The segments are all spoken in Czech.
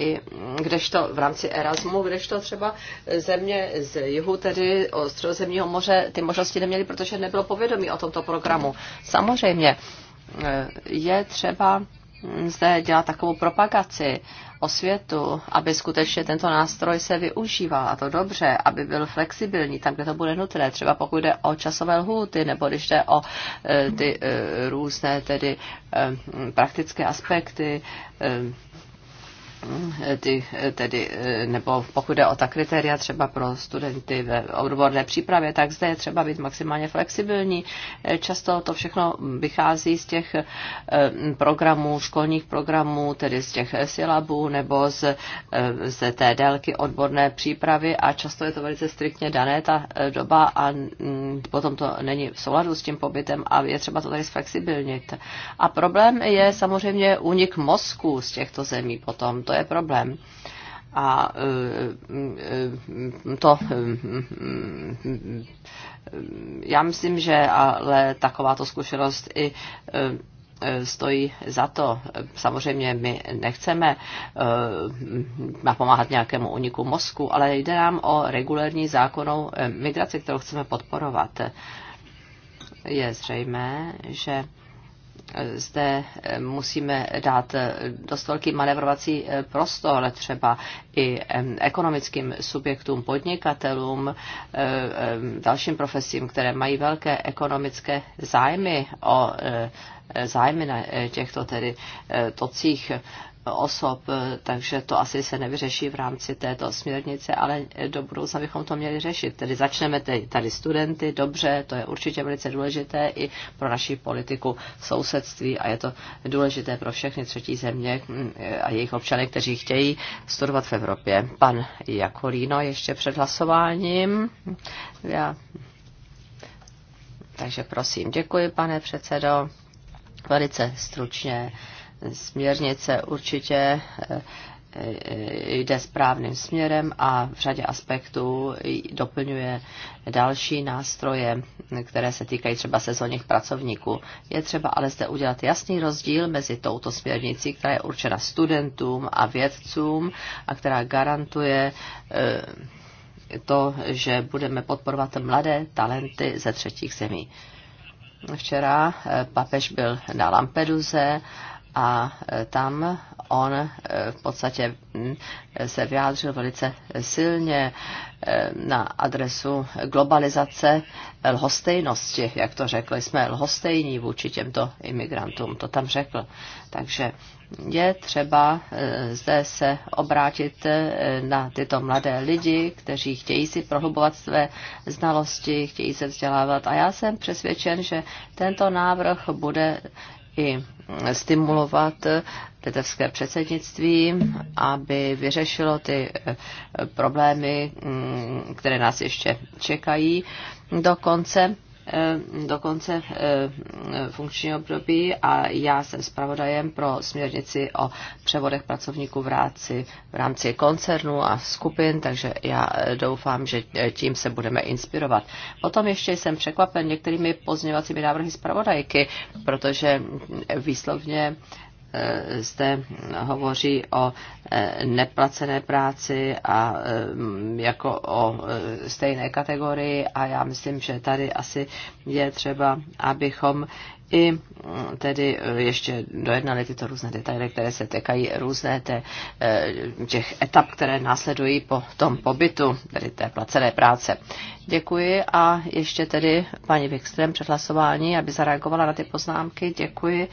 i kdežto v rámci Erasmu, kdežto třeba země z jihu, tedy o středozemního moře, ty možnosti neměly, protože nebylo povědomí o tomto programu. Samozřejmě eh, je třeba zde dělat takovou propagaci o světu, aby skutečně tento nástroj se využíval a to dobře, aby byl flexibilní tam, kde to bude nutné, třeba pokud jde o časové lhůty nebo když jde o eh, ty eh, různé tedy praktické aspekty ty, tedy, nebo pokud jde o ta kritéria třeba pro studenty ve odborné přípravě, tak zde je třeba být maximálně flexibilní. Často to všechno vychází z těch eh, programů, školních programů, tedy z těch silabů nebo z, eh, z té délky odborné přípravy a často je to velice striktně dané ta eh, doba a mm, potom to není v souladu s tím pobytem a je třeba to tady zflexibilnit. A problém je samozřejmě unik mozku z těchto zemí potom to je problém a e, e, to e, já myslím, že ale takováto zkušenost i stojí za to. Samozřejmě my nechceme napomáhat nějakému uniku mozku, ale jde nám o regulární zákonnou migraci, kterou chceme podporovat. Je zřejmé, že zde eh, musíme dát eh, dost velký manevrovací eh, prostor třeba i ekonomickým subjektům, podnikatelům, dalším profesím, které mají velké ekonomické zájmy o zájmy na těchto tedy tocích osob, eh, takže to asi se nevyřeší v rámci této směrnice, ale eh, do budoucna bychom to měli řešit. Tedy začneme tady studenty, dobře, to je určitě velice důležité i pro naši politiku sousedství a je to důležité pro všechny třetí země hm, eh, a jejich občany, kteří chtějí studovat v Evropě. Pan Jakolíno ještě před hlasováním. Já... Takže prosím, děkuji, pane předsedo. Velice stručně směrnice určitě eh, jde správným směrem a v řadě aspektů doplňuje další nástroje, které se týkají třeba sezónních pracovníků. Je třeba ale zde udělat jasný rozdíl mezi touto směrnicí, která je určena studentům a vědcům a která garantuje eh, to, že budeme podporovat mladé talenty ze třetích zemí. Včera eh, papež byl na Lampeduze a e, tam on e, v podstatě mm, se vyjádřil velice silně e, na adresu globalizace lhostejnosti, jak to řekli jsme, lhostejní vůči těmto imigrantům, to tam řekl. Takže je třeba zde se obrátit na tyto mladé lidi, kteří chtějí si prohlubovat své znalosti, chtějí se vzdělávat. A já jsem přesvědčen, že tento návrh bude i stimulovat litevské předsednictví, aby vyřešilo ty eh, problémy, mm, které nás ještě čekají do konce Eh, do konce eh, funkčního období a já jsem zpravodajem pro směrnici o převodech pracovníků v rámci, v rámci koncernu a skupin, takže já eh, doufám, že tím se budeme inspirovat. Potom ještě jsem překvapen některými pozměňovacími návrhy zpravodajky, protože mm, výslovně Eh, zde hovoří o eh, neplacené práci a eh, jako o stejné kategorii a já myslím, že tady asi je třeba, abychom i mm, tedy ještě dojednali tyto různé detaily, které se tekají různé té, těch etap, které následují po tom pobytu, tedy té placené práce. Děkuji a ještě tedy paní Wikström před hlasování, aby zareagovala na ty poznámky. Děkuji.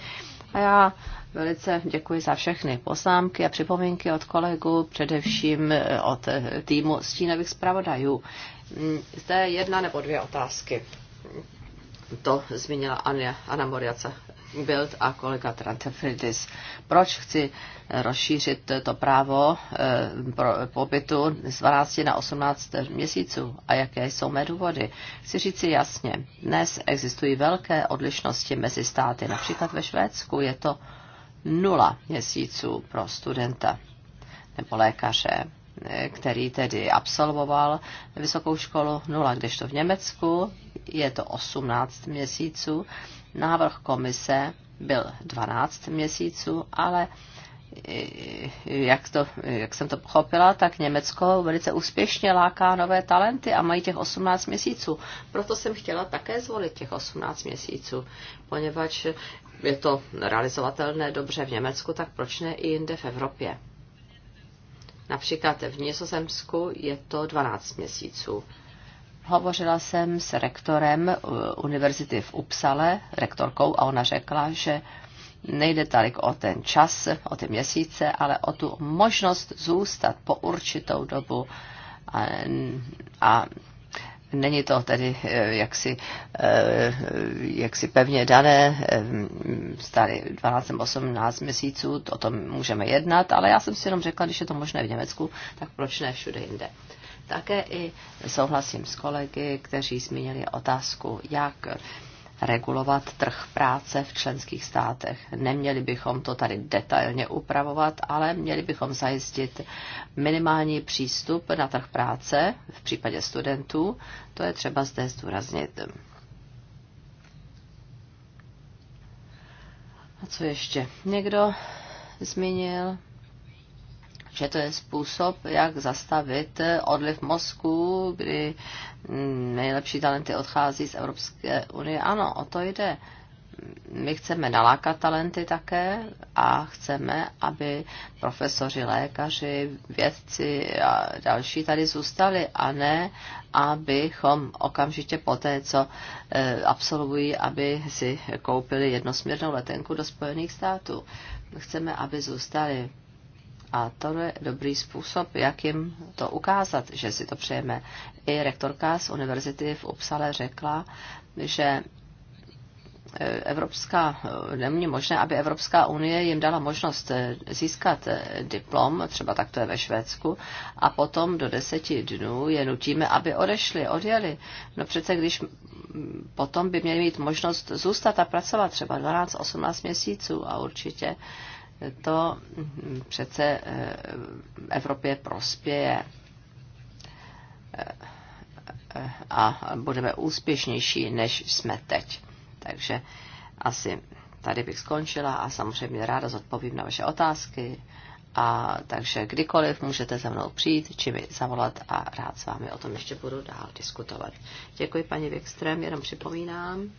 A já velice děkuji za všechny poznámky a připomínky od kolegu, především eh, od eh, týmu stínových zpravodajů. Mm, zde jedna nebo dvě otázky. To zmínila Anna, Moriace Bild a kolega Trantefridis. Proč chci eh, rozšířit to právo eh, pro pobytu z 12 na 18 měsíců a jaké jsou mé důvody? Chci říci jasně, dnes existují velké odlišnosti mezi státy. Například ve Švédsku je to nula měsíců pro studenta nebo lékaře eh, který tedy absolvoval vysokou školu 0, kdežto v Německu je to 18 měsíců Návrh komise byl 12 měsíců, ale eh, jak, to, jak jsem to pochopila, tak Německo velice úspěšně láká nové talenty a mají těch 18 měsíců. Proto jsem chtěla také zvolit těch 18 měsíců, poněvadž je to realizovatelné dobře v Německu, tak proč ne i jinde v Evropě? Například v Nizozemsku je to 12 měsíců Hovořila jsem s rektorem eh, univerzity v Upsale, rektorkou, a ona řekla, že nejde tolik o ten čas, o ty měsíce, ale o tu možnost zůstat po určitou dobu a, a Není to tedy eh, jaksi, eh, jaksi pevně dané, stále 12 nebo 18 měsíců, o tom můžeme jednat, ale já jsem si jenom řekla, když je to možné v Německu, tak proč ne všude jinde. Také i souhlasím s kolegy, kteří zmínili otázku, jak regulovat trh práce v členských státech. Neměli bychom to tady detailně upravovat, ale měli bychom zajistit minimální přístup na trh práce v případě studentů. To je třeba zde zdůraznit. A co ještě? Někdo zmínil že to je způsob, jak zastavit odliv mozku, kdy nejlepší talenty odchází z Evropské unie. Ano, o to jde. My chceme nalákat talenty také a chceme, aby profesoři, lékaři, vědci a další tady zůstali a ne, abychom okamžitě po té, co eh, absolvují, aby si koupili jednosměrnou letenku do Spojených států. Chceme, aby zůstali a to je dobrý způsob, jak jim to ukázat, že si to přejeme. I rektorka z univerzity v Upsale řekla, že e, Evropská, e, není možné, aby Evropská unie jim dala možnost e, získat diplom, třeba tak to je ve Švédsku, a potom do deseti dnů je nutíme, aby odešli, odjeli. No přece, když potom by měli mít možnost zůstat a pracovat třeba 12-18 měsíců a určitě to přece eh, Evropě prospěje eh, eh, a budeme úspěšnější, než jsme teď. Takže asi tady bych skončila a samozřejmě ráda zodpovím na vaše otázky. A takže kdykoliv můžete za mnou přijít, či mi zavolat a rád s vámi o tom ještě budu dál diskutovat. Děkuji paní Wikström, jenom připomínám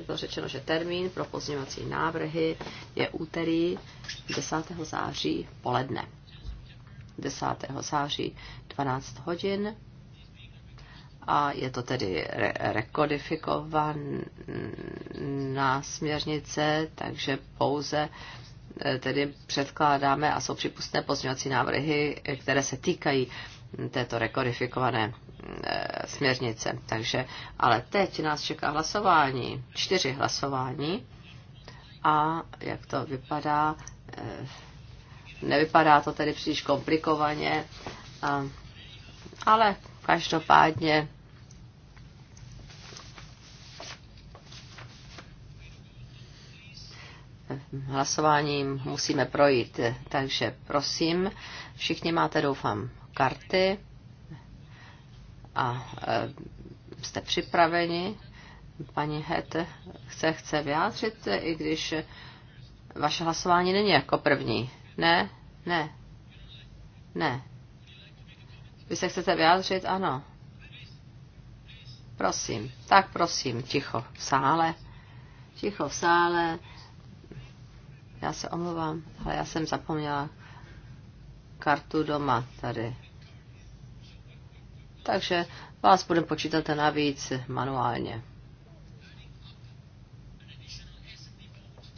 bylo řečeno, že termín pro pozměňovací návrhy je úterý 10. září poledne. 10. září 12 hodin a je to tedy re- rekodifikovaná směrnice, takže pouze e, tedy předkládáme a jsou připustné pozměňovací návrhy, e, které se týkají této rekodifikované eh, směrnice. Takže, ale teď nás čeká hlasování, čtyři hlasování a jak to vypadá, eh, nevypadá to tedy příliš komplikovaně, a, ale každopádně hlasováním musíme projít. Takže prosím, všichni máte, doufám, karty a e, jste připraveni. Paní Het se chce vyjádřit, i když vaše hlasování není jako první. Ne, ne, ne. Vy se chcete vyjádřit? Ano. Prosím, tak prosím, ticho v sále. Ticho v sále. Já se omlouvám, ale já jsem zapomněla kartu doma tady takže vás budeme počítat navíc manuálně.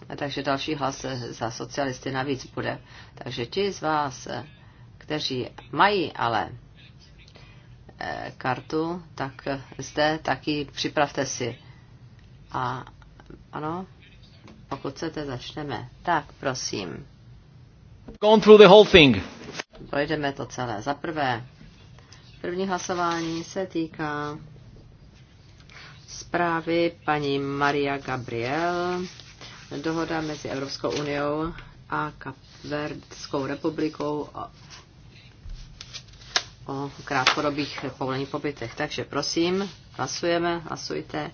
A takže další hlas za socialisty navíc bude. Takže ti z vás, kteří mají ale eh, kartu, tak zde taky připravte si. A ano, pokud chcete, začneme. Tak, prosím. through the whole thing. Projdeme to celé. Za prvé, První hlasování se týká zprávy paní Maria Gabriel, dohoda mezi Evropskou uniou a Kapverdskou republikou o, o krátkodobých povolených pobytech. Takže prosím, hlasujeme, hlasujte.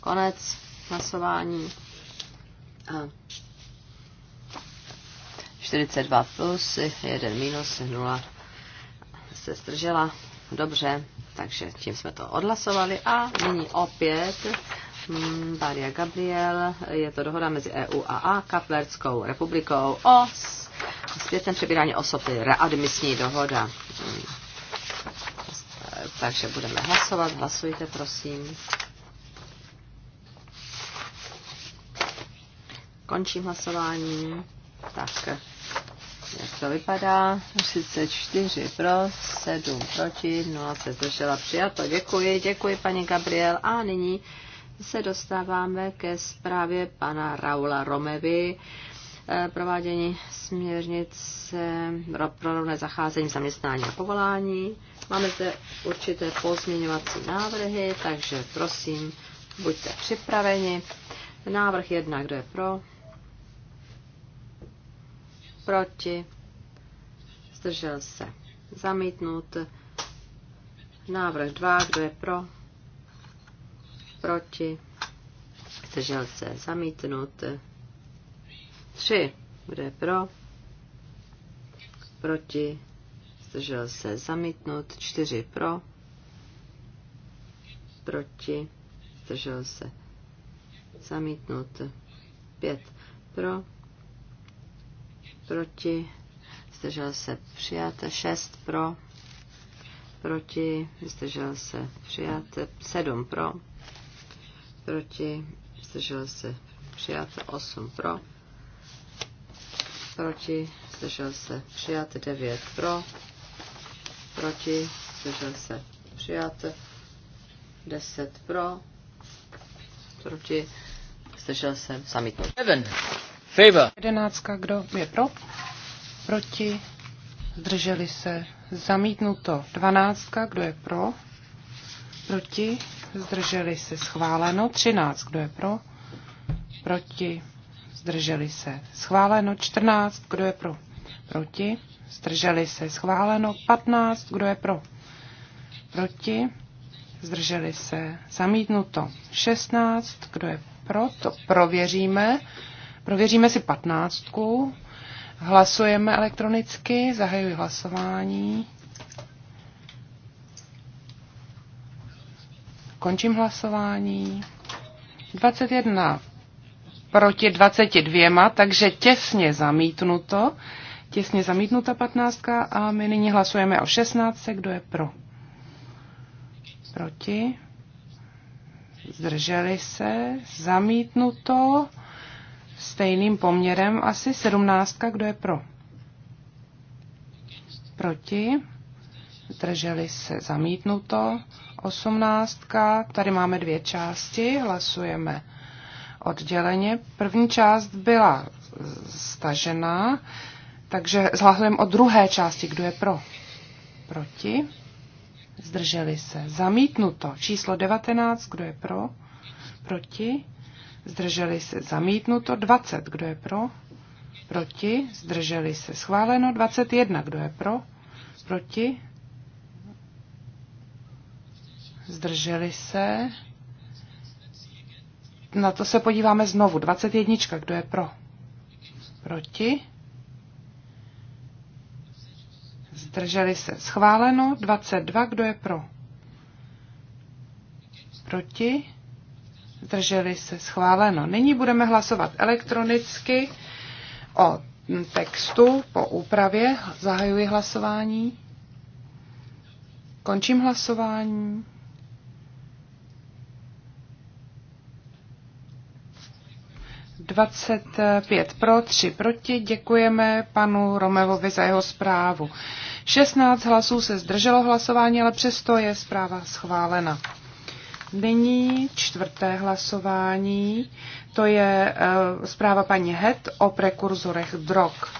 Konec hlasování. A 42 plus, 1 minus, 0 se stržela. Dobře, takže tím jsme to odhlasovali. A nyní opět mm, Maria Gabriel, je to dohoda mezi EU a A, Kaplerskou republikou o zpětném přebírání osoby. readmisní dohoda. Mm. Takže budeme hlasovat, hlasujte prosím. Končím hlasování. Tak jak to vypadá. 34 pro, 7 proti, 0 se zdržela přijato. Děkuji, děkuji paní Gabriel. A nyní se dostáváme ke zprávě pana Raula Romevy eh, provádění směrnice pro rovné zacházení zaměstnání a povolání. Máme zde určité pozměňovací návrhy, takže prosím, buďte připraveni. Návrh jedna, kdo je pro, proti, zdržel se, zamítnut. Návrh 2, kdo je pro, proti, zdržel se, zamítnut. 3, kdo je pro, proti, zdržel se, zamítnut. 4 pro, proti, zdržel se, zamítnut. 5 pro, proti, zdržel se přijat, 6 pro, proti, zdržel se přijat, 7 pro, proti, zdržel se přijat, 8 pro, proti, zdržel se přijat, 9 pro, proti, zdržel se přijat, 10 pro, proti, zdržel se samitnout. 7. Favor. Jedenáctka, kdo je pro? Proti? Zdrželi se. Zamítnuto. Dvanáctka, kdo je pro? Proti? Zdrželi se. Schváleno. Třináct, kdo je pro? Proti? Zdrželi se. Schváleno. Čtrnáct, kdo je pro? Proti? Zdrželi se. Schváleno. Patnáct, kdo je pro? Proti? Zdrželi se. Zamítnuto. Šestnáct, kdo je pro? To prověříme. Prověříme si patnáctku. Hlasujeme elektronicky. Zahajuji hlasování. Končím hlasování. 21 proti 22, takže těsně zamítnuto. Těsně zamítnuta patnáctka a my nyní hlasujeme o 16. Kdo je pro? Proti? Zdrželi se? Zamítnuto? stejným poměrem, asi sedmnáctka, kdo je pro. Proti, drželi se zamítnuto, osmnáctka, tady máme dvě části, hlasujeme odděleně. První část byla stažená, takže zhlasujeme o druhé části, kdo je pro. Proti, zdrželi se, zamítnuto, číslo 19, kdo je pro, proti, zdrželi se zamítnuto, 20, kdo je pro, proti, zdrželi se schváleno, 21, kdo je pro, proti, zdrželi se, na to se podíváme znovu, 21, kdo je pro, proti, zdrželi se schváleno, 22, kdo je pro, proti, zdrželi se schváleno. Nyní budeme hlasovat elektronicky o textu po úpravě. Zahajuji hlasování. Končím hlasování. Dvacet pět pro, tři proti. Děkujeme panu Romevovi za jeho zprávu. 16 hlasů se zdrželo hlasování, ale přesto je zpráva schválena. Nyní čtvrté hlasování, to je eh, zpráva paní Het o prekurzorech drog.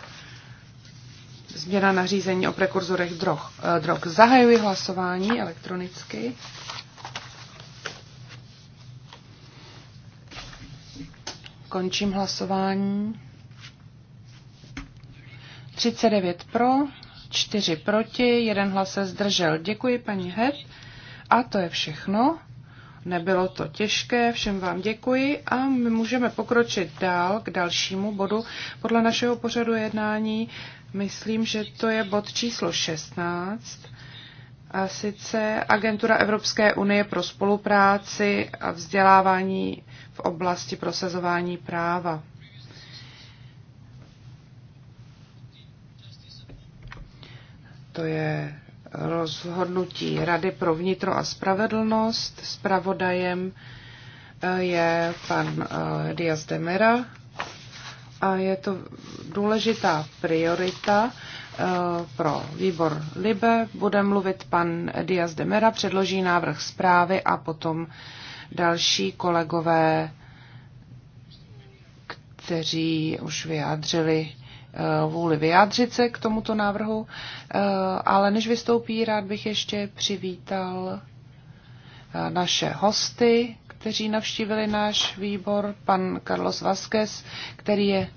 Změna nařízení o prekurzorech drog. Eh, drog. Zahajuji hlasování elektronicky. Končím hlasování. 39 pro, 4 proti, jeden hlas se zdržel. Děkuji paní Het. A to je všechno. Nebylo to těžké, všem vám děkuji a my můžeme pokročit dál k dalšímu bodu. Podle našeho pořadu jednání myslím, že to je bod číslo 16 a sice Agentura Evropské unie pro spolupráci a vzdělávání v oblasti prosazování práva. To je rozhodnutí Rady pro vnitro a spravedlnost. Spravodajem eh, je pan eh, Dias de Mera a je to důležitá priorita eh, pro výbor Libe. Bude mluvit pan Dias de Mera, předloží návrh zprávy a potom další kolegové, kteří už vyjádřili Eh, vůli vyjádřit se k tomuto návrhu, eh, ale než vystoupí, rád bych ještě přivítal eh, naše hosty, kteří navštívili náš výbor, pan Carlos Vázquez, který je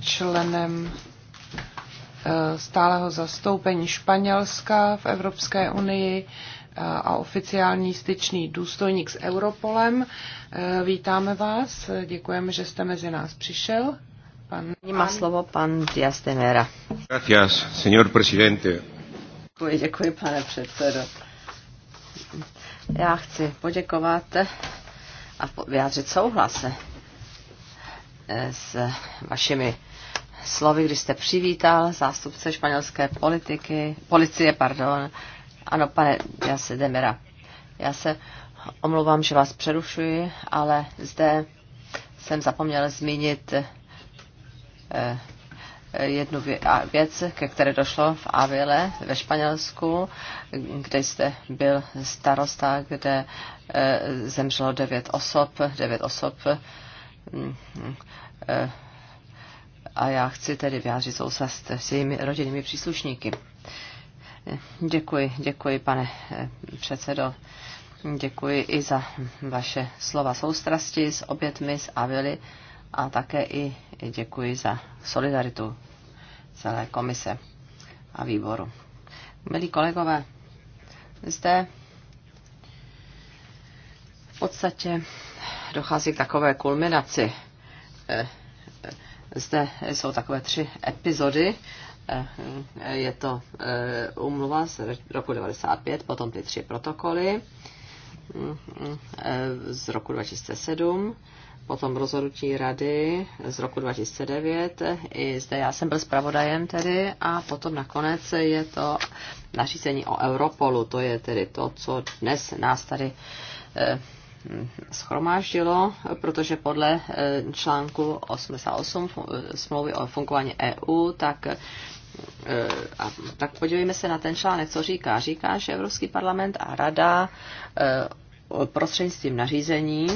členem stáleho zastoupení Španělska v Evropské unii a oficiální styčný důstojník s Europolem. Vítáme vás, děkujeme, že jste mezi nás přišel má slovo pan Diaz de Mera. Gracias, señor presidente. Děkuji, děkuji, pane předsedo. Já chci poděkovat a vyjádřit souhlase eh, s vašimi slovy, když jste přivítal zástupce španělské politiky, policie, pardon. Ano, pane Jase Demera, já se omlouvám, že vás přerušuji, ale zde jsem zapomněl zmínit Eh, jednu věc, ke které došlo v Avile ve Španělsku, kde jste byl starosta, kde eh, zemřelo devět osob, devět osob mm, eh, a já chci tedy vyjádřit sousast s jejími rodinnými příslušníky. Děkuji, děkuji, pane předsedo. Děkuji i za vaše slova soustrasti s obětmi, z Avily a také i děkuji za solidaritu celé komise a výboru. Milí kolegové, zde v podstatě dochází k takové kulminaci. Eh, eh, zde jsou takové tři epizody. Eh, je to umluva z roku 95, potom ty tři protokoly mm, mm, z roku 2007 potom rozhodnutí rady z roku 2009. I zde já jsem byl zpravodajem tedy a potom nakonec je to nařízení o Europolu. To je tedy to, co dnes nás tady eh, hm, schromáždilo, protože podle eh, článku 88 smlouvy o fungování EU, tak eh, a tak podívejme se na ten článek, co říká. Říká, že Evropský parlament a Rada prostřednictvím nařízení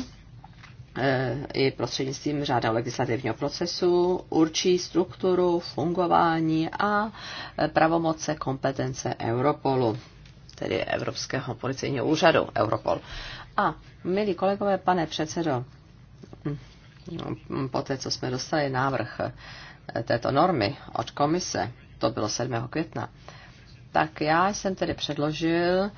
Eh, i prostřednictvím řádného legislativního procesu určí strukturu, fungování a eh, pravomoce kompetence Europolu, tedy Evropského policejního úřadu Europol. A milí kolegové, pane předsedo, hm, poté, co jsme dostali návrh eh, této normy od komise, to bylo 7. května, tak já jsem tedy předložil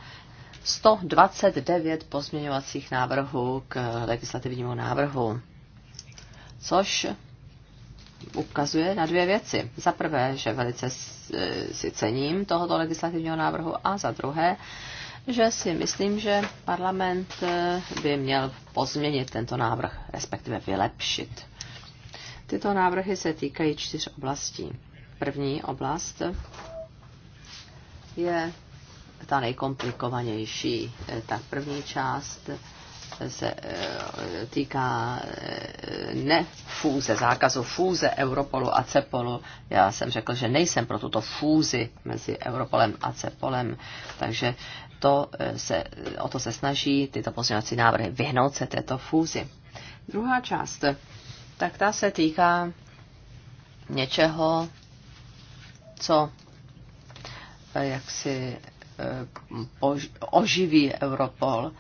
129 pozměňovacích návrhů k legislativnímu návrhu, což ukazuje na dvě věci. Za prvé, že velice si cením tohoto legislativního návrhu a za druhé, že si myslím, že parlament eh, by měl pozměnit tento návrh, respektive vylepšit. Tyto návrhy se týkají čtyř oblastí. První oblast je ta nejkomplikovanější. Eh, ta první část eh, se eh, týká ne fůze, zákazu fůze Europolu a Cepolu. Já jsem řekl, že nejsem pro tuto fúzi mezi Europolem a Cepolem, takže to se, o to se snaží tyto pozměňovací návrhy vyhnout se této fúzi. Druhá část, tak ta se týká něčeho, co jak si oživí Europol,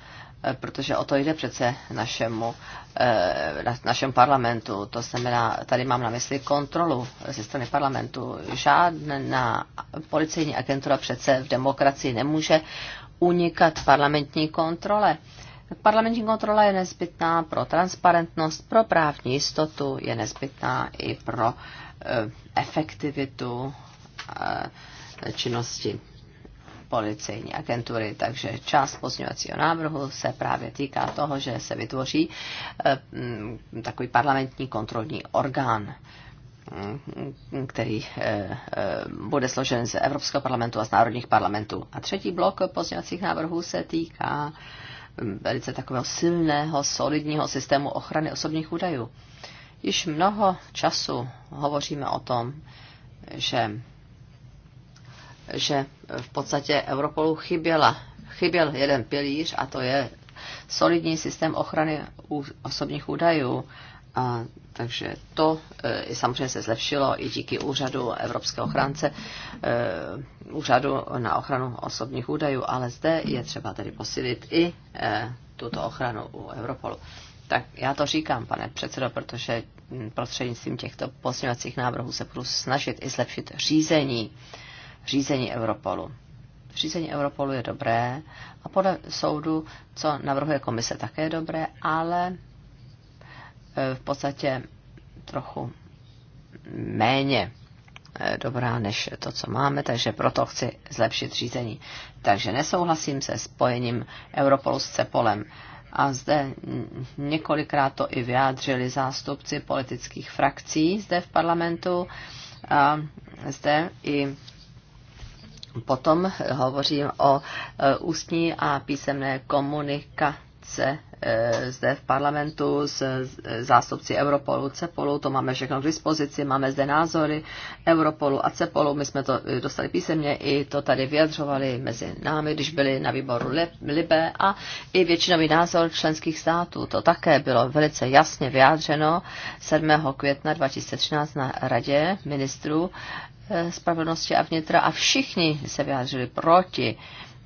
eh, protože o to jde přece našemu, eh, našemu parlamentu. To znamená, tady mám na mysli kontrolu ze strany parlamentu. Žádná policejní agentura přece v demokracii nemůže unikat parlamentní kontrole. Parlamentní kontrola je nezbytná pro transparentnost, pro právní jistotu, je nezbytná i pro eh, efektivitu činnosti policejní agentury. Takže část pozňovacího návrhu se právě týká toho, že se vytvoří eh, mm, takový parlamentní kontrolní orgán mm, který eh, eh, bude složen z Evropského parlamentu a z národních parlamentů. A třetí blok pozměňovacích návrhů se týká mm, velice takového silného, solidního systému ochrany osobních údajů. Již mnoho času hovoříme o tom, že že v podstatě Europolu chyběla, chyběl jeden pilíř a to je solidní systém ochrany osobních údajů. A, takže to e, samozřejmě se zlepšilo i díky úřadu Evropské ochránce, e, úřadu na ochranu osobních údajů, ale zde je třeba tedy posílit i e, tuto ochranu u Europolu. Tak já to říkám, pane předsedo, protože prostřednictvím těchto posilovacích návrhů se budu snažit i zlepšit řízení e, řízení Europolu. Řízení Europolu je dobré a podle soudu, co navrhuje komise, také je dobré, ale e, v podstatě trochu méně e, dobrá než to, co máme, takže proto chci zlepšit řízení. Takže nesouhlasím se spojením Europolu s Cepolem. A zde několikrát to i vyjádřili zástupci politických frakcí zde v parlamentu. A zde i Potom hovořím o e, ústní a písemné komunikace e, zde v parlamentu s zástupci Europolu, Cepolu, to máme všechno k dispozici, máme zde názory Europolu a Cepolu, my jsme to dostali písemně i to tady vyjadřovali mezi námi, když byli na výboru Libe a i většinový názor členských států, to také bylo velice jasně vyjádřeno 7. května 2013 na radě ministrů Eh, spravedlnosti a vnitra a všichni se vyjádřili proti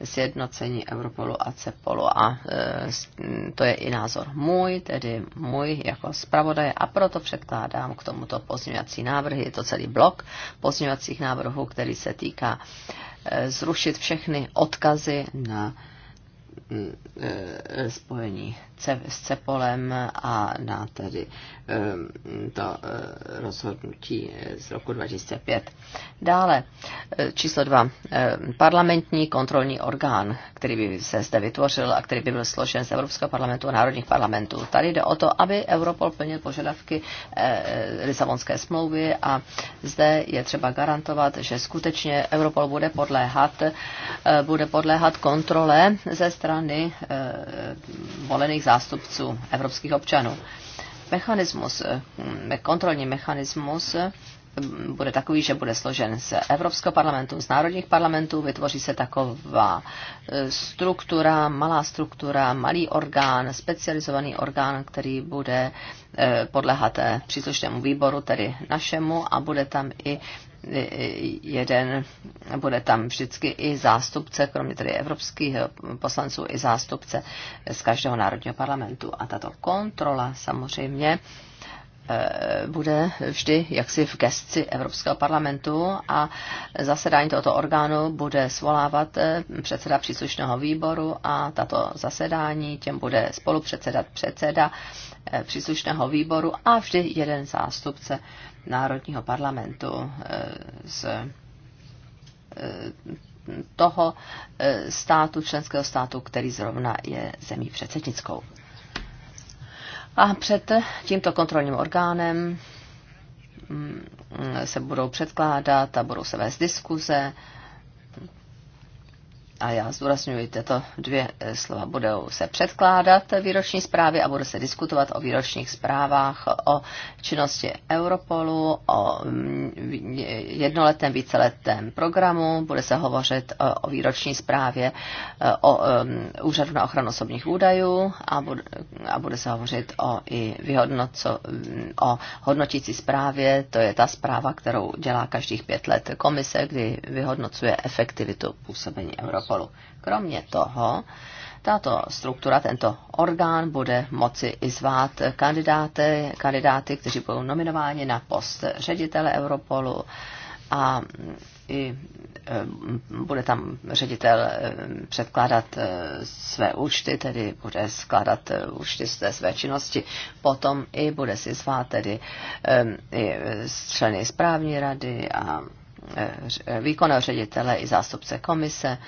sjednocení Europolu a Cepolu. A eh, to je i názor můj, tedy můj jako zpravodaje a proto předkládám k tomuto pozměňovací návrhy. Je to celý blok pozměňovacích návrhů, který se týká eh, zrušit všechny odkazy na mm, spojení s Cepolem a na tedy to e, rozhodnutí z roku 2005. Dále e, číslo dva. E, parlamentní kontrolní orgán, který by se zde vytvořil a který by byl složen z Evropského parlamentu a národních parlamentů. Tady jde o to, aby Europol plnil požadavky Lisabonské smlouvy a zde je třeba garantovat, že skutečně Europol bude podléhat, bude podléhat kontrole ze strany volených zástupců evropských občanů. Mechanismus, eh, kontrolní mechanismus eh, bude takový, že bude složen z Evropského parlamentu, z národních parlamentů, vytvoří se taková eh, struktura, malá struktura, malý orgán, specializovaný orgán, který bude podlehat příslušnému výboru, tedy našemu, a bude tam i jeden, bude tam vždycky i zástupce, kromě tedy evropských poslanců, i zástupce z každého národního parlamentu. A tato kontrola samozřejmě eh, bude vždy jaksi v gestci Evropského parlamentu a zasedání tohoto orgánu bude svolávat eh, předseda příslušného výboru a tato zasedání těm bude spolupředsedat předseda eh, příslušného výboru a vždy jeden zástupce Národního parlamentu eh, z eh, toho eh, státu, členského státu, který zrovna je zemí předsednickou. A před tímto kontrolním orgánem mm, mm, se budou předkládat a budou se vést diskuze a já zdůrazňuji tyto dvě e, slova, budou se předkládat výroční zprávy a bude se diskutovat o výročních zprávách, o činnosti Europolu, o mm, e, jednoletém, víceletém programu, bude se hovořit e, o výroční zprávě o Úřadu na ochranu osobních údajů a bude, se hovořit o i vyhodnoco, o hodnotící zprávě, to je ta zpráva, kterou dělá každých pět let komise, kdy vyhodnocuje efektivitu působení Europolu protokolu. Kromě toho, tato struktura, tento orgán bude moci i zvát kandidáty, kandidáty kteří budou nominováni na post ředitele Europolu a i e, bude tam ředitel e, předkládat e, své účty, tedy bude skládat účty z té své činnosti, potom i bude si zvát tedy i členy správní rady a výkonného ředitele i zástupce komise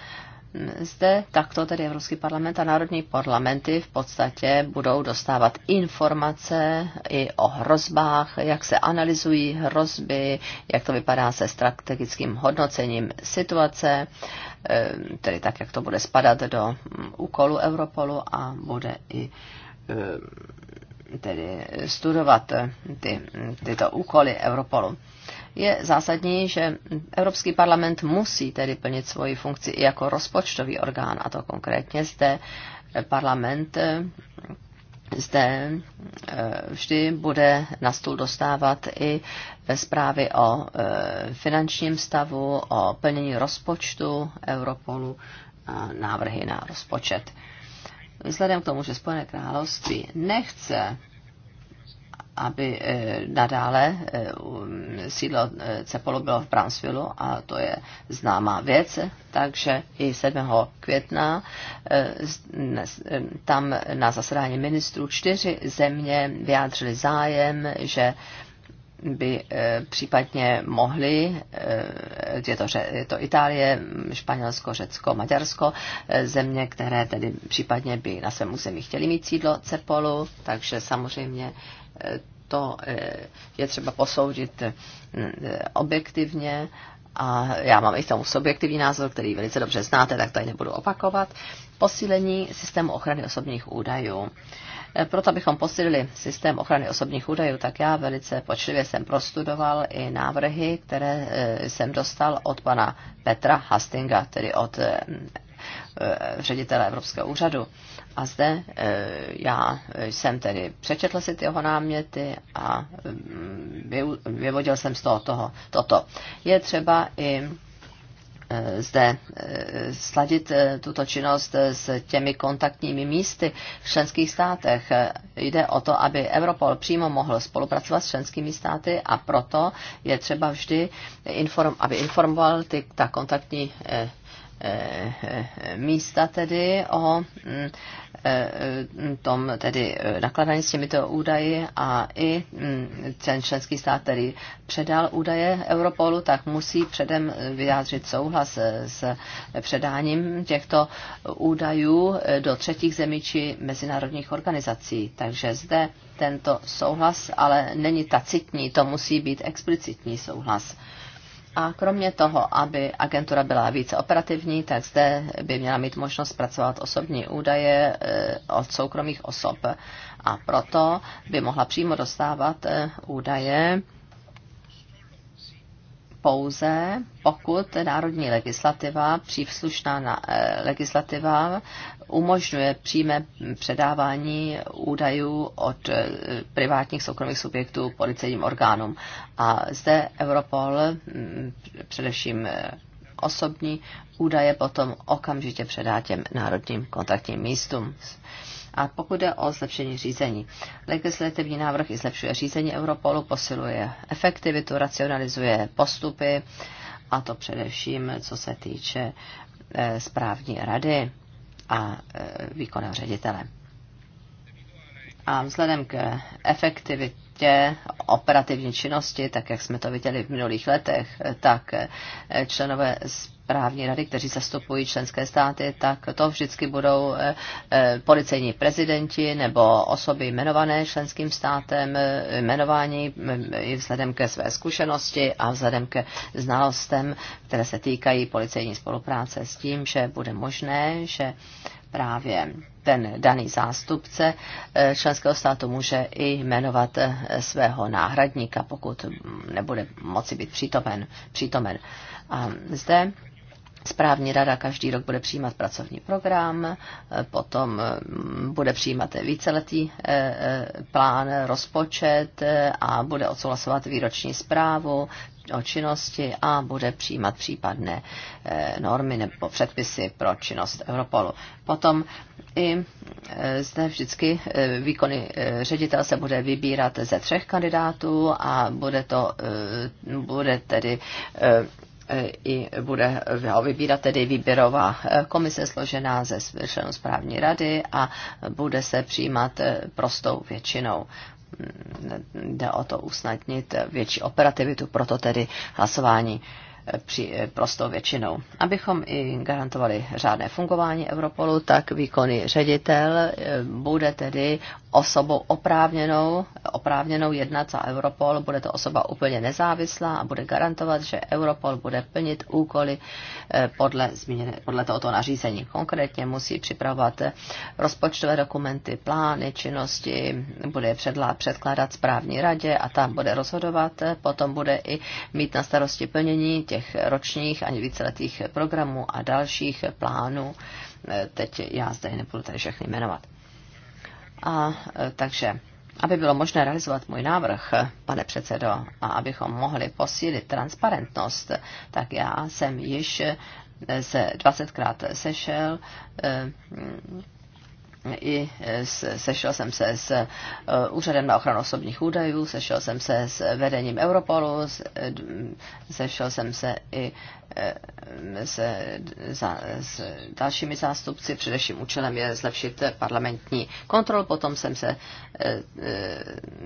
zde takto tedy Evropský parlament a národní parlamenty v podstatě budou dostávat informace i o hrozbách, jak se analyzují hrozby, jak to vypadá se strategickým hodnocením situace, eh, tedy tak, jak to bude spadat do úkolu Europolu a bude i eh, tedy studovat ty, tyto úkoly Europolu je zásadní, že Evropský parlament musí tedy plnit svoji funkci i jako rozpočtový orgán, a to konkrétně zde parlament zde eh, vždy bude na stůl dostávat i zprávy o eh, finančním stavu, o plnění rozpočtu Europolu, a návrhy na rozpočet. Vzhledem k tomu, že Spojené království nechce aby eh, nadále eh, sídlo eh, Cepolu bylo v Brownsvillu a to je známá věc, takže i 7. května tam na zasedání ministrů čtyři země vyjádřili zájem, že by případně mohli, je to, je to Itálie, Španělsko, Řecko, Maďarsko, země, které tedy případně by na svém území chtěli mít sídlo CEPOLu, takže samozřejmě to eh, je třeba posoudit eh, objektivně a já mám i tomu subjektivní názor, který velice dobře znáte, tak tady nebudu opakovat. Posílení systému ochrany osobních údajů. Eh, proto, abychom posílili systém ochrany osobních údajů, tak já velice počlivě jsem prostudoval i návrhy, které jsem dostal od pana Petra Hastinga, tedy od Eh, ředitele Evropského úřadu. A zde eh, já jsem tedy přečetl si ty jeho náměty a mm, vyvodil jsem z toho toho, toto. Je třeba i eh, zde sladit tuto činnost s těmi kontaktními místy v členských státech. Jde o to, aby Europol přímo mohl spolupracovat s členskými státy a proto je třeba vždy, inform, aby informoval ty, ta kontaktní Eh, eh, místa tedy o mm, eh, tom tedy nakladání s těmito údaji a i mm, ten členský stát, který předal údaje Europolu, tak musí předem vyjádřit souhlas s předáním těchto údajů do třetích zemí či mezinárodních organizací. Takže zde tento souhlas ale není tacitní, to musí být explicitní souhlas. A kromě toho, aby agentura byla více operativní, tak zde by měla mít možnost zpracovat osobní údaje eh, od soukromých osob. A proto by mohla přímo dostávat eh, údaje pouze, pokud národní legislativa, příslušná na, eh, legislativa, umožňuje přímé předávání údajů od eh, privátních soukromých subjektů policejním orgánům. A zde Europol mm, především eh, osobní údaje potom okamžitě předá těm národním kontaktním místům. A pokud jde o zlepšení řízení, legislativní návrh i zlepšuje řízení Europolu, posiluje efektivitu, racionalizuje postupy, a to především co se týče e, správní rady a e, výkona ředitele. A vzhledem k efektivitě operativní činnosti, tak jak jsme to viděli v minulých letech, tak e, členové z právní rady, kteří zastupují členské státy, tak to vždycky budou eh, eh, policejní prezidenti nebo osoby jmenované členským státem, eh, jmenování i vzhledem ke své zkušenosti a vzhledem ke znalostem, které se týkají policejní spolupráce s tím, že bude možné, že právě ten daný zástupce členského státu může i jmenovat svého náhradníka, pokud mm, nebude moci být přítomen. přítomen. A zde Správní rada každý rok bude přijímat pracovní program, potom mm, bude přijímat víceletý eh, eh, plán, rozpočet eh, a bude odsouhlasovat výroční zprávu o činnosti a bude přijímat případné normy nebo předpisy pro činnost Europolu. Potom i zde vždycky výkony ředitel se bude vybírat ze třech kandidátů a bude to bude tedy E, i bude ho vybírat tedy výběrová e, komise složená ze členů správní rady a bude se přijímat e, prostou většinou. Mm, jde o to usnadnit větší operativitu, proto tedy hlasování při eh, prostou většinou. Abychom i garantovali řádné fungování Europolu, tak výkonný ředitel eh, bude tedy osobou oprávněnou, oprávněnou jednat za Europol, bude to osoba úplně nezávislá a bude garantovat, že Europol bude plnit úkoly eh, podle, zmíněné, podle tohoto nařízení. Konkrétně musí připravovat rozpočtové dokumenty, plány, činnosti, bude je předkládat správní radě a tam bude rozhodovat, potom bude i mít na starosti plnění těch ročních ani víceletých programů a dalších plánů. E, teď já zde nebudu tady všechny jmenovat. A e, takže aby bylo možné realizovat můj návrh, e, pane předsedo, a abychom mohli posílit transparentnost, tak já jsem již se 20krát sešel i e, sešel jsem se s e, Úřadem na ochranu osobních údajů, sešel jsem se s vedením Europolu, e, sešel jsem se i se, za, s dalšími zástupci. Především účelem je zlepšit parlamentní kontrol. Potom jsem se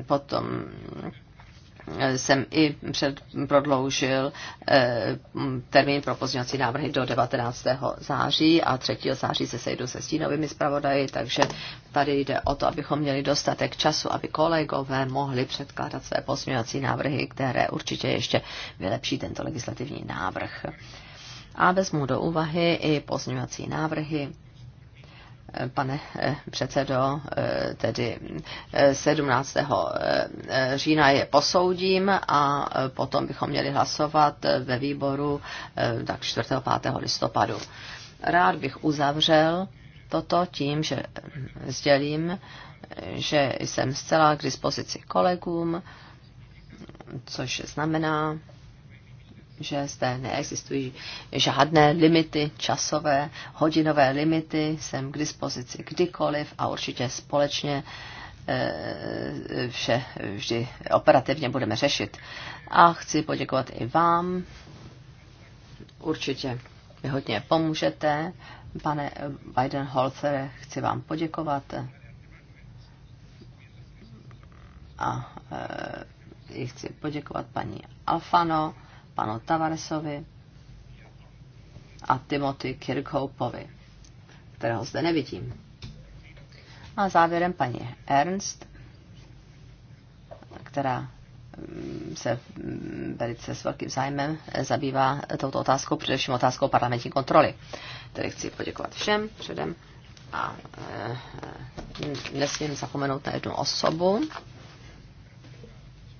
potom jsem i před, prodloužil eh, termín pro pozměňovací návrhy do 19. září a 3. září se sejdu se stínovými zpravodaji, takže tady jde o to, abychom měli dostatek času, aby kolegové mohli předkládat své pozměňovací návrhy, které určitě ještě vylepší tento legislativní návrh. A vezmu do úvahy i pozměňovací návrhy pane eh, předsedo, eh, tedy 17. Eh, října je posoudím a potom bychom měli hlasovat ve výboru tak 4. 5. listopadu. Rád bych uzavřel toto tím, že sdělím, že jsem zcela k dispozici kolegům, což znamená, že zde neexistují žádné limity časové, hodinové limity, jsem k dispozici kdykoliv a určitě společně e, vše vždy operativně budeme řešit. A chci poděkovat i vám. Určitě mi hodně pomůžete. Pane Bidenholzer, chci vám poděkovat. A e, chci poděkovat paní Alfano panu Tavaresovi a Timothy Kirkhopovi, kterého zde nevidím. A závěrem paní Ernst, která mm, se mm, velice s velkým zájmem zabývá touto otázkou, především otázkou parlamentní kontroly. Tedy chci poděkovat všem předem a e, nesmím zapomenout na jednu osobu,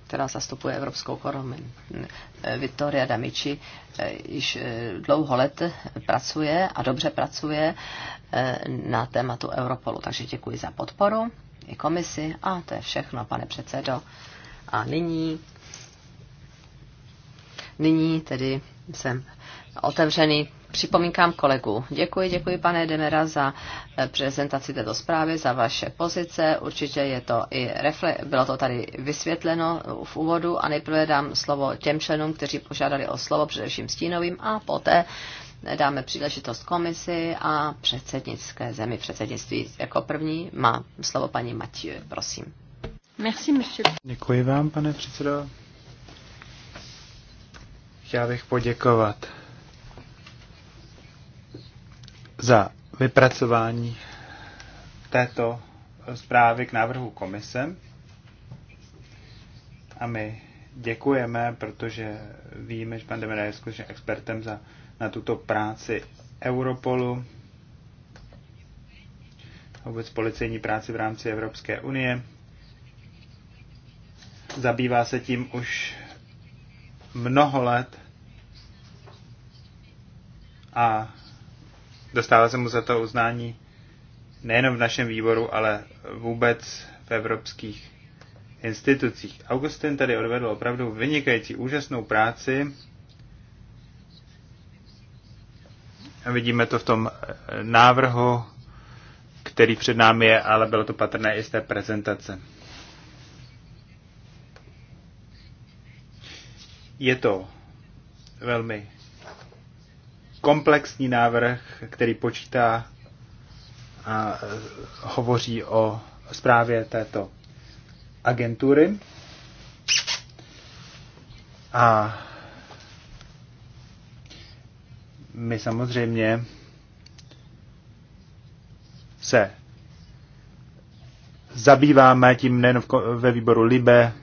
která zastupuje Evropskou korunu. Vittoria Damici eh, již eh, dlouho let pracuje a dobře pracuje eh, na tématu Europolu. Takže děkuji za podporu i komisi a to je všechno, pane předsedo. A nyní, nyní tedy jsem otevřený připomínkám kolegů. Děkuji, děkuji pane Demera za eh, prezentaci této zprávy, za vaše pozice. Určitě je to i refle- bylo to tady vysvětleno eh, v úvodu a nejprve dám slovo těm členům, kteří požádali o slovo, především stínovým a poté dáme příležitost komisi a předsednické zemi předsednictví. Jako první má slovo paní Matiu, prosím. Merci, monsieur. Děkuji vám, pane předsedo. Chtěl bych poděkovat za vypracování této zprávy k návrhu komise. A my děkujeme, protože víme, že pan Demeda je skutečně expertem za, na tuto práci Europolu a vůbec policejní práci v rámci Evropské unie. Zabývá se tím už mnoho let a Dostává se mu za to uznání nejenom v našem výboru, ale vůbec v evropských institucích. Augustin tady odvedl opravdu vynikající, úžasnou práci. A vidíme to v tom eh, návrhu, který před námi je, ale bylo to patrné i z té prezentace. Je to velmi komplexní návrh, který počítá a e, hovoří o zprávě této agentury. A my samozřejmě se zabýváme tím nejen ve výboru Libe,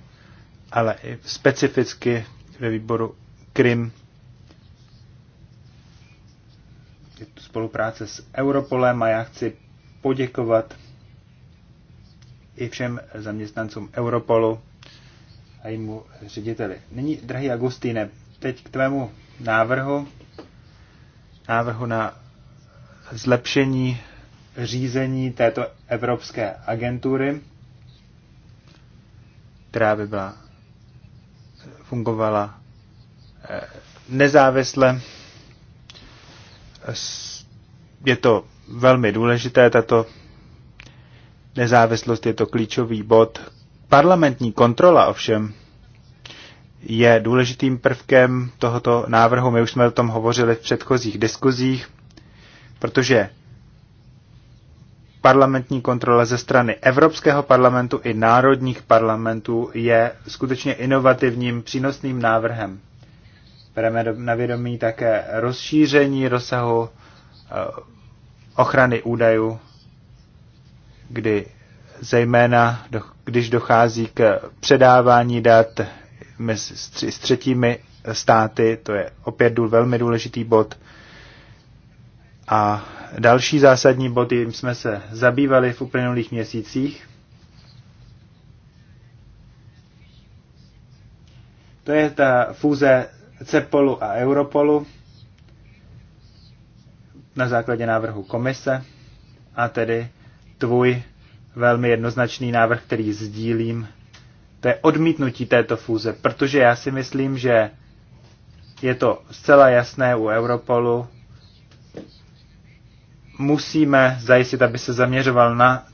ale i specificky ve výboru Krim spolupráce s Europolem a já chci poděkovat i všem zaměstnancům Europolu a jemu řediteli. Nyní, drahý Agustine, teď k tvému návrhu, návrhu na zlepšení řízení této evropské agentury, která by byla, fungovala eh, nezávisle s je to velmi důležité, tato nezávislost je to klíčový bod. Parlamentní kontrola ovšem je důležitým prvkem tohoto návrhu. My už jsme o tom hovořili v předchozích diskuzích, protože parlamentní kontrola ze strany Evropského parlamentu i národních parlamentů je skutečně inovativním přínosným návrhem. Bereme na vědomí také rozšíření rozsahu Eh, ochrany údajů, kdy zejména když dochází k předávání dat s třetími státy, to je opět velmi důležitý bod. A další zásadní bod, jim jsme se zabývali v uplynulých měsících, to je ta fúze CEPOLu a Europolu na základě návrhu komise a tedy tvůj velmi jednoznačný návrh, který sdílím, to je odmítnutí této fúze, protože já si myslím, že je to zcela jasné u Europolu. Musíme zajistit, aby se zaměřoval na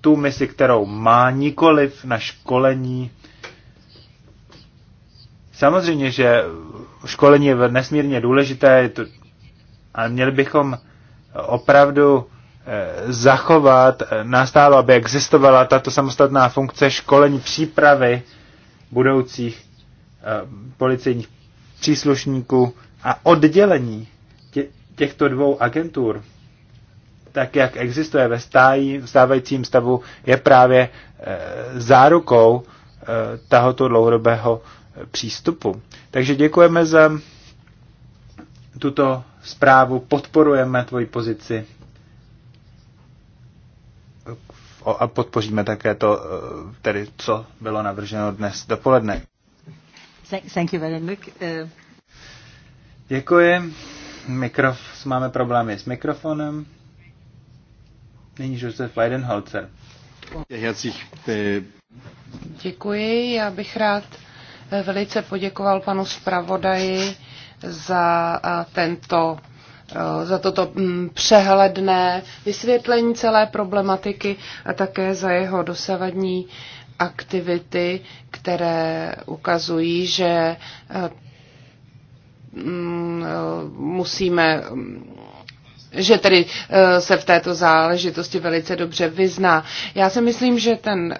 tu misi, kterou má, nikoliv na školení. Samozřejmě, že školení je nesmírně důležité, je to ale měli bychom opravdu eh, zachovat eh, nastálo, aby existovala tato samostatná funkce školení přípravy budoucích eh, policejních příslušníků a oddělení těchto dvou agentur, tak jak existuje ve stájí, stávajícím stavu, je právě zárukou tohoto dlouhodobého přístupu. Takže děkujeme za tuto zprávu, podporujeme tvoji pozici a podpoříme také to, eh, tedy co bylo navrženo dnes dopoledne. Thank you very much. Eh, Děkuji. Mikrof, máme problémy s mikrofonem. Nyní Josef Weidenholzer. Eh, Děkuji, já bych rád velice poděkoval panu zpravodaji za tento za toto mm, přehledné vysvětlení celé problematiky a také za jeho dosavadní aktivity, které ukazují, že mm, musíme že tedy e, se v této záležitosti velice dobře vyzná. Já si myslím, že ten e,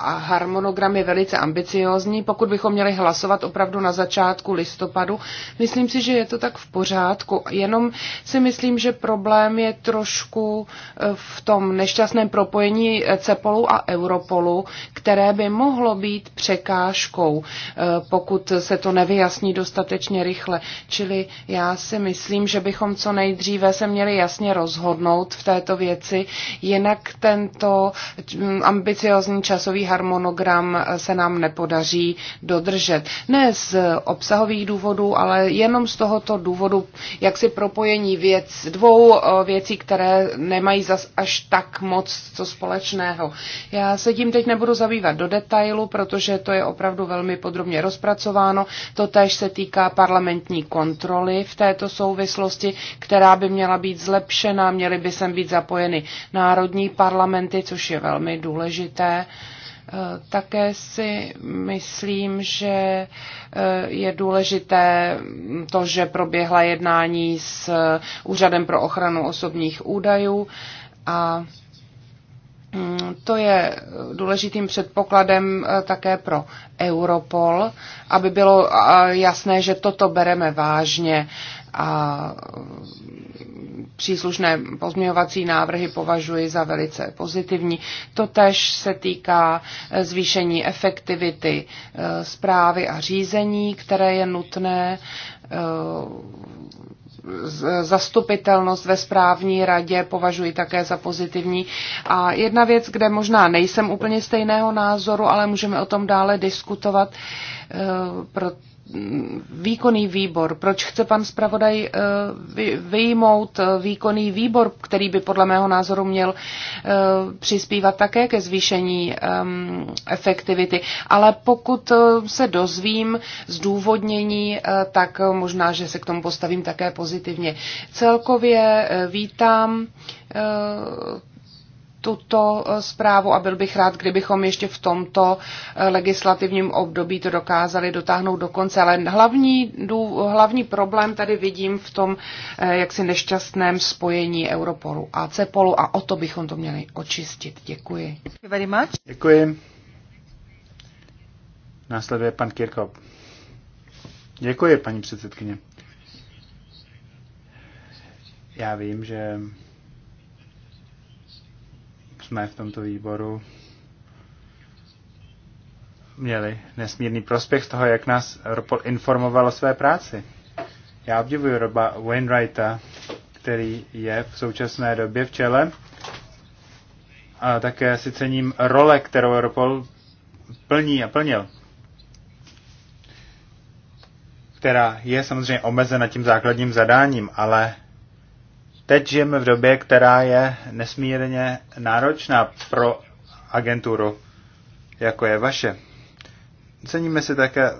harmonogram je velice ambiciózní. Pokud bychom měli hlasovat opravdu na začátku listopadu, myslím si, že je to tak v pořádku. Jenom si myslím, že problém je trošku eh, v tom nešťastném propojení eh, CEPOLu a Europolu, které by mohlo být překážkou, eh, pokud se to nevyjasní dostatečně rychle. Čili já si myslím, že bychom co nejdříve se měli jasně rozhodnout v této věci, jinak tento hm, ambiciozní časový harmonogram se nám nepodaří dodržet. Ne z obsahových důvodů, ale jenom z tohoto důvodu, jak si propojení věc, dvou eh, věcí, které nemají zas až tak moc co společného. Já se tím teď nebudu zabývat do detailu, protože to je opravdu velmi podrobně rozpracováno. To tež se týká parlamentní kontroly v této souvislosti, která by měla být zlepšena, měly by sem být zapojeny národní parlamenty, což je velmi důležité. Eh, také si myslím, že eh, je důležité to, že proběhla jednání s eh, Úřadem pro ochranu osobních údajů a hm, to je důležitým předpokladem také pro Europol, aby bylo jasné, že toto bereme vážně a příslušné pozměňovací návrhy považuji za velice pozitivní. Totež se týká eh, zvýšení efektivity zprávy eh, a řízení, které je nutné eh, zastupitelnost ve správní radě považuji také za pozitivní. A jedna věc, kde možná nejsem úplně stejného názoru, ale můžeme o tom dále diskutovat, výkonný výbor. Proč chce pan zpravodaj eh, vyjmout eh, výkonný výbor, který by podle mého názoru měl eh, přispívat také ke zvýšení ehm, efektivity. Ale pokud se dozvím zdůvodnění, tak možná, že se k tomu postavím také pozitivně. Celkově vítám tuto eh, zprávu a byl bych rád, kdybychom ještě v tomto eh, legislativním období to dokázali dotáhnout do konce. Ale hlavní, hlavní problém tady vidím v tom eh, jaksi nešťastném spojení Europolu a CEPOLu a o to bychom to měli očistit. Děkuji. Very much. Děkuji. Následuje pan Kirchhoff. Děkuji, paní předsedkyně. Já vím, že jsme v tomto výboru měli nesmírný prospěch z toho, jak nás Europol informoval o své práci. Já obdivuji Roba Wainwrighta, který je v současné době v čele. A také si cením role, kterou Europol plní a plnil. Která je samozřejmě omezena tím základním zadáním, ale Teď žijeme v době, která je nesmírně náročná pro agenturu, jako je vaše. Ceníme si také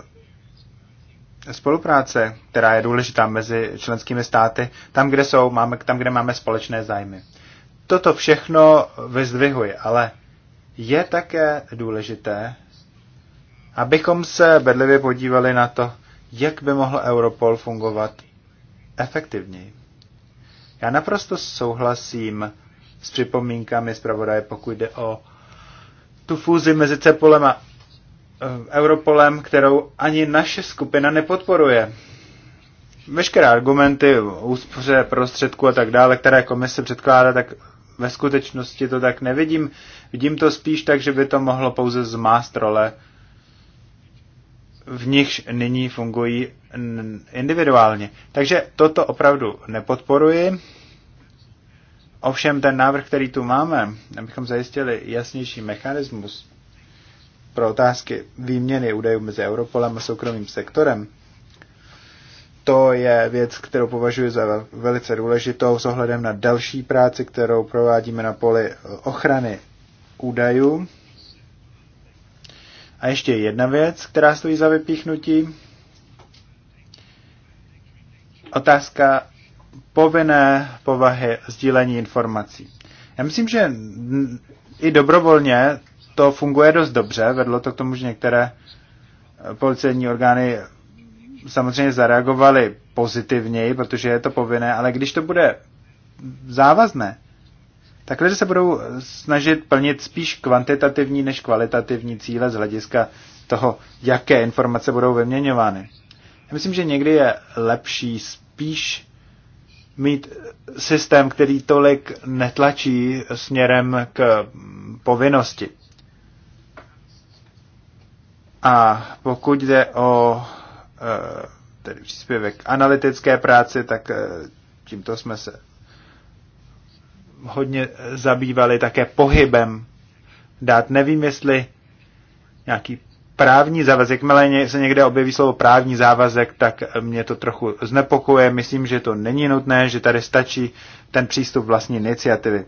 spolupráce, která je důležitá mezi členskými státy, tam, kde jsou, máme, tam, kde máme společné zájmy. Toto všechno vyzdvihuji, ale je také důležité, abychom se bedlivě podívali na to, jak by mohl Europol fungovat efektivněji. Já naprosto souhlasím s připomínkami zpravodaje, pokud jde o tu fúzi mezi Cepolem a eh, Europolem, kterou ani naše skupina nepodporuje. Veškeré argumenty úspoře prostředku a tak dále, které komise předkládá, tak ve skutečnosti to tak nevidím. Vidím to spíš tak, že by to mohlo pouze zmást role v nichž nyní fungují individuálně. Takže toto opravdu nepodporuji. Ovšem ten návrh, který tu máme, abychom zajistili jasnější mechanismus pro otázky výměny údajů mezi Europolem a soukromým sektorem, to je věc, kterou považuji za velice důležitou s ohledem na další práci, kterou provádíme na poli ochrany údajů a ještě jedna věc, která stojí za vypíchnutí. Otázka povinné povahy sdílení informací. Já myslím, že i dobrovolně to funguje dost dobře. Vedlo to k tomu, že některé policejní orgány samozřejmě zareagovaly pozitivněji, protože je to povinné, ale když to bude závazné, tak lidé se budou snažit plnit spíš kvantitativní než kvalitativní cíle z hlediska toho, jaké informace budou vyměňovány. Já myslím, že někdy je lepší spíš mít systém, který tolik netlačí směrem k povinnosti. A pokud jde o eh, tedy příspěvek analytické práci, tak eh, tímto jsme se hodně zabývali také pohybem dát. Nevím, jestli nějaký právní závazek, jakmile se někde objeví slovo právní závazek, tak mě to trochu znepokuje. Myslím, že to není nutné, že tady stačí ten přístup vlastní iniciativy.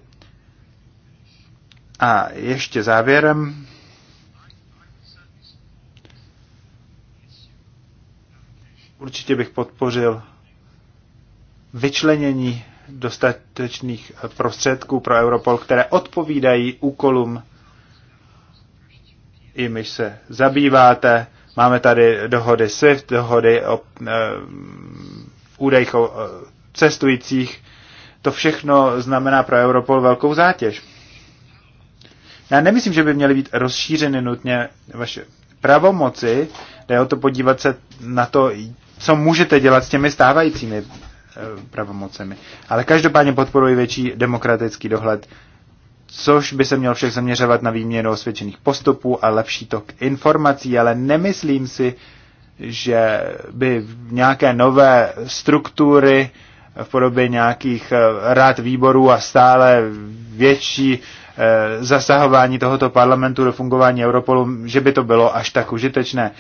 A ještě závěrem. Určitě bych podpořil vyčlenění dostatečných prostředků pro Europol, které odpovídají úkolům, i my se zabýváte. Máme tady dohody SWIFT, dohody o e, údajích o e, cestujících. To všechno znamená pro Europol velkou zátěž. Já nemyslím, že by měly být rozšířeny nutně vaše pravomoci. Jde o to podívat se na to, co můžete dělat s těmi stávajícími Eh, pravomocemi. Ale každopádně podporuji větší demokratický dohled, což by se měl všech zaměřovat na výměnu osvědčených postupů a lepší tok informací, ale nemyslím si, že by nějaké nové struktury v podobě nějakých eh, rád výborů a stále větší eh, zasahování tohoto parlamentu do fungování Europolu, že by to bylo až tak užitečné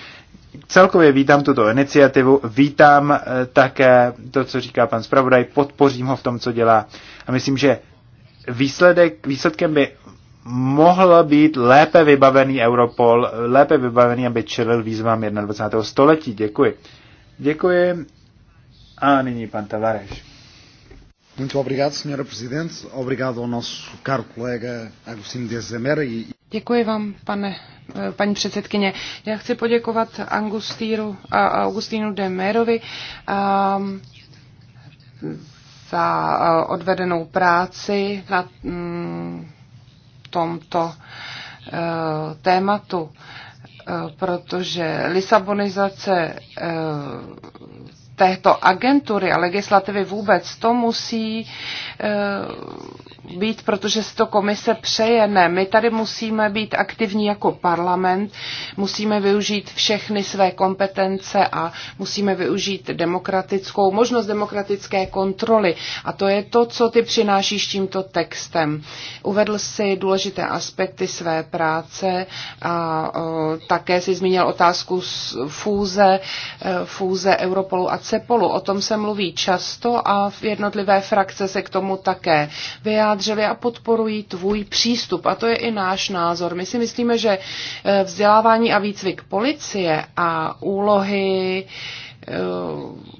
celkově vítám tuto iniciativu, vítám eh, také to, co říká pan zpravodaj, podpořím ho v tom, co dělá. A myslím, že výsledek, výsledkem by mohl být lépe vybavený Europol, lépe vybavený, aby čelil výzvám 21. století. Děkuji. Děkuji. A nyní pan Tavareš. Muito obrigado, senhora Presidente. Obrigado ao nosso caro colega Agostinho de Zemera. E... Děkuji vám, pane, eh, paní předsedkyně. Já chci poděkovat Angustíru, Augustínu Demérovi ehm, za eh, odvedenou práci na mm, tomto eh, tématu, protože Lisabonizace této agentury a legislativy vůbec, to musí být, protože si to komise přeje. Ne, my tady musíme být aktivní jako parlament, musíme využít všechny své kompetence a musíme využít demokratickou, možnost demokratické kontroly. A to je to, co ty přinášíš tímto textem. Uvedl si důležité aspekty své práce a o, také si zmínil otázku z fůze, e, fůze Europolu a Cepolu. O tom se mluví často a jednotlivé frakce se k tomu také vyjádří vyjádřili a podporují tvůj přístup. A to je i náš názor. My si myslíme, že eh, vzdělávání a výcvik policie a úlohy eh,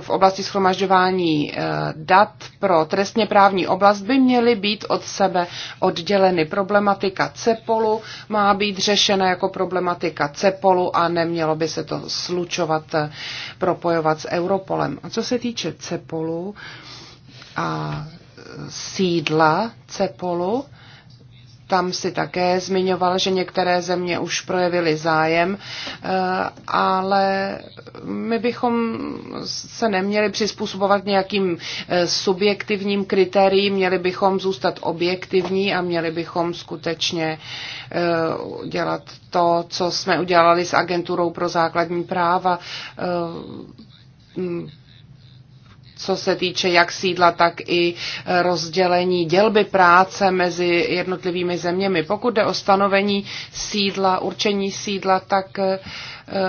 v oblasti schromažďování eh, dat pro trestně právní oblast by měly být od sebe odděleny. Problematika CEPOLu má být řešena jako problematika CEPOLu a nemělo by se to slučovat, propojovat s Europolem. A co se týče CEPOLu, a sídla Cepolu. Tam si také zmiňoval, že některé země už projevily zájem, eh, ale my bychom se neměli přizpůsobovat nějakým eh, subjektivním kritériím, měli bychom zůstat objektivní a měli bychom skutečně eh, dělat to, co jsme udělali s agenturou pro základní práva co se týče jak sídla, tak i e, rozdělení dělby práce mezi jednotlivými zeměmi. Pokud jde o stanovení sídla, určení sídla, tak e,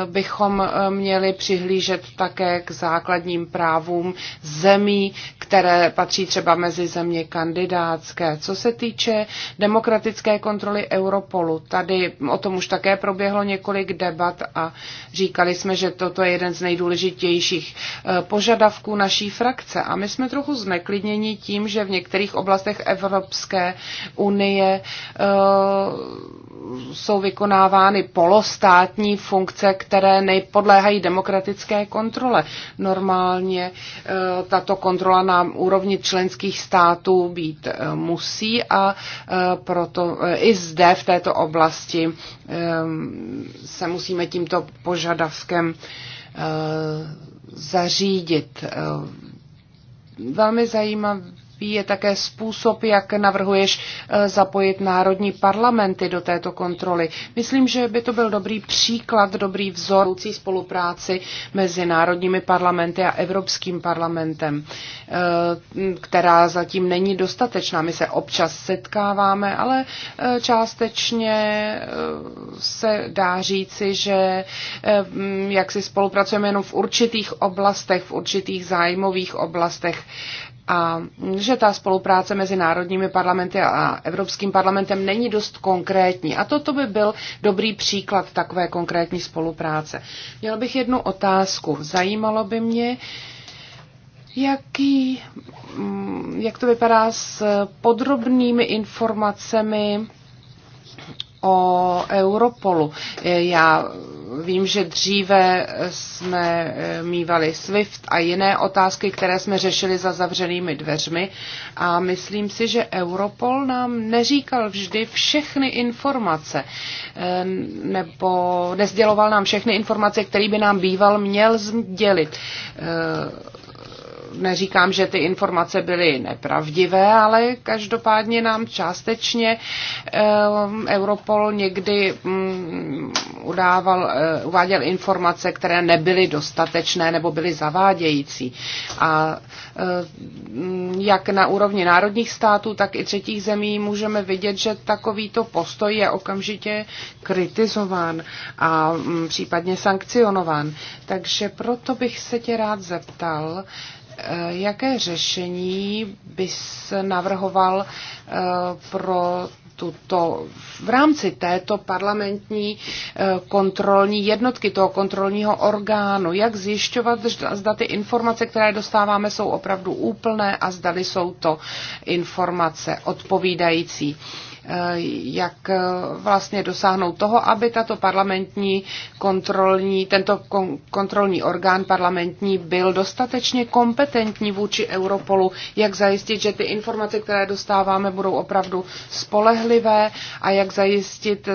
bychom eh, měli přihlížet také k základním právům zemí, které patří třeba mezi země kandidátské. Co se týče demokratické kontroly Europolu, tady o tom už také proběhlo několik debat a říkali jsme, že toto je jeden z nejdůležitějších eh, požadavků naší frakce. A my jsme trochu zneklidněni tím, že v některých oblastech Evropské unie eh, jsou vykonávány polostátní funkce, které nejpodléhají demokratické kontrole. Normálně eh, tato kontrola na úrovni členských států být eh, musí a eh, proto i zde v této oblasti se musíme tímto požadavkem zařídit. Velmi zajímavé je také způsob, jak navrhuješ eh, zapojit národní parlamenty do této kontroly. Myslím, že by to byl dobrý příklad, dobrý vzor spolupráci mezi národními parlamenty a Evropským parlamentem, eh, která zatím není dostatečná. My se občas setkáváme, ale eh, částečně se dá říci, že jak si spolupracujeme jenom v určitých oblastech, v určitých zájmových oblastech a že ta spolupráce mezi národními parlamenty a Evropským parlamentem není dost konkrétní. A toto by byl dobrý příklad takové konkrétní spolupráce. Měl bych jednu otázku. Zajímalo by mě, jaký, mm, jak to vypadá s podrobnými informacemi o Europolu. Já Vím, že dříve jsme eh, mývali SWIFT a jiné otázky, které jsme řešili za zavřenými dveřmi a myslím si, že Europol nám neříkal vždy všechny informace eh, nebo nezděloval nám všechny informace, které by nám býval měl sdělit eh, neříkám, že ty informace byly nepravdivé, ale každopádně nám částečně ehm, Europol někdy mm, udával, eh, uváděl informace, které nebyly dostatečné nebo byly zavádějící. A eh, jak na úrovni národních států, tak i třetích zemí můžeme vidět, že takovýto postoj je okamžitě kritizován a mm, případně sankcionován. Takže proto bych se tě rád zeptal, Eh, jaké řešení bys navrhoval eh, pro tuto, v rámci této parlamentní eh, kontrolní jednotky, toho kontrolního orgánu, jak zjišťovat, zda ty informace, které dostáváme, jsou opravdu úplné a zdali jsou to informace odpovídající. Eh, jak eh, vlastně dosáhnout toho, aby tato parlamentní kontrolní, tento kontrolní orgán parlamentní byl dostatečně kompetentní vůči Europolu, jak zajistit, že ty informace, které dostáváme, budou opravdu spolehlivé a jak zajistit,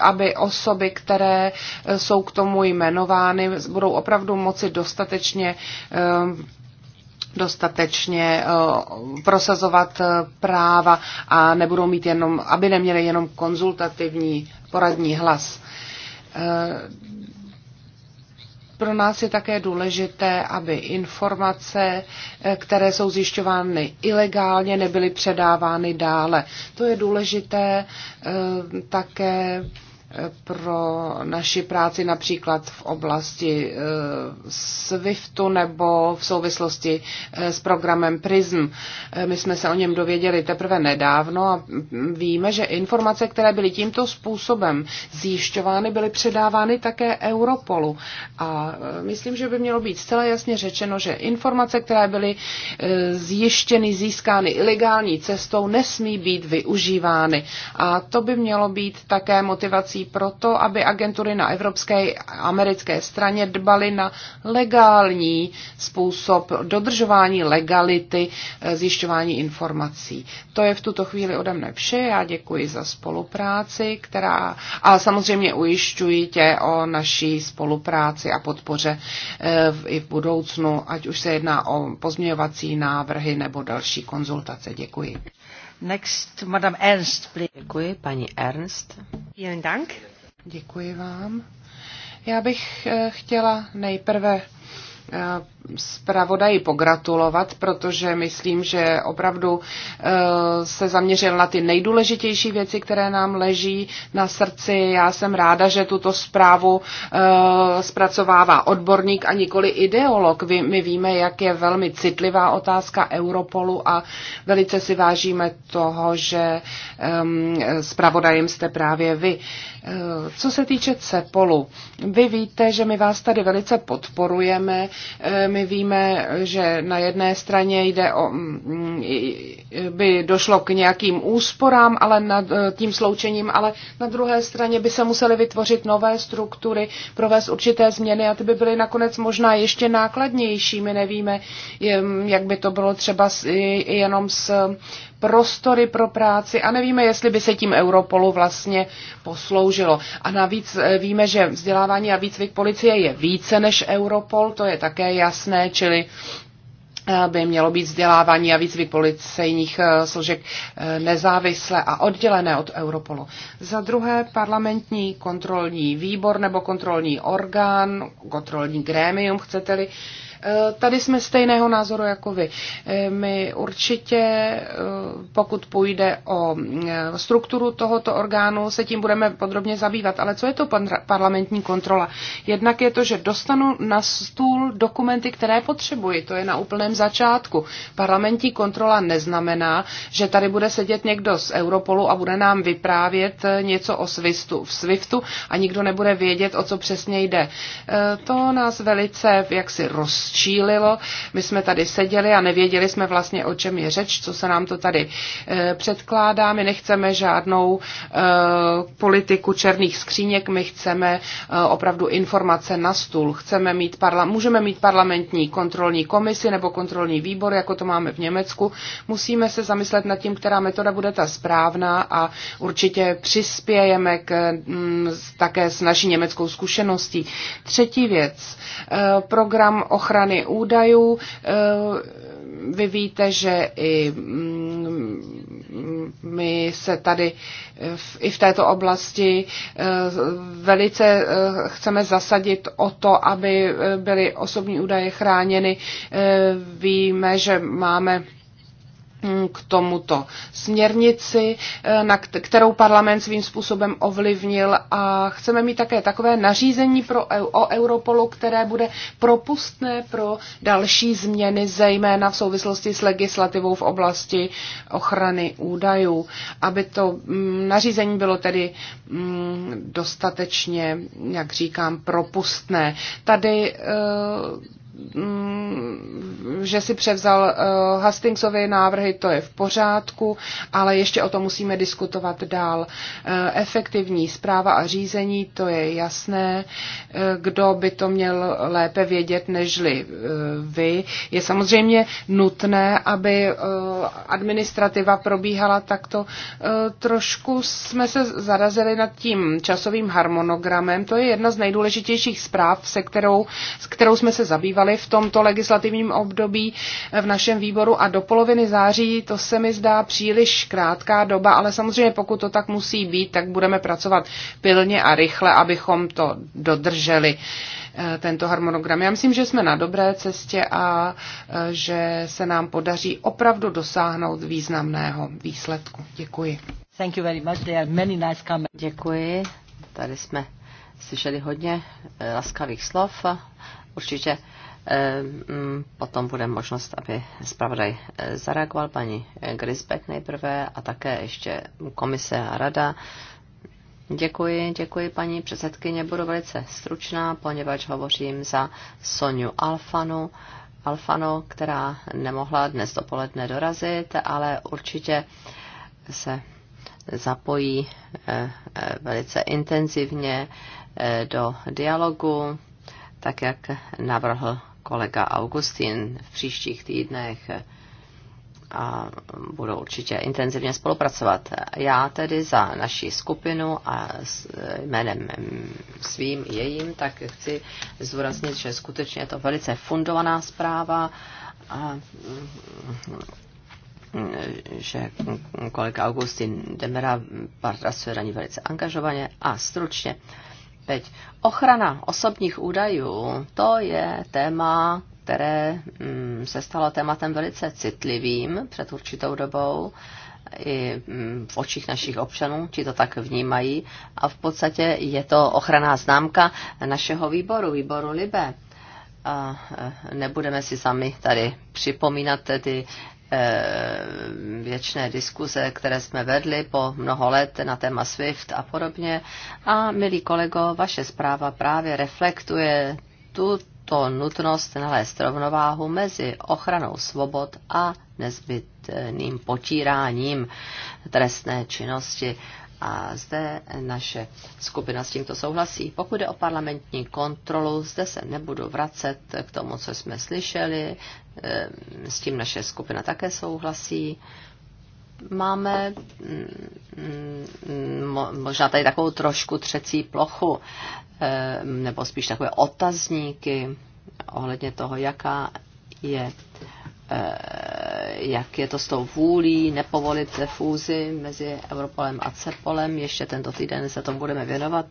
aby osoby, které eh, jsou k tomu jmenovány, budou opravdu moci dostatečně dostatečně eh, prosazovat eh, práva a nebudou mít jenom, aby neměli jenom konzultativní poradní hlas. Eh, pro nás je také důležité, aby informace, které jsou zjišťovány ilegálně, nebyly předávány dále. To je důležité také pro naši práci například v oblasti eh, SWIFTu nebo v souvislosti eh, s programem PRISM. Eh, my jsme se o něm dověděli teprve nedávno a víme, že informace, které byly tímto způsobem zjišťovány, byly předávány také Europolu. A myslím, že by mělo být zcela jasně řečeno, že informace, které byly zjištěny, získány ilegální cestou, nesmí být využívány. A to by mělo být také motivací proto, aby agentury na evropské a americké straně dbaly na legální způsob dodržování legality eh, zjišťování informací. To je v tuto chvíli ode mne vše. Já děkuji za spolupráci, která a samozřejmě ujišťuji tě o naší spolupráci a podpoře eh, i v budoucnu, ať už se jedná o pozměňovací návrhy nebo další konzultace. Děkuji. Next, Madame Ernst, please. Děkuji, paní Ernst. Vielen Dank. Děkuji vám. Já bych eh, chtěla nejprve zpravodaji pogratulovat, protože myslím, že opravdu eh, se zaměřil na ty nejdůležitější věci, které nám leží na srdci. Já jsem ráda, že tuto zprávu eh, zpracovává odborník a nikoli ideolog. My víme, jak je velmi citlivá otázka Europolu a velice si vážíme toho, že ehm, zpravodajem jste právě vy. Uh, Eh, co se týče CEPOLu, vy víte, že my vás tady velice podporujeme. Eh, my víme, že na jedné straně jde o, mm, by došlo k nějakým úsporám, ale nad eh, tím sloučením, ale na druhé straně by se musely vytvořit nové struktury, provést určité změny a ty by byly nakonec možná ještě nákladnější. My nevíme, jak by to bylo třeba jenom s prostory pro práci a nevíme, jestli by se tím Europolu vlastně posloužilo. A navíc eh, víme, že vzdělávání a výcvik policie je více než Europol, to je také jasné, čili eh, by mělo být vzdělávání a výcvik policejních eh, složek nezávislé a oddělené od Europolu. Za druhé parlamentní kontrolní výbor nebo kontrolní orgán, kontrolní grémium, chcete-li, Eh, tady jsme stejného názoru jako vy. Eh, my určitě, eh, pokud půjde o strukturu tohoto orgánu, se tím budeme podrobně zabývat. Ale co je to parlamentní kontrola? Jednak je to, že dostanu na stůl dokumenty, které potřebuji. To je na úplném začátku. Parlamentní kontrola neznamená, že tady bude sedět někdo z Europolu a bude nám vyprávět něco o Swiftu, v Swiftu a nikdo nebude vědět, o co přesně jde. To nás velice jaksi roz rozčílilo. My jsme tady seděli a nevěděli jsme vlastně, o čem je řeč, co se nám to tady e, předkládá. My nechceme žádnou e, politiku černých skříněk, my chceme e, opravdu informace na stůl. Chceme mít parla- můžeme mít parlamentní kontrolní komisi nebo kontrolní výbor, jako to máme v Německu. Musíme se zamyslet nad tím, která metoda bude ta správná a určitě přispějeme k, mm, také s naší německou zkušeností. Třetí věc, program ochrany ochrany údajů. Eh, vy víte, že i mm, my se tady eh, i v této oblasti eh, velice chceme zasadit o to, aby byly osobní údaje chráněny. Víme, že máme Mm, k tomuto směrnici, eh, na kterou parlament svým způsobem ovlivnil a chceme mít také takové nařízení pro, o Europolu, které bude propustné pro další změny, zejména v souvislosti s legislativou v oblasti ochrany údajů, aby to mm, nařízení bylo tedy mm, dostatečně, jak říkám, propustné. Tady eh, že si převzal eh, Hastingsovy návrhy, to je v pořádku, ale ještě o tom musíme diskutovat dál. Eh, efektivní zpráva a řízení, to je jasné. Eh, kdo by to měl lépe vědět, nežli vy. Je samozřejmě nutné, aby administrativa probíhala takto. Trošku jsme se zarazili nad tím časovým harmonogramem. To je jedna z nejdůležitějších zpráv, se kterou, s kterou jsme se zabývali v tomto legislativním období období v našem výboru a do poloviny září to se mi zdá příliš krátká doba, ale samozřejmě pokud to tak musí být, tak budeme pracovat pilně a rychle, abychom to dodrželi eh, tento harmonogram. Já myslím, že jsme na dobré cestě a eh, že se nám podaří opravdu dosáhnout významného výsledku. Děkuji. Thank you very much. There are many nice comments. Děkuji. Tady jsme slyšeli hodně eh, laskavých slov. Určitě Eh, mm, potom bude možnost, aby zpravodaj eh, zareagoval paní Grisbeck nejprve a také ještě komise a rada. Děkuji, děkuji paní předsedkyně, budu velice stručná, poněvadž hovořím za Soniu Alfanu. Alfano, která nemohla dnes dopoledne dorazit, ale určitě se zapojí eh, velice intenzivně do dialogu, tak jak navrhl kolega Augustin v příštích týdnech eh, a budou určitě intenzivně spolupracovat. Já tedy za naši skupinu a s eh, jménem mm, svým jejím, tak chci zdůraznit, že skutečně je to velice fundovaná zpráva a mm, mm, že kolega Augustin Demera pracuje na ní velice angažovaně a stručně. Teď ochrana osobních údajů, to je téma, které mm, se stalo tématem velice citlivým před určitou dobou i mm, v očích našich občanů, či to tak vnímají. A v podstatě je to ochranná známka našeho výboru, výboru Libe. A e, nebudeme si sami tady připomínat ty Eh, věčné diskuze, které jsme vedli po mnoho let na téma SWIFT a podobně. A milí kolego, vaše zpráva právě reflektuje tuto nutnost nalézt rovnováhu mezi ochranou svobod a nezbytným potíráním trestné činnosti a zde naše skupina s tímto souhlasí. Pokud je o parlamentní kontrolu, zde se nebudu vracet k tomu, co jsme slyšeli, ehm, s tím naše skupina také souhlasí. Máme mm, mm, možná tady takovou trošku třecí plochu, ehm, nebo spíš takové otazníky ohledně toho, jaká je Eh, jak je to s tou vůlí nepovolit fúzi mezi Europolem a Cepolem. Ještě tento týden se tomu budeme věnovat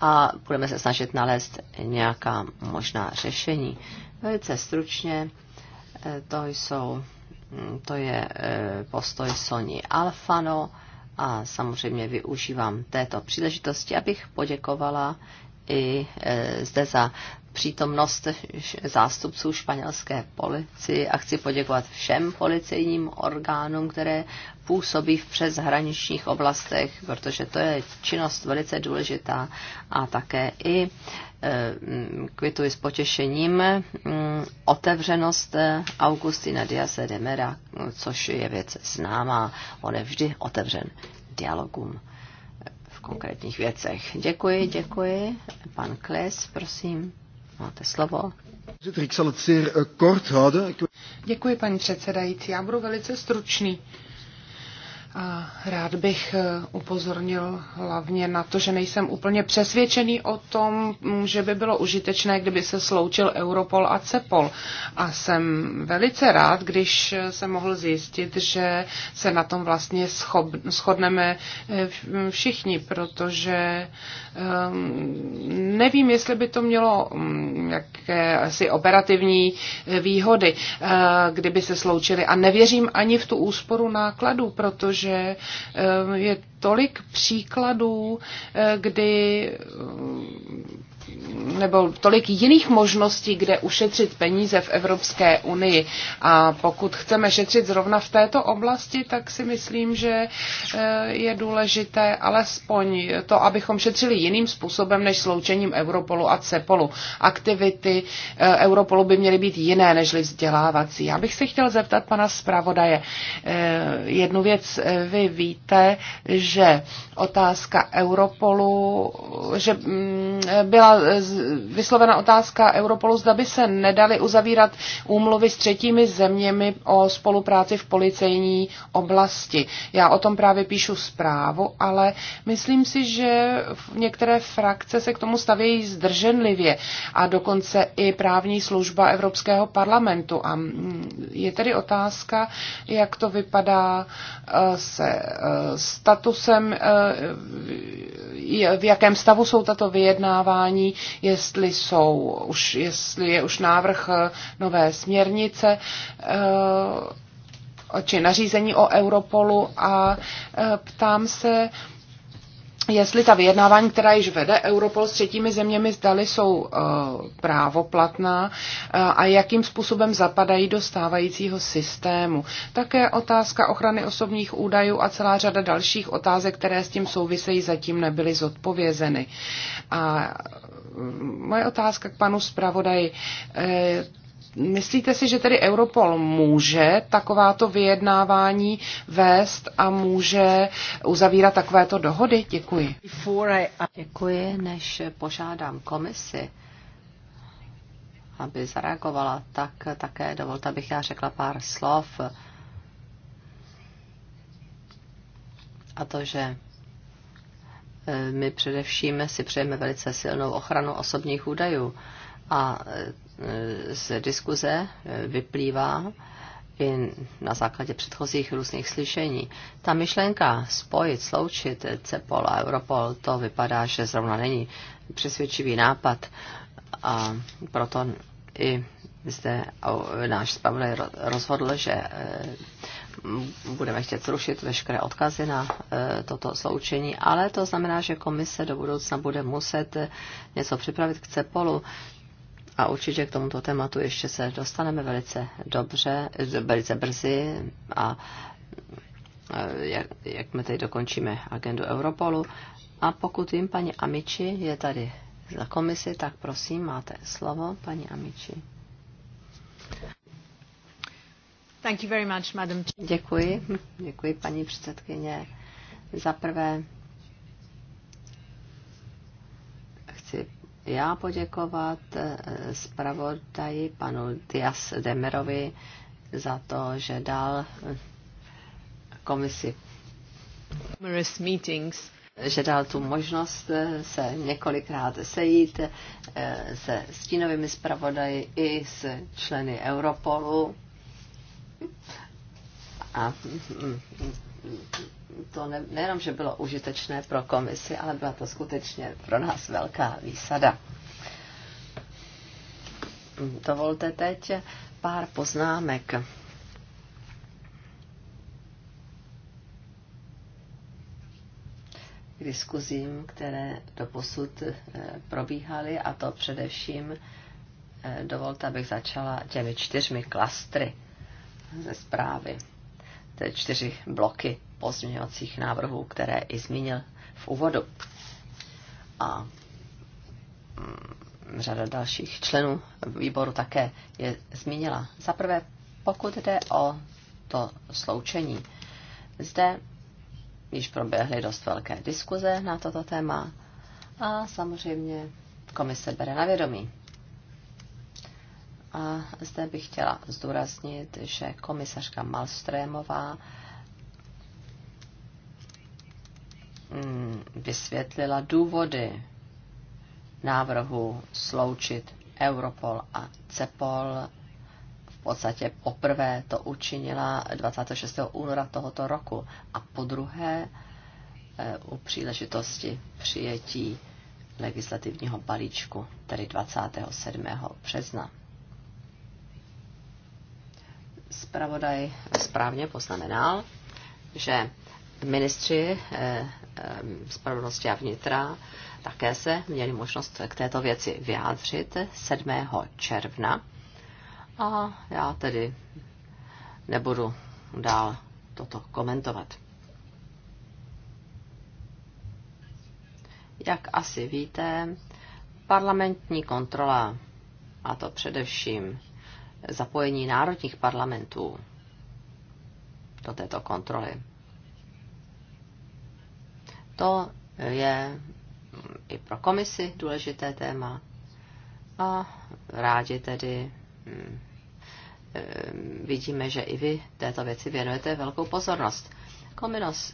a budeme se snažit nalézt nějaká možná řešení. Velice stručně, eh, to jsou hm, to je eh, postoj Soni Alfano a samozřejmě využívám této příležitosti, abych poděkovala i zde za přítomnost zástupců španělské policie a chci poděkovat všem policejním orgánům, které působí v přeshraničních oblastech, protože to je činnost velice důležitá a také i eh, mm, kvituji s potěšením mm, otevřenost eh, Augustina Diase de Mera, což je věc známá. On je vždy otevřen dialogům v konkrétních věcech. Děkuji, děkuji. Pan Kles, prosím. Máte slovo. Eh, Děkuji, paní předsedající. Já budu velice stručný rád bych eh, upozornil hlavně na to, že nejsem úplně přesvědčený o tom, mm, že by bylo užitečné, kdyby se sloučil Europol a CEPOL. A jsem velice rád, když jsem mohl zjistit, že se na tom vlastně shodneme eh, všichni, protože ehm, nevím, jestli by to mělo mm, jaké asi operativní eh, výhody, kdyby se sloučili. A nevěřím ani v tu úsporu nákladů, protože že eh, je tolik příkladů, eh, kdy nebo tolik jiných možností, kde ušetřit peníze v Evropské unii. A pokud chceme šetřit zrovna v této oblasti, tak si myslím, že eh, je důležité alespoň to, abychom šetřili jiným způsobem než sloučením Europolu a CEPOLu. Aktivity eh, Europolu by měly být jiné než vzdělávací. Já bych se chtěl zeptat pana zpravodaje. Eh, jednu věc vy víte, že otázka Europolu, že mm, byla vyslovena otázka Europolu, zda by se nedali uzavírat úmluvy s třetími zeměmi o spolupráci v policejní oblasti. Já o tom právě píšu zprávu, ale myslím si, že některé frakce se k tomu stavějí zdrženlivě a dokonce i právní služba Evropského parlamentu. A mm, je tedy otázka, jak to vypadá e, se e, statusem, e, v jakém stavu jsou tato vyjednávání, jestli, jsou, už, jestli je už návrh eh, nové směrnice eh, či nařízení o Europolu a eh, ptám se, jestli ta vyjednávání, která již vede Europol s třetími zeměmi, zdali jsou právoplatná a jakým způsobem zapadají do stávajícího systému. Také otázka ochrany osobních údajů a celá řada dalších otázek, které s tím souvisejí, zatím nebyly zodpovězeny. A moje otázka k panu zpravodaji. Eh, myslíte si, že tedy Europol může takováto vyjednávání vést a může uzavírat takovéto dohody? Děkuji. Děkuji, než požádám komisi, aby zareagovala, tak také dovolte, abych já řekla pár slov. A to, že Eh, my především si přejeme velice silnou ochranu osobních údajů. A eh, z diskuze eh, vyplývá i na základě předchozích různých slyšení. Ta myšlenka spojit, sloučit CEPOL a Europol, to vypadá, že zrovna není přesvědčivý nápad. A proto i zde náš zpravodaj rozhodl, že budeme chtět zrušit veškeré odkazy na e, toto sloučení, ale to znamená, že komise do budoucna bude muset e, něco připravit k CEPOLu, a určitě k tomuto tématu ještě se dostaneme velice dobře, e, velice brzy a jak, jak my teď dokončíme agendu Europolu. A pokud jim paní Amici je tady za komisi, tak prosím, máte slovo, paní Amici. Thank you very much, madam. Děkuji, děkuji paní předsedkyně. Za prvé chci já poděkovat eh, zpravodaji panu Dias Demerovi za to, že dal eh, komisi meetings že dal tu možnost eh, se několikrát sejít se stínovými zpravodaji i s členy Europolu a mm, mm, to ne, nejenom, že bylo užitečné pro komisi, ale byla to skutečně pro nás velká výsada. Dovolte teď pár poznámek. K diskuzím, které doposud eh, probíhaly, a to především eh, dovolte, abych začala těmi čtyřmi klastry ze zprávy. Te čtyři bloky pozměňovacích návrhů, které i zmínil v úvodu. A mm, řada dalších členů výboru také je zmínila. Za prvé, pokud jde o to sloučení, zde již proběhly dost velké diskuze na toto téma a samozřejmě komise bere na vědomí a zde bych chtěla zdůraznit, že komisařka Malstrémová mm, vysvětlila důvody návrhu sloučit Europol a CEPOL. V podstatě poprvé to učinila 26. února tohoto roku a po druhé eh, u příležitosti přijetí legislativního balíčku, tedy 27. března Spravodaj správně poznamenal, že ministři eh, eh, spravedlnosti a vnitra také se měli možnost k této věci vyjádřit 7. června. A já tedy nebudu dál toto komentovat. Jak asi víte, parlamentní kontrola, a to především zapojení národních parlamentů do této kontroly. To je i pro komisi důležité téma a rádi tedy hm, hm, vidíme, že i vy této věci věnujete velkou pozornost.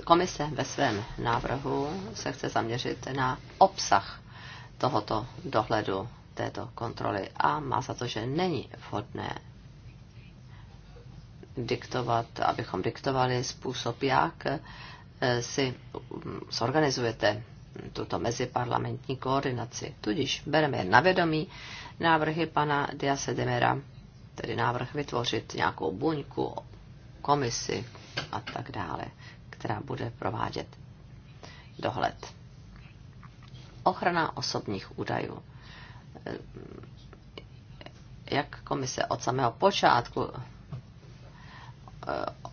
Komise ve svém návrhu se chce zaměřit na obsah tohoto dohledu této kontroly a má za to, že není vhodné diktovat, abychom diktovali způsob, jak eh, si mm, zorganizujete tuto meziparlamentní koordinaci. Tudíž bereme na vědomí návrhy pana Diase Demera, tedy návrh vytvořit nějakou buňku, komisi a tak dále, která bude provádět dohled. Ochrana osobních údajů jak komise od samého počátku, eh,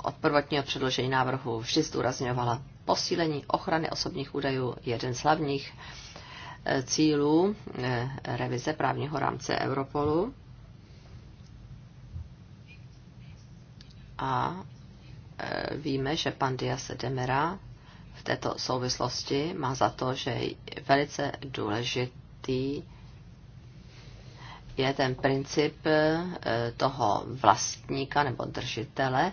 od prvotního předložení návrhu vždy zdůrazňovala posílení ochrany osobních údajů jeden z hlavních eh, cílů eh, revize právního rámce Europolu. A víme, že pan Dias Demera v této souvislosti má za to, že je velice důležitý je ten princip eh, toho vlastníka nebo držitele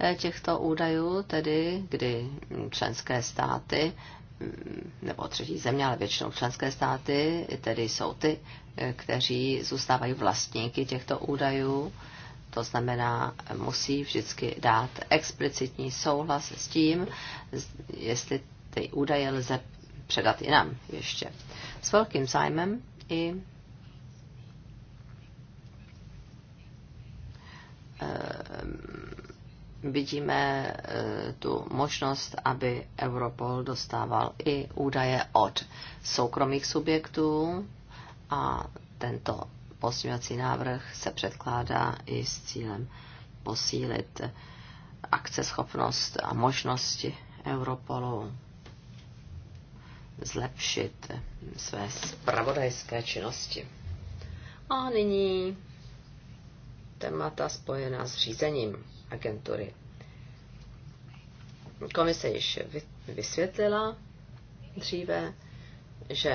eh, těchto údajů, tedy kdy členské státy mm, nebo třetí země, ale většinou členské státy, tedy jsou ty, eh, kteří zůstávají vlastníky těchto údajů. To znamená, musí vždycky dát explicitní souhlas s tím, jestli ty údaje lze předat i nám ještě. S velkým zájmem i Ehm, vidíme eh, tu možnost, aby Europol dostával i údaje od soukromých subjektů a tento pozměňovací návrh se předkládá i s cílem posílit akceschopnost a možnosti Europolu zlepšit své spravodajské činnosti. A nyní témata spojená s řízením agentury. Komise již vysvětlila dříve, že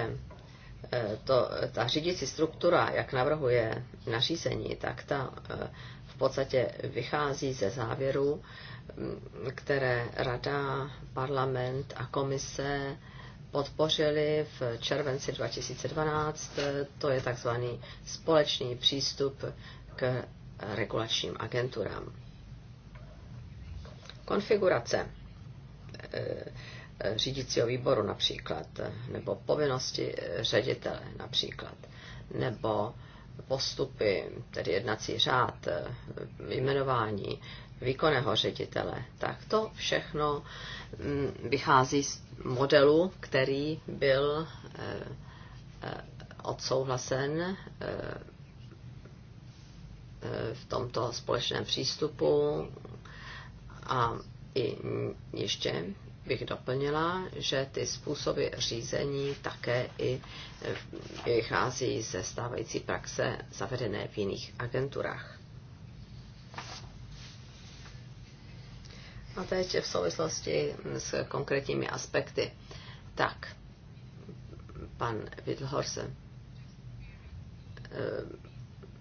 e, to, ta řídící struktura, jak navrhuje nařízení, tak ta e, v podstatě vychází ze závěru, které Rada, parlament a komise podpořili v červenci 2012. To je takzvaný společný přístup k regulačním agenturám. Konfigurace eh, řídícího výboru například, nebo povinnosti eh, ředitele například, nebo postupy, tedy jednací řád, eh, jmenování výkonného ředitele, tak to všechno mm, vychází z modelu, který byl odsouhlasen Eh, v tomto společném přístupu. A i ještě bych doplnila, že ty způsoby řízení také i vychází ze stávající praxe zavedené v jiných agenturách. A teď v souvislosti s konkrétními aspekty. Tak, pan Wittelhorse eh,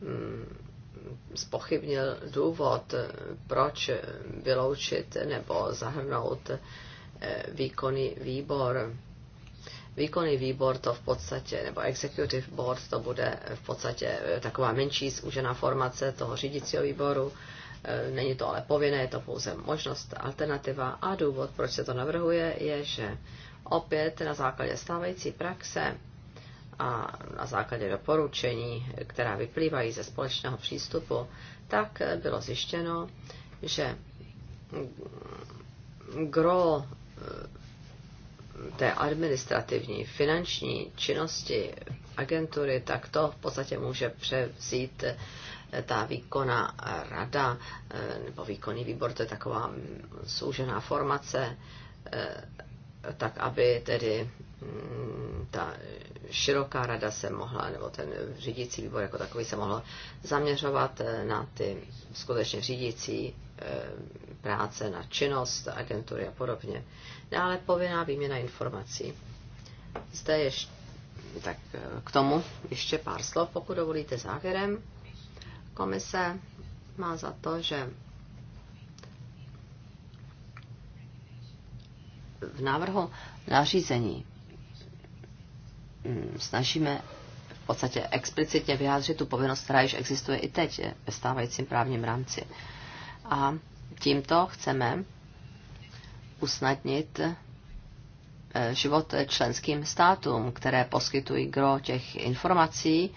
mm, spochybnil důvod, proč vyloučit nebo zahrnout eh, výkonný výbor. Výkonný výbor to v podstatě, nebo executive board, to bude v podstatě eh, taková menší zúžená formace toho řídícího výboru. Eh, není to ale povinné, je to pouze možnost, alternativa a důvod, proč se to navrhuje, je, že opět na základě stávající praxe a na základě doporučení, která vyplývají ze společného přístupu, tak bylo zjištěno, že gro eh, té administrativní, finanční činnosti agentury, tak to v podstatě může převzít eh, ta výkona rada eh, nebo výkonný výbor, to je taková soužená mm, formace, tak aby tedy ta široká rada se mohla, nebo ten řídící výbor jako takový se mohl zaměřovat eh, na ty skutečně řídící eh, práce, na činnost agentury a podobně. Dále no, povinná výměna informací. Zde ještě tak eh, k tomu ještě pár slov, pokud dovolíte závěrem. Komise má za to, že v návrhu nařízení Mm, snažíme v podstatě explicitně vyjádřit tu povinnost, která již existuje i teď ve stávajícím právním rámci. A tímto chceme usnadnit eh, život členským státům, které poskytují gro těch informací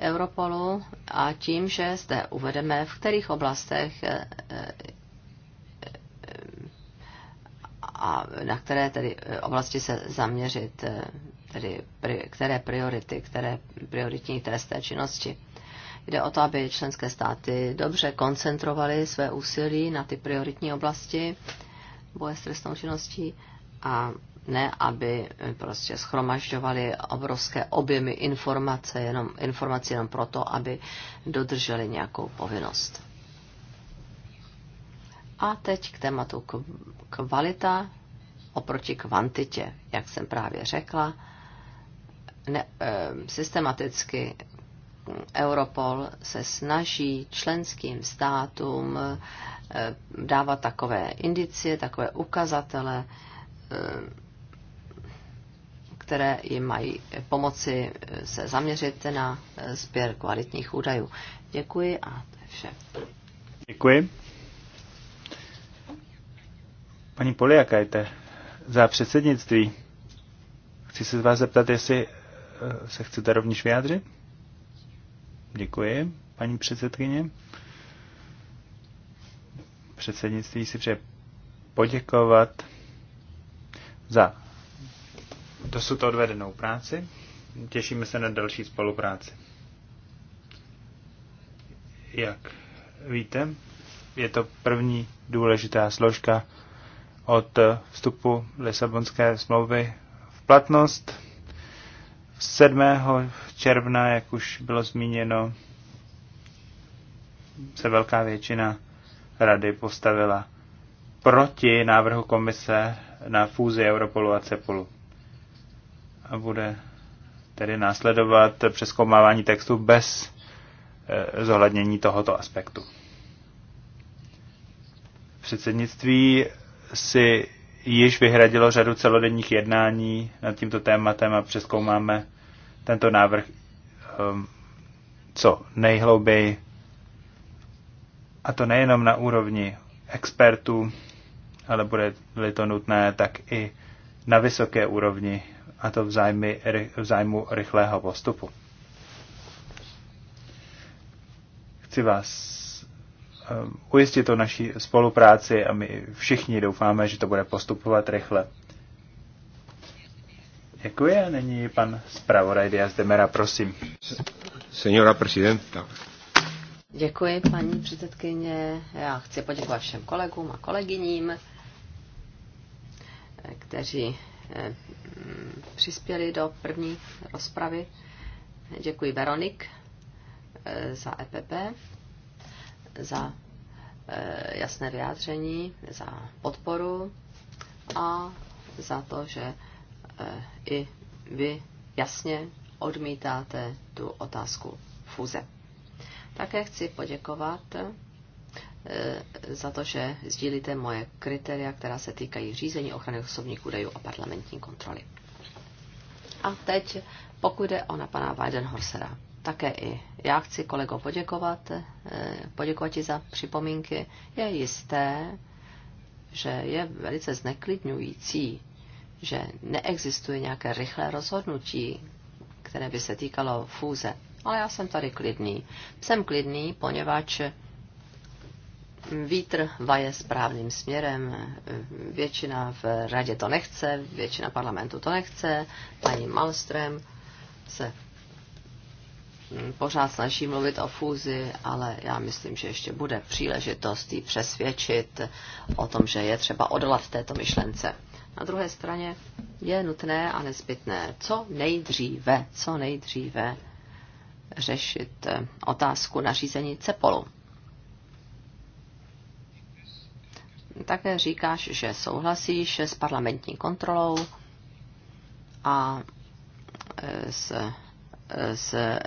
Europolu a tím, že zde uvedeme, v kterých oblastech eh, eh, a na které tedy oblasti se zaměřit tedy které priority, které prioritní trestné činnosti. Jde o to, aby členské státy dobře koncentrovaly své úsilí na ty prioritní oblasti boje s trestnou činností a ne, aby prostě schromažďovali obrovské objemy informace jenom, informací jenom proto, aby dodrželi nějakou povinnost. A teď k tématu kvalita oproti kvantitě, jak jsem právě řekla ne, eh, systematicky Europol se snaží členským státům eh, dávat takové indicie, takové ukazatele, eh, které jim mají pomoci se zaměřit na sběr kvalitních údajů. Děkuji a to je vše. Děkuji. Paní Poliakajte, za předsednictví chci se vás zeptat, jestli Eh, se chcete rovněž vyjádřit? Děkuji, paní předsedkyně. Předsednictví si přeje poděkovat za dosud odvedenou práci. Těšíme se na další spolupráci. Jak víte, je to první důležitá složka od vstupu Lisabonské smlouvy v platnost 7. června, jak už bylo zmíněno, se velká většina rady postavila proti návrhu komise na fúzi Europolu a Cepolu. A bude tedy následovat přeskoumávání textu bez eh, zohlednění tohoto aspektu. Předsednictví si již vyhradilo řadu celodenních jednání nad tímto tématem a přeskoumáme tento návrh um, co nejhlouběji. A to nejenom na úrovni expertů, ale bude-li to nutné, tak i na vysoké úrovni, a to v, zájmy, v zájmu rychlého postupu. Chci vás Eh, ujistit o naší spolupráci a my všichni doufáme, že to bude postupovat rychle. Děkuji a není pan zpravodaj Diaz Mera, prosím. Senora prezidenta. Děkuji, paní předsedkyně. Já chci poděkovat všem kolegům a kolegyním, eh, kteří eh, přispěli do první rozpravy. Děkuji Veronik za EPP za e, jasné vyjádření, za podporu a za to, že e, i vy jasně odmítáte tu otázku fuze. Také chci poděkovat e, za to, že sdílíte moje kritéria, která se týkají řízení ochrany osobních údajů a parlamentní kontroly. A teď, pokud jde o na pana Weidenhorsera. Také i já chci kolego poděkovat, eh, poděkovat ti za připomínky. Je jisté, že je velice zneklidňující, že neexistuje nějaké rychlé rozhodnutí, které by se týkalo fůze. Ale já jsem tady klidný. Jsem klidný, poněvadž vítr vaje správným směrem. Většina v radě to nechce, většina parlamentu to nechce. Paní Malström se Hm, pořád snaží mluvit o fúzi, ale já myslím, že ještě bude příležitost jí přesvědčit o tom, že je třeba odolat této myšlence. Na druhé straně je nutné a nezbytné co nejdříve, co nejdříve řešit eh, otázku nařízení Cepolu. Také říkáš, že souhlasíš s parlamentní kontrolou a eh, s s eh,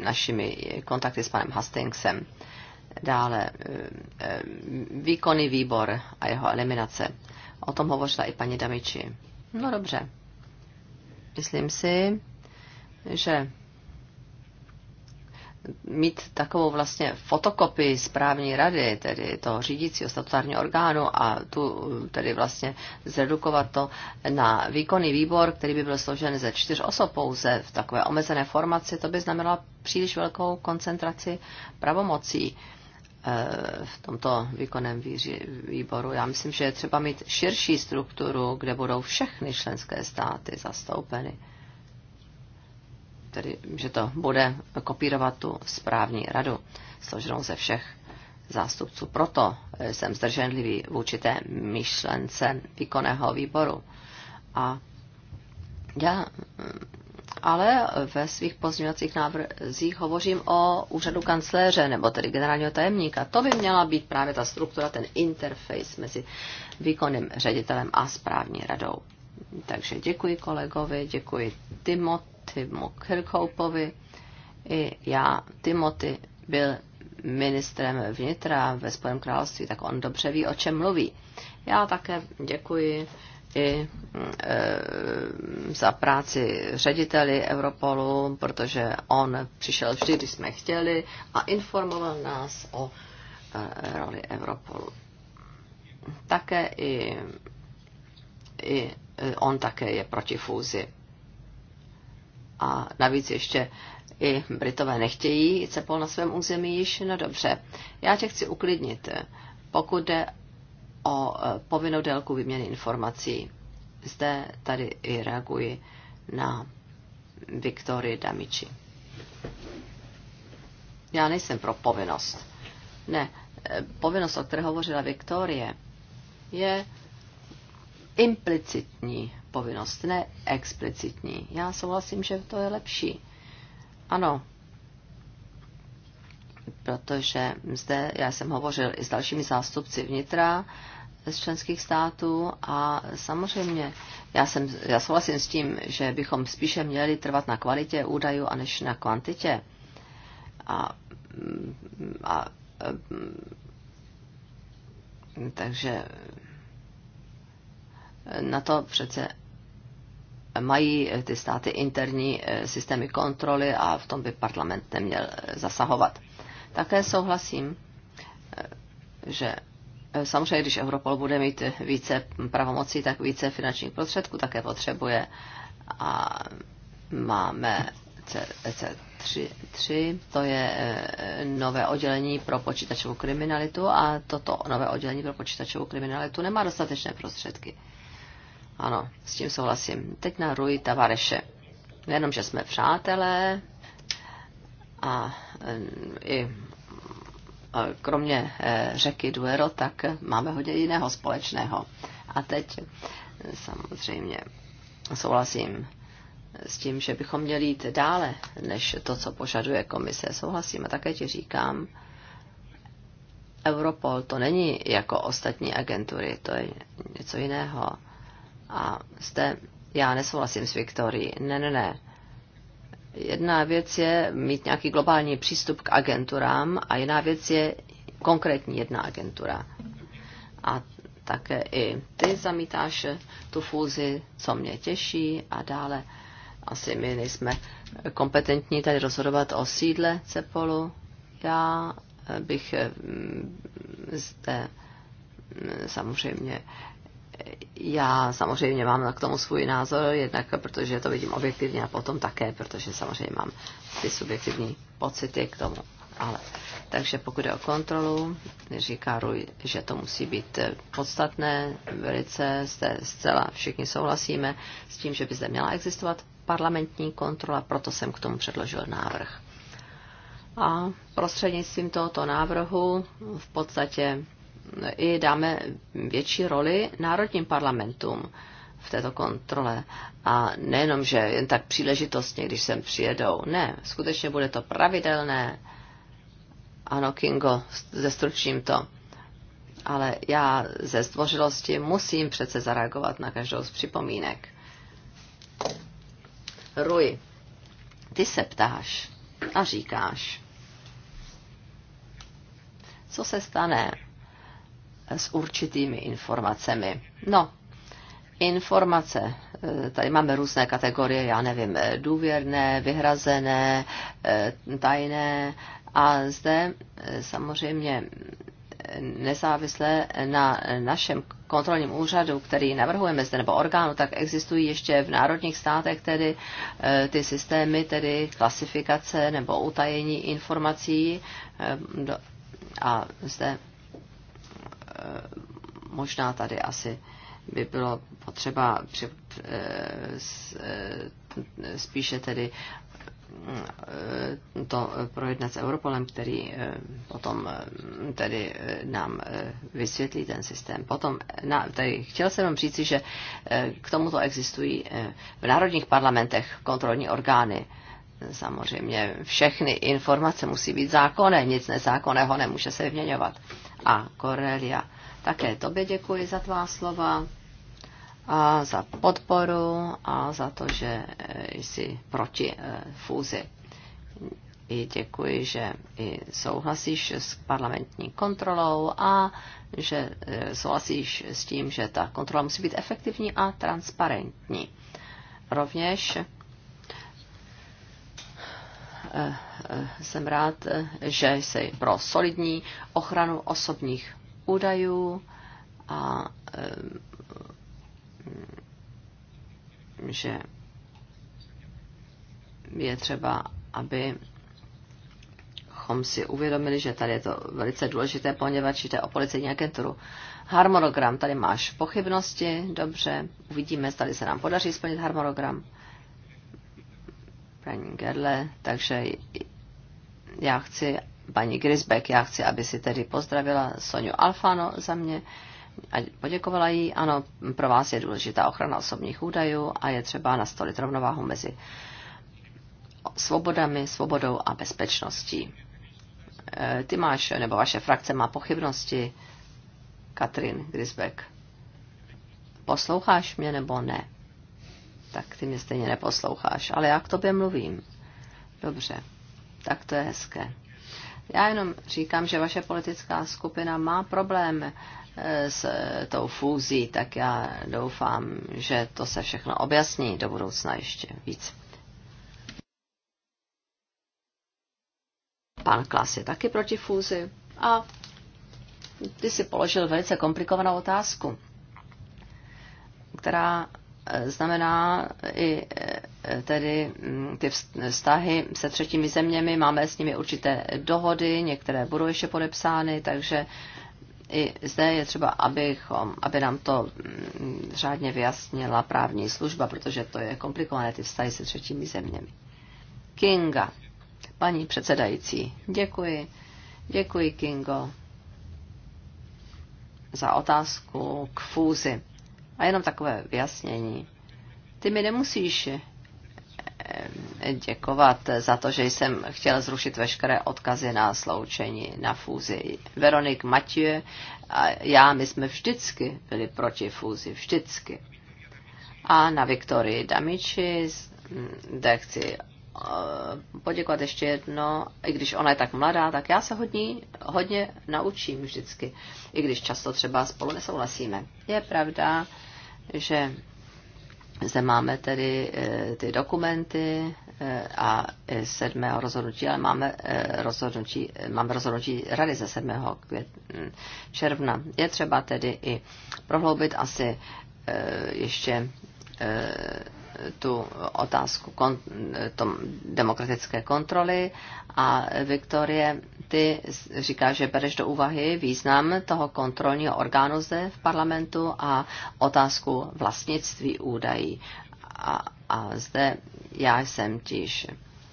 našimi kontakty s panem Hastingsem. Dále eh, eh, výkonný výbor a jeho eliminace. O tom hovořila i paní Damiči. No dobře. Myslím si, že mít takovou vlastně fotokopii správní rady, tedy toho řídícího statutárního orgánu a tu tedy vlastně zredukovat to na výkonný výbor, který by byl složen ze čtyř osob pouze v takové omezené formaci, to by znamenalo příliš velkou koncentraci pravomocí eh, v tomto výkonném výboru. Já myslím, že je třeba mít širší strukturu, kde budou všechny členské státy zastoupeny tedy že to bude kopírovat tu správní radu, složenou ze všech zástupců. Proto jsem zdrženlivý v určité myšlence výkonného výboru. A já ale ve svých pozměňovacích návrzích hovořím o úřadu kancléře, nebo tedy generálního tajemníka. To by měla být právě ta struktura, ten interface mezi výkonným ředitelem a správní radou. Takže děkuji kolegovi, děkuji Timotimu Kirkhoupovi. I já, Timothy, byl ministrem vnitra ve Spojeném království, tak on dobře ví, o čem mluví. Já také děkuji i mm, e, za práci řediteli Europolu, protože on přišel vždy, když jsme chtěli a informoval nás o e, roli Europolu. Také i, i E, on také je proti fúzi. A navíc ještě i Britové nechtějí cepol na svém území již, no dobře. Já tě chci uklidnit, pokud jde o e, povinnou délku výměny informací. Zde tady i reaguji na Viktory Damiči. Já nejsem pro povinnost. Ne, e, povinnost, o které hovořila Viktorie, je implicitní povinnost, ne explicitní. Já souhlasím, že to je lepší. Ano, protože zde já jsem hovořil i s dalšími zástupci vnitra z členských států a samozřejmě já, jsem, já souhlasím s tím, že bychom spíše měli trvat na kvalitě údajů a než na kvantitě. A, a, a takže na to přece mají ty státy interní eh, systémy kontroly a v tom by parlament neměl eh, zasahovat. Také souhlasím, eh, že samozřejmě, když Europol bude mít více pravomocí, tak více finančních prostředků také potřebuje. A máme c 3 to je nové oddělení pro počítačovou kriminalitu a toto nové oddělení pro počítačovou kriminalitu nemá dostatečné prostředky. Ano, s tím souhlasím. Teď na Rui Tavareše. Jenom, že jsme přátelé a eh, i kromě eh, řeky Duero, tak máme hodně jiného společného. A teď eh, samozřejmě souhlasím s tím, že bychom měli jít dále, než to, co požaduje komise. Souhlasím a také ti říkám, Europol to není jako ostatní agentury, to je něco jiného. A zde já nesouhlasím s Viktorií. Ne, ne, ne. Jedna věc je mít nějaký globální přístup k agenturám a jiná věc je konkrétní jedna agentura. A také i ty zamítáš tu fúzi, co mě těší a dále. Asi my nejsme kompetentní tady rozhodovat o sídle Cepolu. Já bych mm, zde mm, samozřejmě já samozřejmě mám k tomu svůj názor, jednak protože to vidím objektivně a potom také, protože samozřejmě mám ty subjektivní pocity k tomu. Ale, takže pokud je o kontrolu, říká Ruj, že to musí být podstatné, velice zde zcela všichni souhlasíme s tím, že by zde měla existovat parlamentní kontrola, proto jsem k tomu předložil návrh. A prostřednictvím tohoto návrhu v podstatě i dáme větší roli národním parlamentům v této kontrole. A nejenom, že jen tak příležitostně, když sem přijedou. Ne, skutečně bude to pravidelné. Ano, Kingo, zestručím to. Ale já ze zdvořilosti musím přece zareagovat na každou z připomínek. Rui, ty se ptáš a říkáš, co se stane, s určitými informacemi. No, informace. Eh, tady máme různé kategorie, já nevím, eh, důvěrné, vyhrazené, eh, tajné. A zde samozřejmě nezávisle na našem kontrolním úřadu, který navrhujeme zde, nebo orgánu, tak existují ještě v národních státech tedy ty systémy, tedy klasifikace nebo utajení informací. A zde možná tady asi by bylo potřeba při, eh, eh, spíše tedy mm, eh, to projednat s Europolem, který potom tedy nám vysvětlí ten systém. Potom, na, tady chtěl jsem vám říci, že k tomuto existují v národních parlamentech kontrolní orgány. Samozřejmě všechny informace musí být zákonné, nic nezákonného nemůže se vyměňovat. A Korelia. Také tobě děkuji za tvá slova a za podporu a za to, že eh, jsi proti eh, fúzi. I děkuji, že i souhlasíš s parlamentní kontrolou a že eh, souhlasíš s tím, že ta kontrola musí být efektivní a transparentní. Rovněž jsem rád, že jsi pro solidní ochranu osobních údajů a že je třeba, aby si uvědomili, že tady je to velice důležité, poněvadž jde o policejní agenturu. Harmonogram, tady máš pochybnosti, dobře, uvidíme, tady se nám podaří splnit harmonogram. Paní Gerle, takže já chci, paní Grisbeck. Já chci, aby si tedy pozdravila Soniu Alfano za mě a poděkovala jí. Ano, pro vás je důležitá ochrana osobních údajů a je třeba nastolit rovnováhu mezi svobodami, svobodou a bezpečností. E, ty máš, nebo vaše frakce má pochybnosti, Katrin Grisbeck. Posloucháš mě nebo ne? Tak ty mě stejně neposloucháš, ale já k tobě mluvím. Dobře, tak to je hezké. Já jenom říkám, že vaše politická skupina má problém eh, s eh, tou fúzí, tak já doufám, že to se všechno objasní do budoucna ještě víc. Pan Klas je taky proti fúzi a ty si položil velice komplikovanou otázku, která eh, znamená i tedy mm, ty vztahy se třetími zeměmi, máme s nimi určité dohody, některé budou ještě podepsány, takže i zde je třeba, abychom, aby nám to mm, řádně vyjasnila právní služba, protože to je komplikované, ty vztahy se třetími zeměmi. Kinga, paní předsedající, děkuji. Děkuji, Kingo, za otázku k fúzi. A jenom takové vyjasnění. Ty mi nemusíš děkovat za to, že jsem chtěl zrušit veškeré odkazy na sloučení, na fúzi. Veronik Matěj a já, my jsme vždycky byli proti fúzi, vždycky. A na Viktorii Damiči, kde chci eh, poděkovat ještě jedno, i když ona je tak mladá, tak já se hodně, hodně naučím vždycky, i když často třeba spolu nesouhlasíme. Je pravda, že zde máme tedy eh, ty dokumenty eh, a eh, sedmého rozhodnutí, ale máme rozhodnutí, máme rozhodnutí rady ze 7. Květ, hm, června. Je třeba tedy i prohloubit asi ještě tu otázku kon, tom, demokratické kontroly a Viktorie, ty říká, že bereš do úvahy význam toho kontrolního orgánu zde v parlamentu a otázku vlastnictví údají. A, a zde já jsem tiž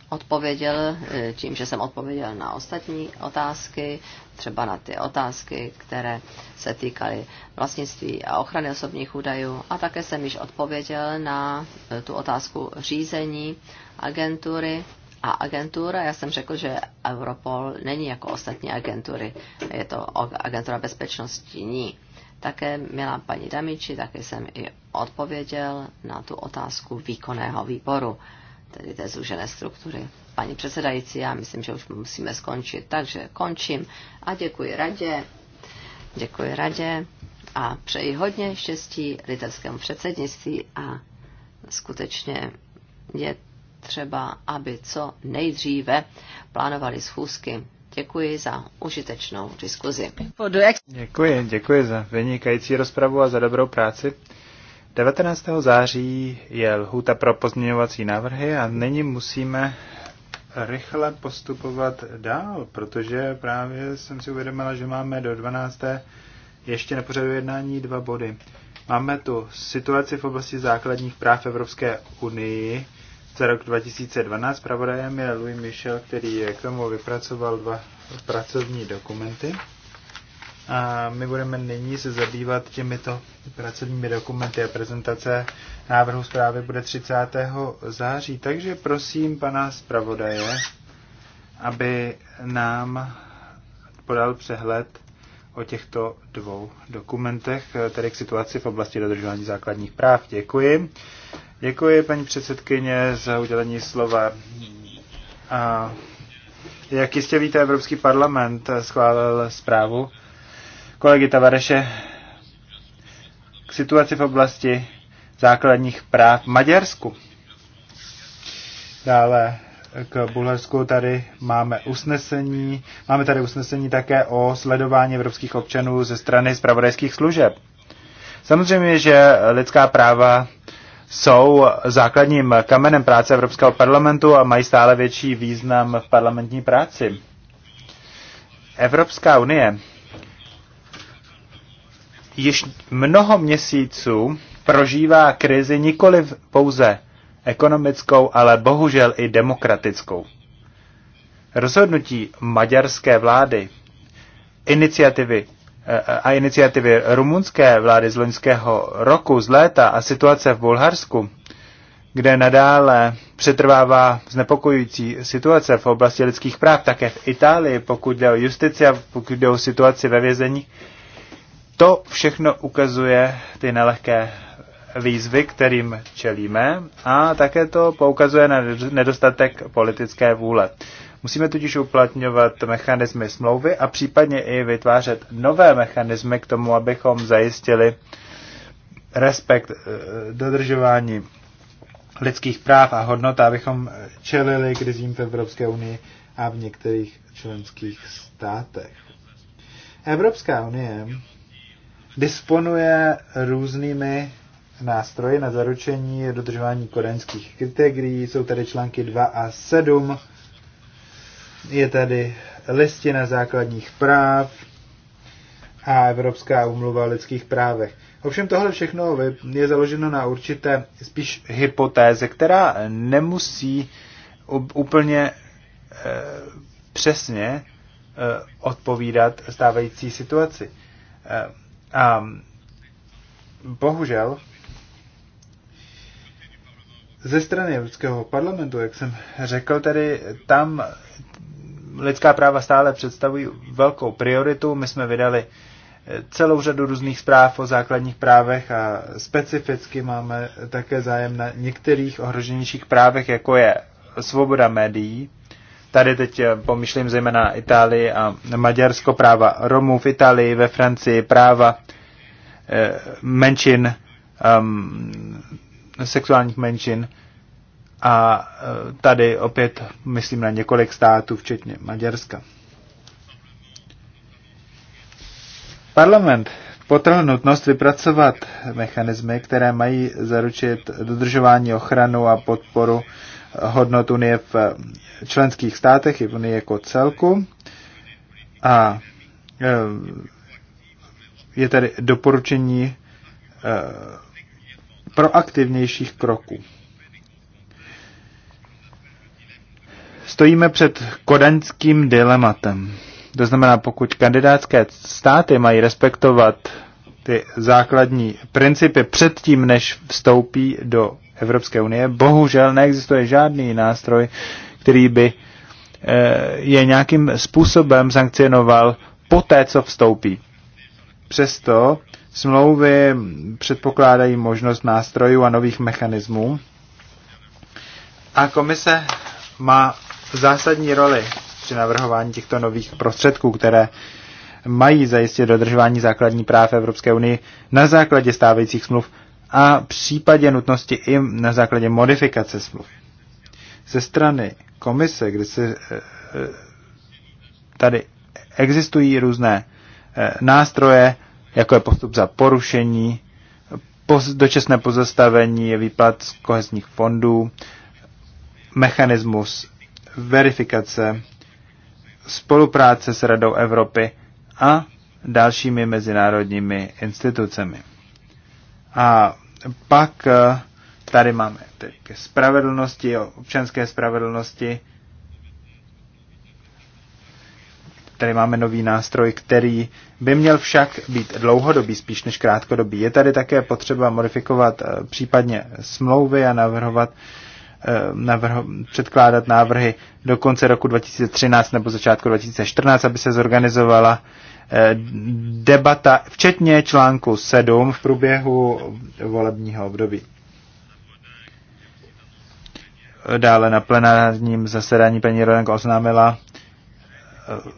odpověděl e, tím, že jsem odpověděl na ostatní otázky, třeba na ty otázky, které se týkaly vlastnictví a ochrany osobních údajů. A také jsem již odpověděl na e, tu otázku řízení agentury a agentura, já jsem řekl, že Europol není jako ostatní agentury, je to agentura bezpečnosti ní. Také, měla paní Damiči, také jsem i odpověděl na tu otázku výkonného výboru tedy té zúžené struktury. Paní předsedající, já myslím, že už musíme skončit, takže končím a děkuji radě, děkuji radě a přeji hodně štěstí litevskému předsednictví a skutečně je třeba, aby co nejdříve plánovali schůzky. Děkuji za užitečnou diskuzi. Děkuji, děkuji za vynikající rozpravu a za dobrou práci. 19. září je lhůta pro pozměňovací návrhy a nyní musíme rychle postupovat dál, protože právě jsem si uvědomila, že máme do 12. ještě na pořadu jednání dva body. Máme tu situaci v oblasti základních práv Evropské unii za rok 2012. Pravodajem je Louis Michel, který k tomu vypracoval dva pracovní dokumenty. A my budeme nyní se zabývat těmito pracovními dokumenty a prezentace návrhu zprávy bude 30. září. Takže prosím pana zpravodaje, aby nám podal přehled o těchto dvou dokumentech, tedy k situaci v oblasti dodržování základních práv. Děkuji. Děkuji, paní předsedkyně, za udělení slova. A jak jistě víte, Evropský parlament schválil zprávu kolegy Tavareše k situaci v oblasti základních práv v Maďarsku. Dále k Bulharsku tady máme usnesení. Máme tady usnesení také o sledování evropských občanů ze strany zpravodajských služeb. Samozřejmě, že lidská práva jsou základním kamenem práce Evropského parlamentu a mají stále větší význam v parlamentní práci. Evropská unie již mnoho měsíců prožívá krizi nikoli pouze ekonomickou, ale bohužel i demokratickou. Rozhodnutí maďarské vlády iniciativy e, e, a iniciativy rumunské vlády z loňského roku, z léta a situace v Bulharsku, kde nadále přetrvává znepokojující situace v oblasti lidských práv, také v Itálii, pokud jde o justici a pokud jde o situaci ve vězení, to všechno ukazuje ty nelehké výzvy, kterým čelíme, a také to poukazuje na nedostatek politické vůle. Musíme tudíž uplatňovat mechanismy smlouvy a případně i vytvářet nové mechanismy k tomu, abychom zajistili respekt eh, dodržování lidských práv a hodnot, abychom čelili krizím v Evropské unii a v některých členských státech. Evropská unie disponuje různými nástroji na zaručení dodržování kodaňských kritérií. Jsou tady články 2 a 7. Je tady listina základních práv a Evropská umluva o lidských právech. Ovšem tohle všechno je založeno na určité spíš hypotéze, která nemusí úplně e, přesně e, odpovídat stávající situaci. E, a ehm, bohužel ze strany Evropského parlamentu, jak jsem řekl, tedy tam lidská práva stále představují velkou prioritu. My jsme vydali eh, celou řadu různých zpráv o základních právech a specificky máme také zájem na některých ohroženějších právech, jako je svoboda médií, Tady teď eh, pomyšlím zejména Itálii a Maďarsko, práva Romů v Itálii, ve Francii, práva eh, menšin, um, sexuálních menšin. A eh, tady opět myslím na několik států, včetně Maďarska. Parlament potrhl nutnost vypracovat mechanismy, které mají zaručit dodržování ochranu a podporu hodnot Unie v eh, členských státech i v Unii jako celku. A eh, je tady doporučení eh, proaktivnějších kroků. Stojíme před kodaňským dilematem. To znamená, pokud kandidátské státy mají respektovat ty základní principy předtím, než vstoupí do Evropské unie. Bohužel neexistuje žádný nástroj, který by eh, je nějakým způsobem sankcionoval poté, co vstoupí. Přesto smlouvy předpokládají možnost nástrojů a nových mechanismů a komise má zásadní roli při navrhování těchto nových prostředků, které mají zajistit dodržování základní práv Evropské unii na základě stávajících smluv a v případě nutnosti i na základě modifikace smluvy. Ze strany komise, kde se eh, tady existují různé eh, nástroje, jako je postup za porušení, dočasné pozastavení výplat z kohezních fondů, mechanismus verifikace, spolupráce s Radou Evropy a dalšími mezinárodními institucemi. A pak eh, tady máme tedy ke spravedlnosti, občanské spravedlnosti. Tady máme nový nástroj, který by měl však být dlouhodobý spíš než krátkodobý. Je tady také potřeba modifikovat eh, případně smlouvy a navrhovat eh, navrho, předkládat návrhy do konce roku 2013 nebo začátku 2014, aby se zorganizovala Eh, debata, včetně článku 7 v průběhu volebního období. Dále na plenárním zasedání paní Rodenko oznámila eh,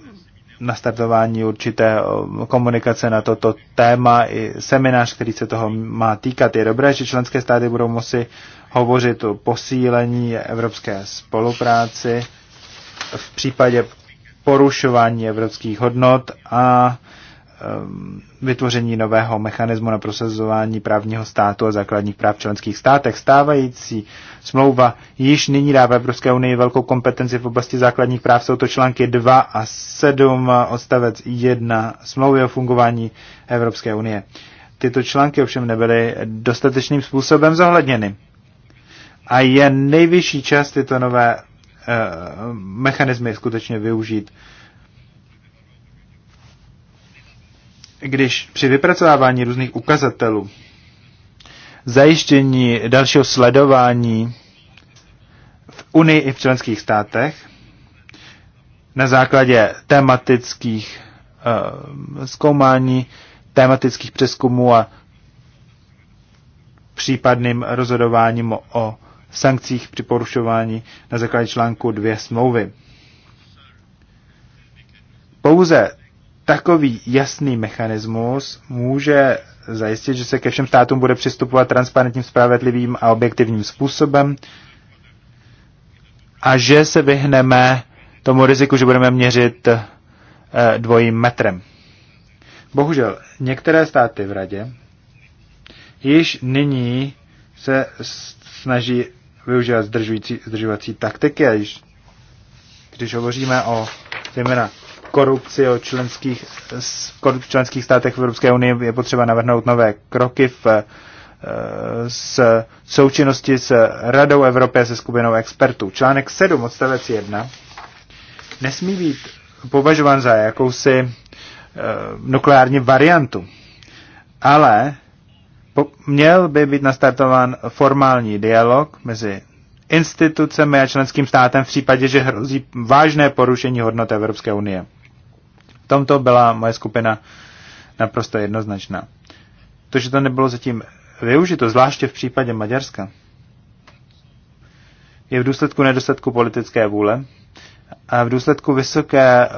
nastartování určité eh, komunikace na toto téma i seminář, který se toho má týkat. Je dobré, že členské státy budou moci hovořit o posílení evropské spolupráci v případě porušování evropských hodnot a vytvoření nového mechanismu na prosazování právního státu a základních práv členských státech. Stávající smlouva již nyní dává Evropské unii velkou kompetenci v oblasti základních práv. Jsou to články 2 a 7 odstavec 1 smlouvy o fungování Evropské unie. Tyto články ovšem nebyly dostatečným způsobem zohledněny. A je nejvyšší čas tyto nové mechanismy skutečně využít. Když při vypracovávání různých ukazatelů, zajištění dalšího sledování v Unii i v členských státech na základě tematických uh, zkoumání, tematických přeskumů a případným rozhodováním o sankcích při porušování na základě článku 2 smlouvy. Pouze takový jasný mechanismus může zajistit, že se ke všem státům bude přistupovat transparentním, spravedlivým a objektivním způsobem a že se vyhneme tomu riziku, že budeme měřit eh, dvojím metrem. Bohužel, některé státy v radě již nyní se snaží využívat zdržující, zdržovací taktiky. A když, když hovoříme o zejména korupci o členských, korup, členských státech v Evropské unii, je potřeba navrhnout nové kroky v e, s součinnosti s Radou Evropy a se skupinou expertů. Článek 7 odstavec 1 nesmí být považován za jakousi e, nukleární variantu, ale měl by být nastartován formální dialog mezi institucemi a členským státem v případě, že hrozí vážné porušení hodnot Evropské unie. V tomto byla moje skupina naprosto jednoznačná. To, že to nebylo zatím využito, zvláště v případě Maďarska, je v důsledku nedostatku politické vůle a v důsledku vysoké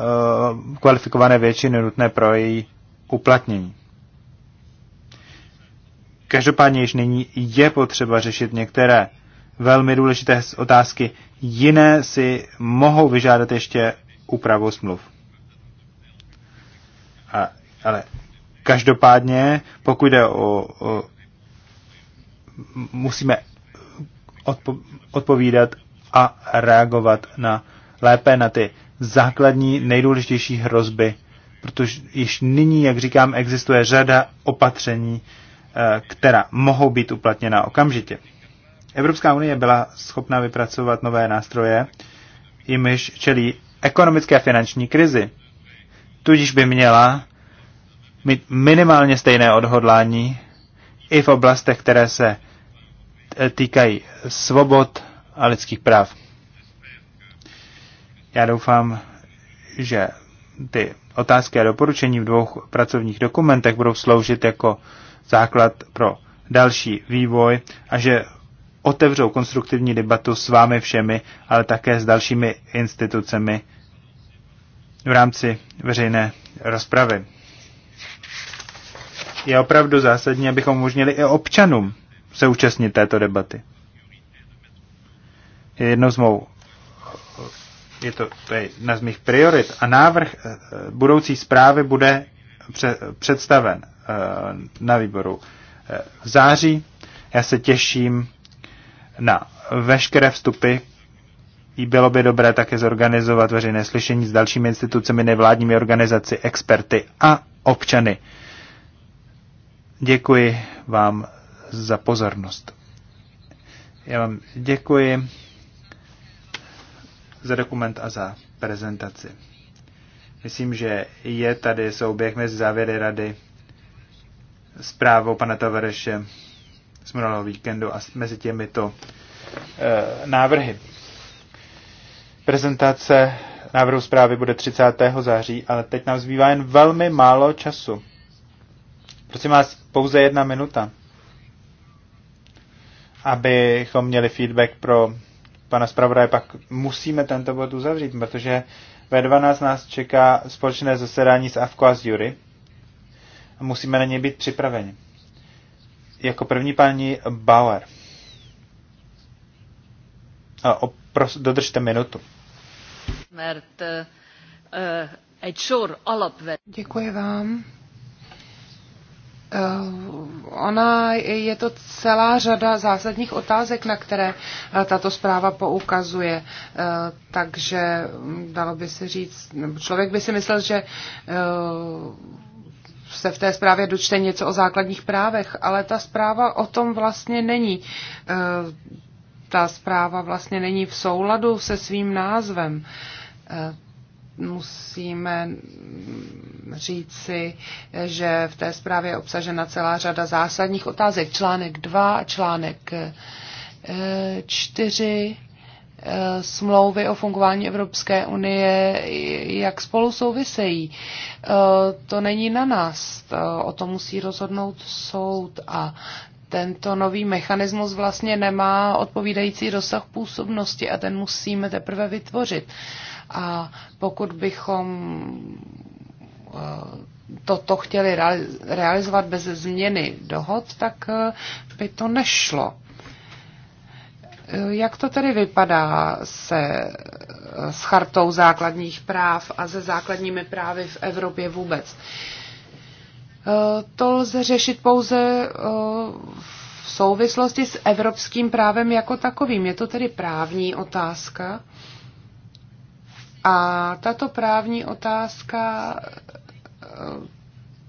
uh, kvalifikované většiny nutné pro její uplatnění. Každopádně již nyní je potřeba řešit některé velmi důležité otázky. Jiné si mohou vyžádat ještě úpravu smluv. A, ale každopádně, pokud jde o, o musíme odpo, odpovídat a reagovat na lépe na ty základní nejdůležitější hrozby, protože již nyní, jak říkám, existuje řada opatření, Eh, která mohou být uplatněna okamžitě. Evropská unie byla schopna vypracovat nové nástroje, jimž čelí ekonomické a finanční krizi. Tudíž by měla mít minimálně stejné odhodlání i v oblastech, které se eh, týkají svobod a lidských práv. Já doufám, že ty otázky a doporučení v dvou pracovních dokumentech budou sloužit jako základ pro další vývoj a že otevřou konstruktivní debatu s vámi všemi, ale také s dalšími institucemi v rámci veřejné rozpravy. Je opravdu zásadní, abychom umožnili i občanům se účastnit této debaty. Je jednou z mou, je to, to jedna z mých priorit a návrh eh, budoucí zprávy bude pře, představen Eh, na výboru eh, v září. Já se těším na veškeré vstupy. Bylo by dobré také zorganizovat veřejné slyšení s dalšími institucemi, nevládními organizaci, experty a občany. Děkuji vám za pozornost. Já vám děkuji za dokument a za prezentaci. Myslím, že je tady souběh mezi závěry rady zprávou pana Tavareše z minulého víkendu a mezi těmito e, návrhy. Prezentace návrhu zprávy bude 30. září, ale teď nám zbývá jen velmi málo času. Prosím vás, pouze jedna minuta, abychom měli feedback pro pana zpravodaje, pak musíme tento bod uzavřít, protože ve 12 nás čeká společné zasedání s Avko a s Jury musíme na něj být připraveni. Jako první paní Bauer. A opros, dodržte minutu. Eh, eh, Děkuji vám. Eh, ona je to celá řada zásadních otázek, na které tato zpráva poukazuje. Takže hm, dalo by se říct, člověk by si myslel, že se v té zprávě dočte něco o základních právech, ale ta zpráva o tom vlastně není. Eh, ta zpráva vlastně není v souladu se svým názvem. Eh, musíme říci, že v té zprávě je obsažena celá řada zásadních otázek. Článek 2 a článek 4 eh, smlouvy o fungování Evropské unie, jak spolu souvisejí. E, to není na nás, o tom musí rozhodnout soud a tento nový mechanismus vlastně nemá odpovídající rozsah působnosti a ten musíme teprve vytvořit. A pokud bychom e, toto chtěli realizovat bez změny dohod, tak e, by to nešlo. Jak to tedy vypadá se s chartou základních práv a se základními právy v Evropě vůbec? Eh, to lze řešit pouze eh, v souvislosti s evropským právem jako takovým. Je to tedy právní otázka. A tato právní otázka eh,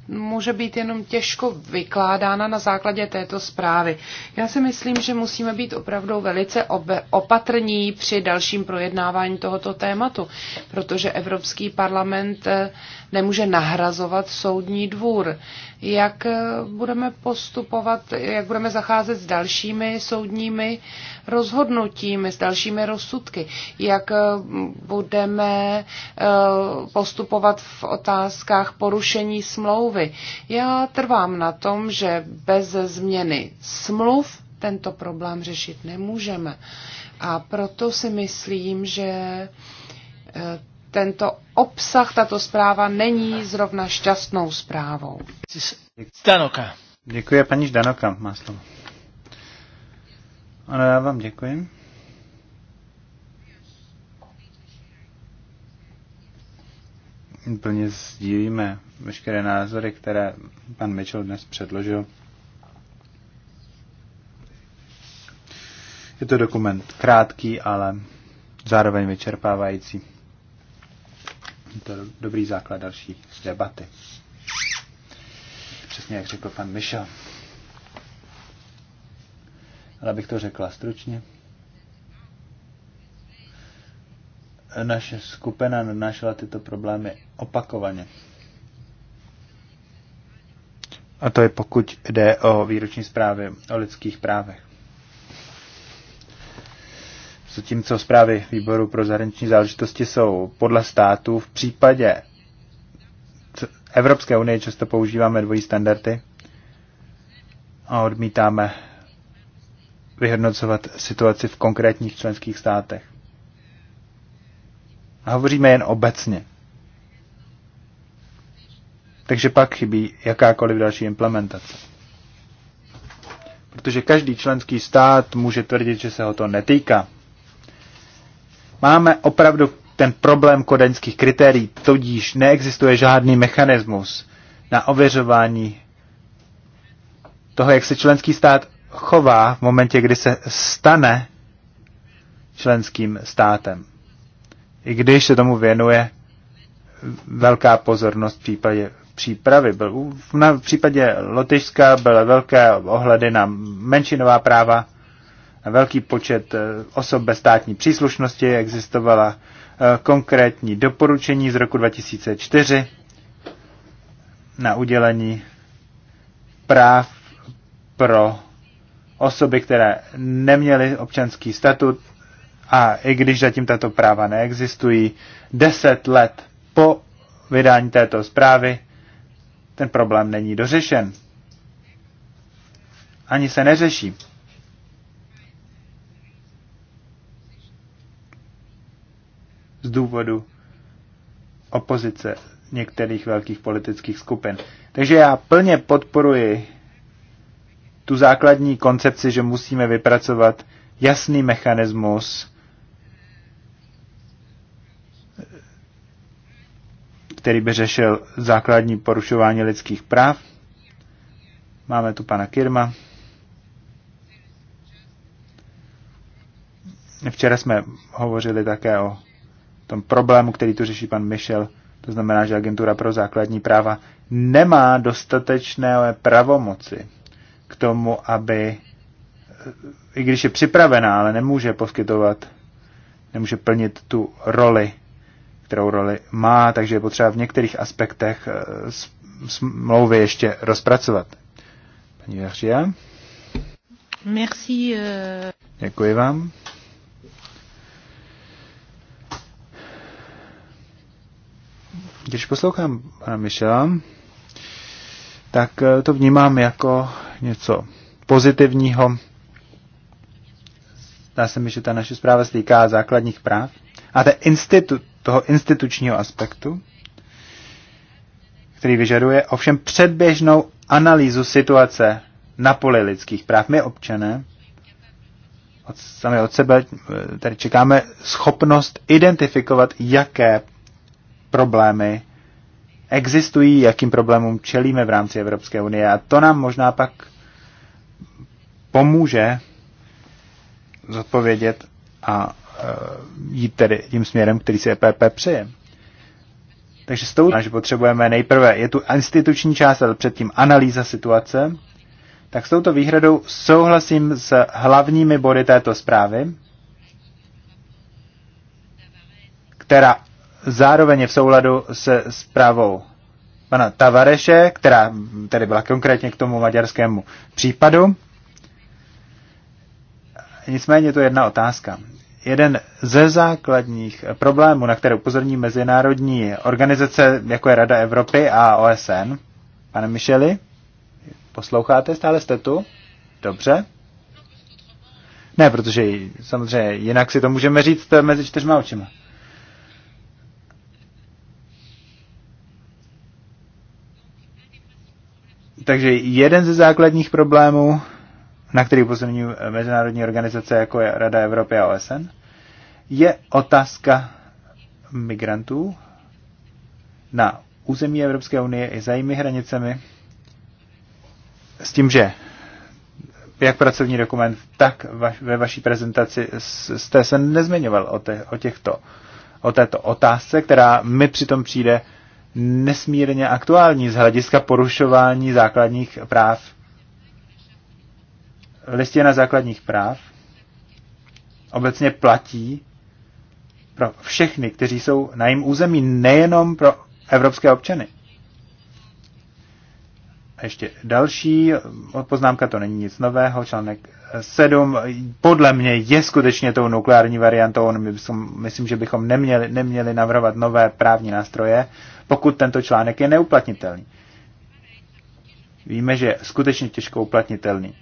může být jenom těžko vykládána na základě této zprávy. Já si myslím, že musíme být opravdu velice opatrní při dalším projednávání tohoto tématu, protože Evropský parlament eh, nemůže nahrazovat soudní dvůr. Jak eh, budeme postupovat, jak budeme zacházet s dalšími soudními rozhodnutími, s dalšími rozsudky, jak eh, budeme eh, postupovat v otázkách porušení smlouvy. Já trvám na tom, že bez změny smluv tento problém řešit nemůžeme. A proto si myslím, že tento obsah, tato zpráva není zrovna šťastnou zprávou. Danoka. Děkuji, paní Danoka, má slovo. Ano, já vám děkuji. Plně sdílíme veškeré názory, které pan Mitchell dnes předložil. Je to dokument krátký, ale zároveň vyčerpávající to je dobrý základ další debaty. Přesně jak řekl pan Michel. Ale abych to řekla stručně. Naše skupina nadnášela tyto problémy opakovaně. A to je pokud jde o výroční zprávy o lidských právech zatímco zprávy výboru pro zahraniční záležitosti jsou podle států. V případě Evropské unie často používáme dvojí standardy a odmítáme vyhodnocovat situaci v konkrétních členských státech. A hovoříme jen obecně. Takže pak chybí jakákoliv další implementace. Protože každý členský stát může tvrdit, že se ho to netýká. Máme opravdu ten problém kodaňských kritérií, tudíž neexistuje žádný mechanismus na ověřování toho, jak se členský stát chová v momentě, kdy se stane členským státem. I když se tomu věnuje velká pozornost v případě přípravy. Byl, v případě Lotyšska byly velké ohledy na menšinová práva velký počet eh, osob bez státní příslušnosti, existovala eh, konkrétní doporučení z roku 2004 na udělení práv pro osoby, které neměly občanský statut a i když zatím tato práva neexistují, deset let po vydání této zprávy ten problém není dořešen. Ani se neřeší. z důvodu opozice některých velkých politických skupin. Takže já plně podporuji tu základní koncepci, že musíme vypracovat jasný mechanismus, který by řešil základní porušování lidských práv. Máme tu pana Kirma. Včera jsme hovořili také o tom problému, který tu řeší pan Michel. To znamená, že agentura pro základní práva nemá dostatečné pravomoci k tomu, aby, i když je připravená, ale nemůže poskytovat, nemůže plnit tu roli, kterou roli má, takže je potřeba v některých aspektech eh, smlouvy ještě rozpracovat. Paní Veržia. Merci. Eh. Děkuji vám. Když poslouchám pana Michela, tak eh, to vnímám jako něco pozitivního. Zdá se mi, že ta naše zpráva stýká základních práv a to institu, toho institučního aspektu, který vyžaduje ovšem předběžnou analýzu situace na poli lidských práv. My občané od, sami od sebe eh, tady čekáme schopnost identifikovat, jaké problémy existují, jakým problémům čelíme v rámci Evropské unie. A to nám možná pak pomůže zodpovědět a e, jít tedy tím směrem, který si EPP přeje. Takže s tou, že potřebujeme nejprve, je tu instituční část, ale předtím analýza situace, tak s touto výhradou souhlasím s hlavními body této zprávy, která zároveň v souladu se zprávou pana Tavareše, která tedy byla konkrétně k tomu maďarskému případu. Nicméně to je jedna otázka. Jeden ze základních problémů, na které upozorní mezinárodní organizace, jako je Rada Evropy a OSN, pane Micheli, posloucháte, stále jste tu? Dobře. Ne, protože samozřejmě jinak si to můžeme říct mezi čtyřma očima. Takže jeden ze základních problémů, na který upozorňují eh, mezinárodní organizace jako je Rada Evropy a OSN, je otázka migrantů na území Evropské unie i za jejími hranicemi s tím, že jak pracovní dokument, tak vaš, ve vaší prezentaci jste se nezmiňoval o, te, o, těchto, o této otázce, která mi přitom přijde nesmírně aktuální z hlediska porušování základních práv. Listina základních práv obecně platí pro všechny, kteří jsou na jím území, nejenom pro evropské občany ještě další poznámka, to není nic nového, článek 7 podle mě je skutečně tou nukleární variantou, my bychom, myslím, že bychom neměli, neměli navrhovat nové právní nástroje, pokud tento článek je neuplatnitelný. Víme, že je skutečně těžko uplatnitelný.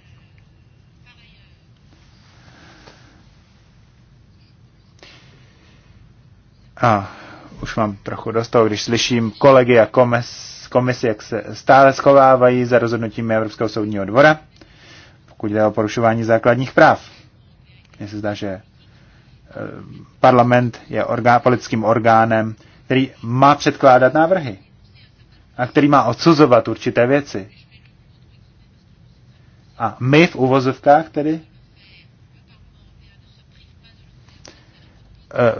A už mám trochu dost toho, když slyším kolegy a komes, komisi, jak se stále schovávají za rozhodnutími Evropského soudního dvora, pokud jde o porušování základních práv. Mně se zdá, že eh, parlament je orgán, politickým orgánem, který má předkládat návrhy a který má odsuzovat určité věci. A my v uvozovkách tedy eh,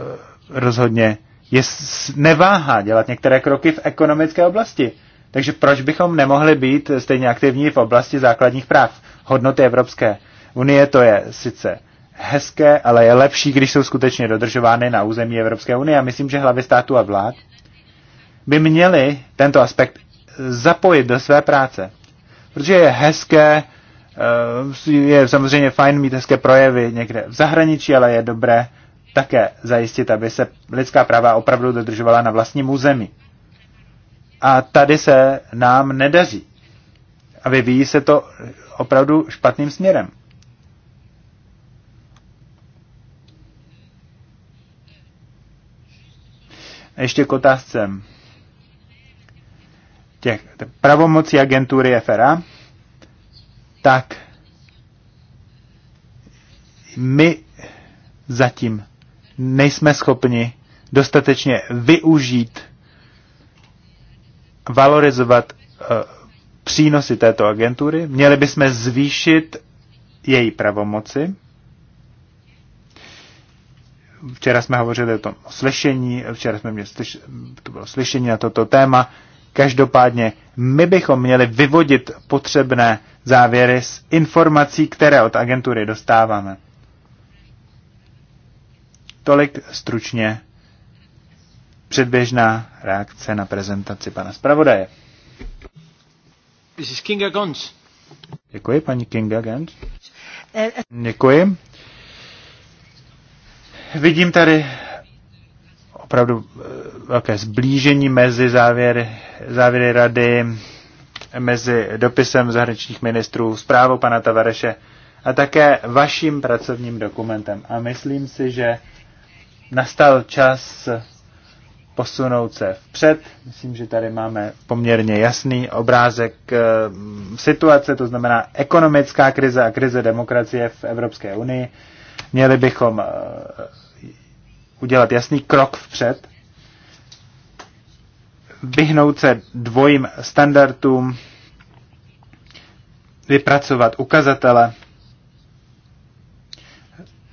rozhodně je neváhá dělat některé kroky v ekonomické oblasti. Takže proč bychom nemohli být stejně aktivní v oblasti základních práv? Hodnoty Evropské unie to je sice hezké, ale je lepší, když jsou skutečně dodržovány na území Evropské unie. A myslím, že hlavy států a vlád by měli tento aspekt zapojit do své práce. Protože je hezké, eh, je samozřejmě fajn mít hezké projevy někde v zahraničí, ale je dobré také zajistit, aby se lidská práva opravdu dodržovala na vlastním území. A tady se nám nedaří. A vyvíjí se to opravdu špatným směrem. Ještě k otázce těch pravomocí agentury FRA, tak my zatím nejsme schopni dostatečně využít, valorizovat eh, přínosy této agentury. Měli bychom zvýšit její pravomoci. Včera jsme hovořili o tom slyšení, včera jsme měli slyš- to bylo slyšení na toto téma. Každopádně my bychom měli vyvodit potřebné závěry z informací, které od agentury dostáváme. Tolik stručně předběžná reakce na prezentaci pana zpravodaje. This is Kinga Gons. Děkuji, paní Kinga Gons. Děkuji. Vidím tady opravdu eh, velké zblížení mezi závěry, závěry rady, mezi dopisem zahraničních ministrů, zprávou pana Tavareše a také vaším pracovním dokumentem. A myslím si, že nastal čas posunout se vpřed. Myslím, že tady máme poměrně jasný obrázek eh, situace, to znamená ekonomická krize a krize demokracie v Evropské unii. Měli bychom eh, udělat jasný krok vpřed, vyhnout se dvojím standardům, vypracovat ukazatele,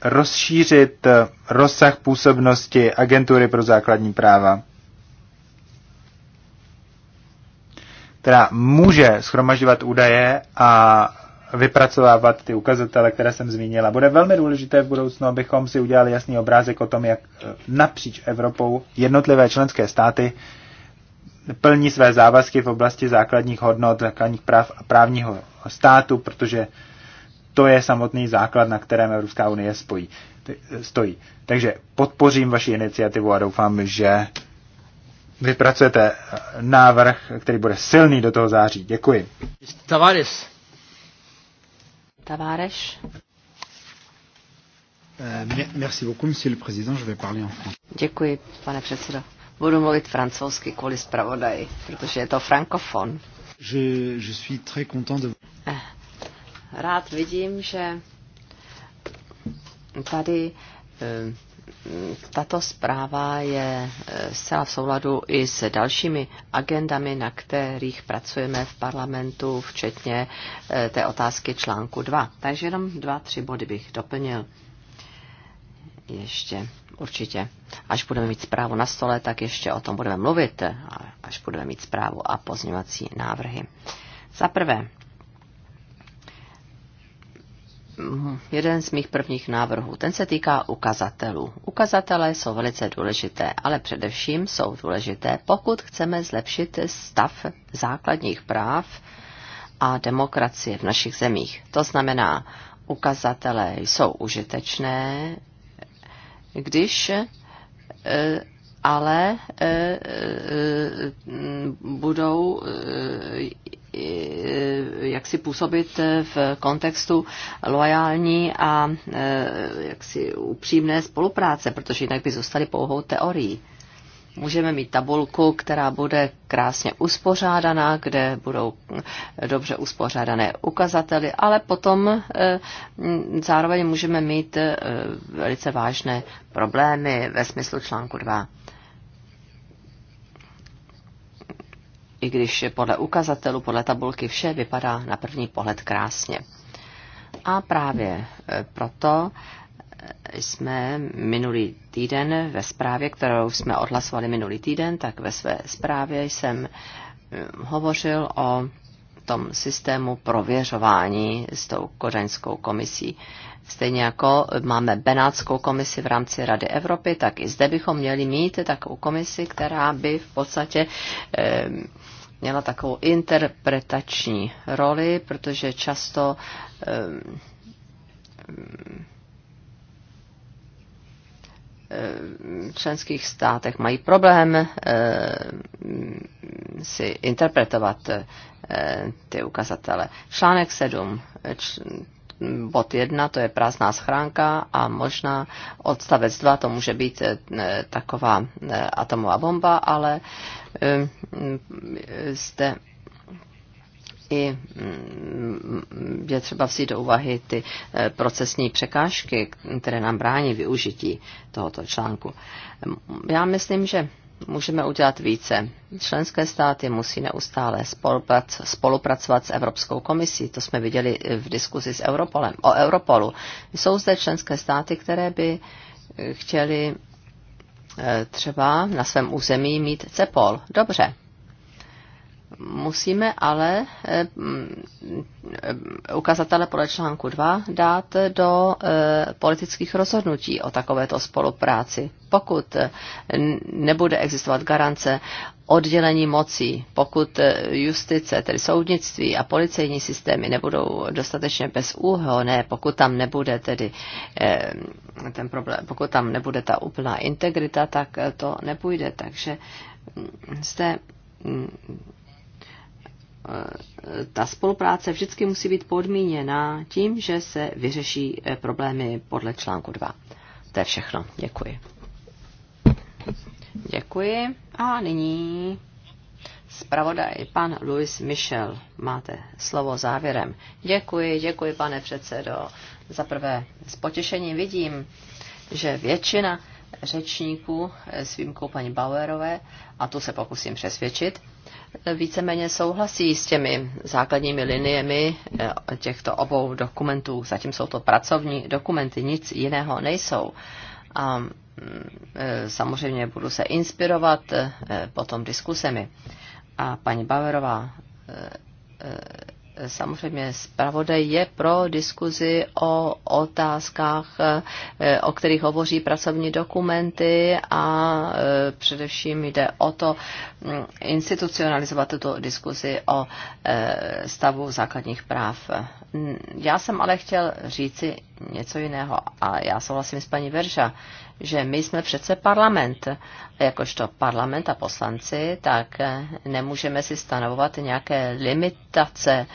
rozšířit eh, rozsah působnosti agentury pro základní práva, která může schromažďovat údaje a vypracovávat ty ukazatele, které jsem zmínila. Bude velmi důležité v budoucnu, abychom si udělali jasný obrázek o tom, jak eh, napříč Evropou jednotlivé členské státy plní své závazky v oblasti základních hodnot, základních práv a právního státu, protože to je samotný základ, na kterém Evropská unie spojí, stojí. Takže podpořím vaši iniciativu a doufám, že vypracujete návrh, který bude silný do toho září. Děkuji. Tavares. Tavares. Eh, merci beaucoup, monsieur le président. Je vais parler en français. Děkuji, pane předsedo. Budu mluvit francouzsky kvůli zpravodaji, protože je to frankofon. Je, je suis très content de... Eh, rád vidím, že tady eh, tato zpráva je eh, zcela v souladu i s dalšími agendami, na kterých pracujeme v parlamentu, včetně eh, té otázky článku 2. Takže jenom dva, tři body bych doplnil. Ještě určitě. Až budeme mít zprávu na stole, tak ještě o tom budeme mluvit, až budeme mít zprávu a pozměňovací návrhy. Za prvé, jeden z mých prvních návrhů. Ten se týká ukazatelů. Ukazatele jsou velice důležité, ale především jsou důležité, pokud chceme zlepšit stav základních práv a demokracie v našich zemích. To znamená, ukazatele jsou užitečné, když e, ale e, e, budou jak si působit v kontextu loajální a e, jak si upřímné spolupráce, protože jinak by zůstali pouhou teorií. Můžeme mít tabulku, která bude krásně uspořádaná, kde budou e, dobře uspořádané ukazately, ale potom e, zároveň můžeme mít velice vážné problémy ve smyslu článku 2. i když podle ukazatelů, podle tabulky vše vypadá na první pohled krásně. A právě e, proto e, jsme minulý týden ve zprávě, kterou jsme odhlasovali minulý týden, tak ve své zprávě jsem e, hovořil o tom systému prověřování s tou kořeňskou komisí. Stejně jako máme Benátskou komisi v rámci Rady Evropy, tak i zde bychom měli mít takovou komisi, která by v podstatě eh, měla takovou interpretační roli, protože často eh, Eh, členských státech mají problém eh, si interpretovat eh, ty ukazatele. Článek 7, bod 1, to je prázdná schránka a možná odstavec 2, to může být taková atomová bomba, ale zde i mm, je třeba vzít do úvahy ty eh, procesní překážky, které nám brání využití tohoto článku. Já myslím, že můžeme udělat více. Členské státy musí neustále spolupracovat s Evropskou komisí. To jsme viděli eh, v diskuzi s Europolem, o Europolu. Jsou zde členské státy, které by eh, chtěli třeba na svém území mít CEPOL. Dobře, musíme ale eh, mm, eh, ukazatele podle článku 2 dát do eh, politických rozhodnutí o takovéto spolupráci. Pokud nebude existovat garance oddělení mocí, pokud justice, tedy soudnictví a policejní systémy nebudou dostatečně bez ne, pokud tam nebude tedy ten problém, pokud tam nebude ta úplná integrita, tak to nepůjde. Takže mm, zde mm, ta spolupráce vždycky musí být podmíněna tím, že se vyřeší eh, problémy podle článku 2. To je všechno. Děkuji. Děkuji. A nyní zpravodaj, pan Louis Michel. Máte slovo závěrem. Děkuji, děkuji, pane předsedo. Za prvé, s potěšením vidím, že většina řečníků eh, s výjimkou paní Bauerové, a tu se pokusím přesvědčit, víceméně souhlasí s těmi základními liniemi eh, těchto obou dokumentů. Zatím jsou to pracovní dokumenty, nic jiného nejsou. A mm, eh, samozřejmě budu se inspirovat eh, potom diskusemi. A paní Baverová samozřejmě zpravodaj je pro diskuzi o otázkách, e, o kterých hovoří pracovní dokumenty a e, především jde o to institucionalizovat tuto diskuzi o e, stavu základních práv. Já jsem ale chtěl říci něco jiného a já souhlasím s paní Verža, že my jsme přece parlament. Jakožto parlament a poslanci, tak eh, nemůžeme si stanovovat nějaké limitace,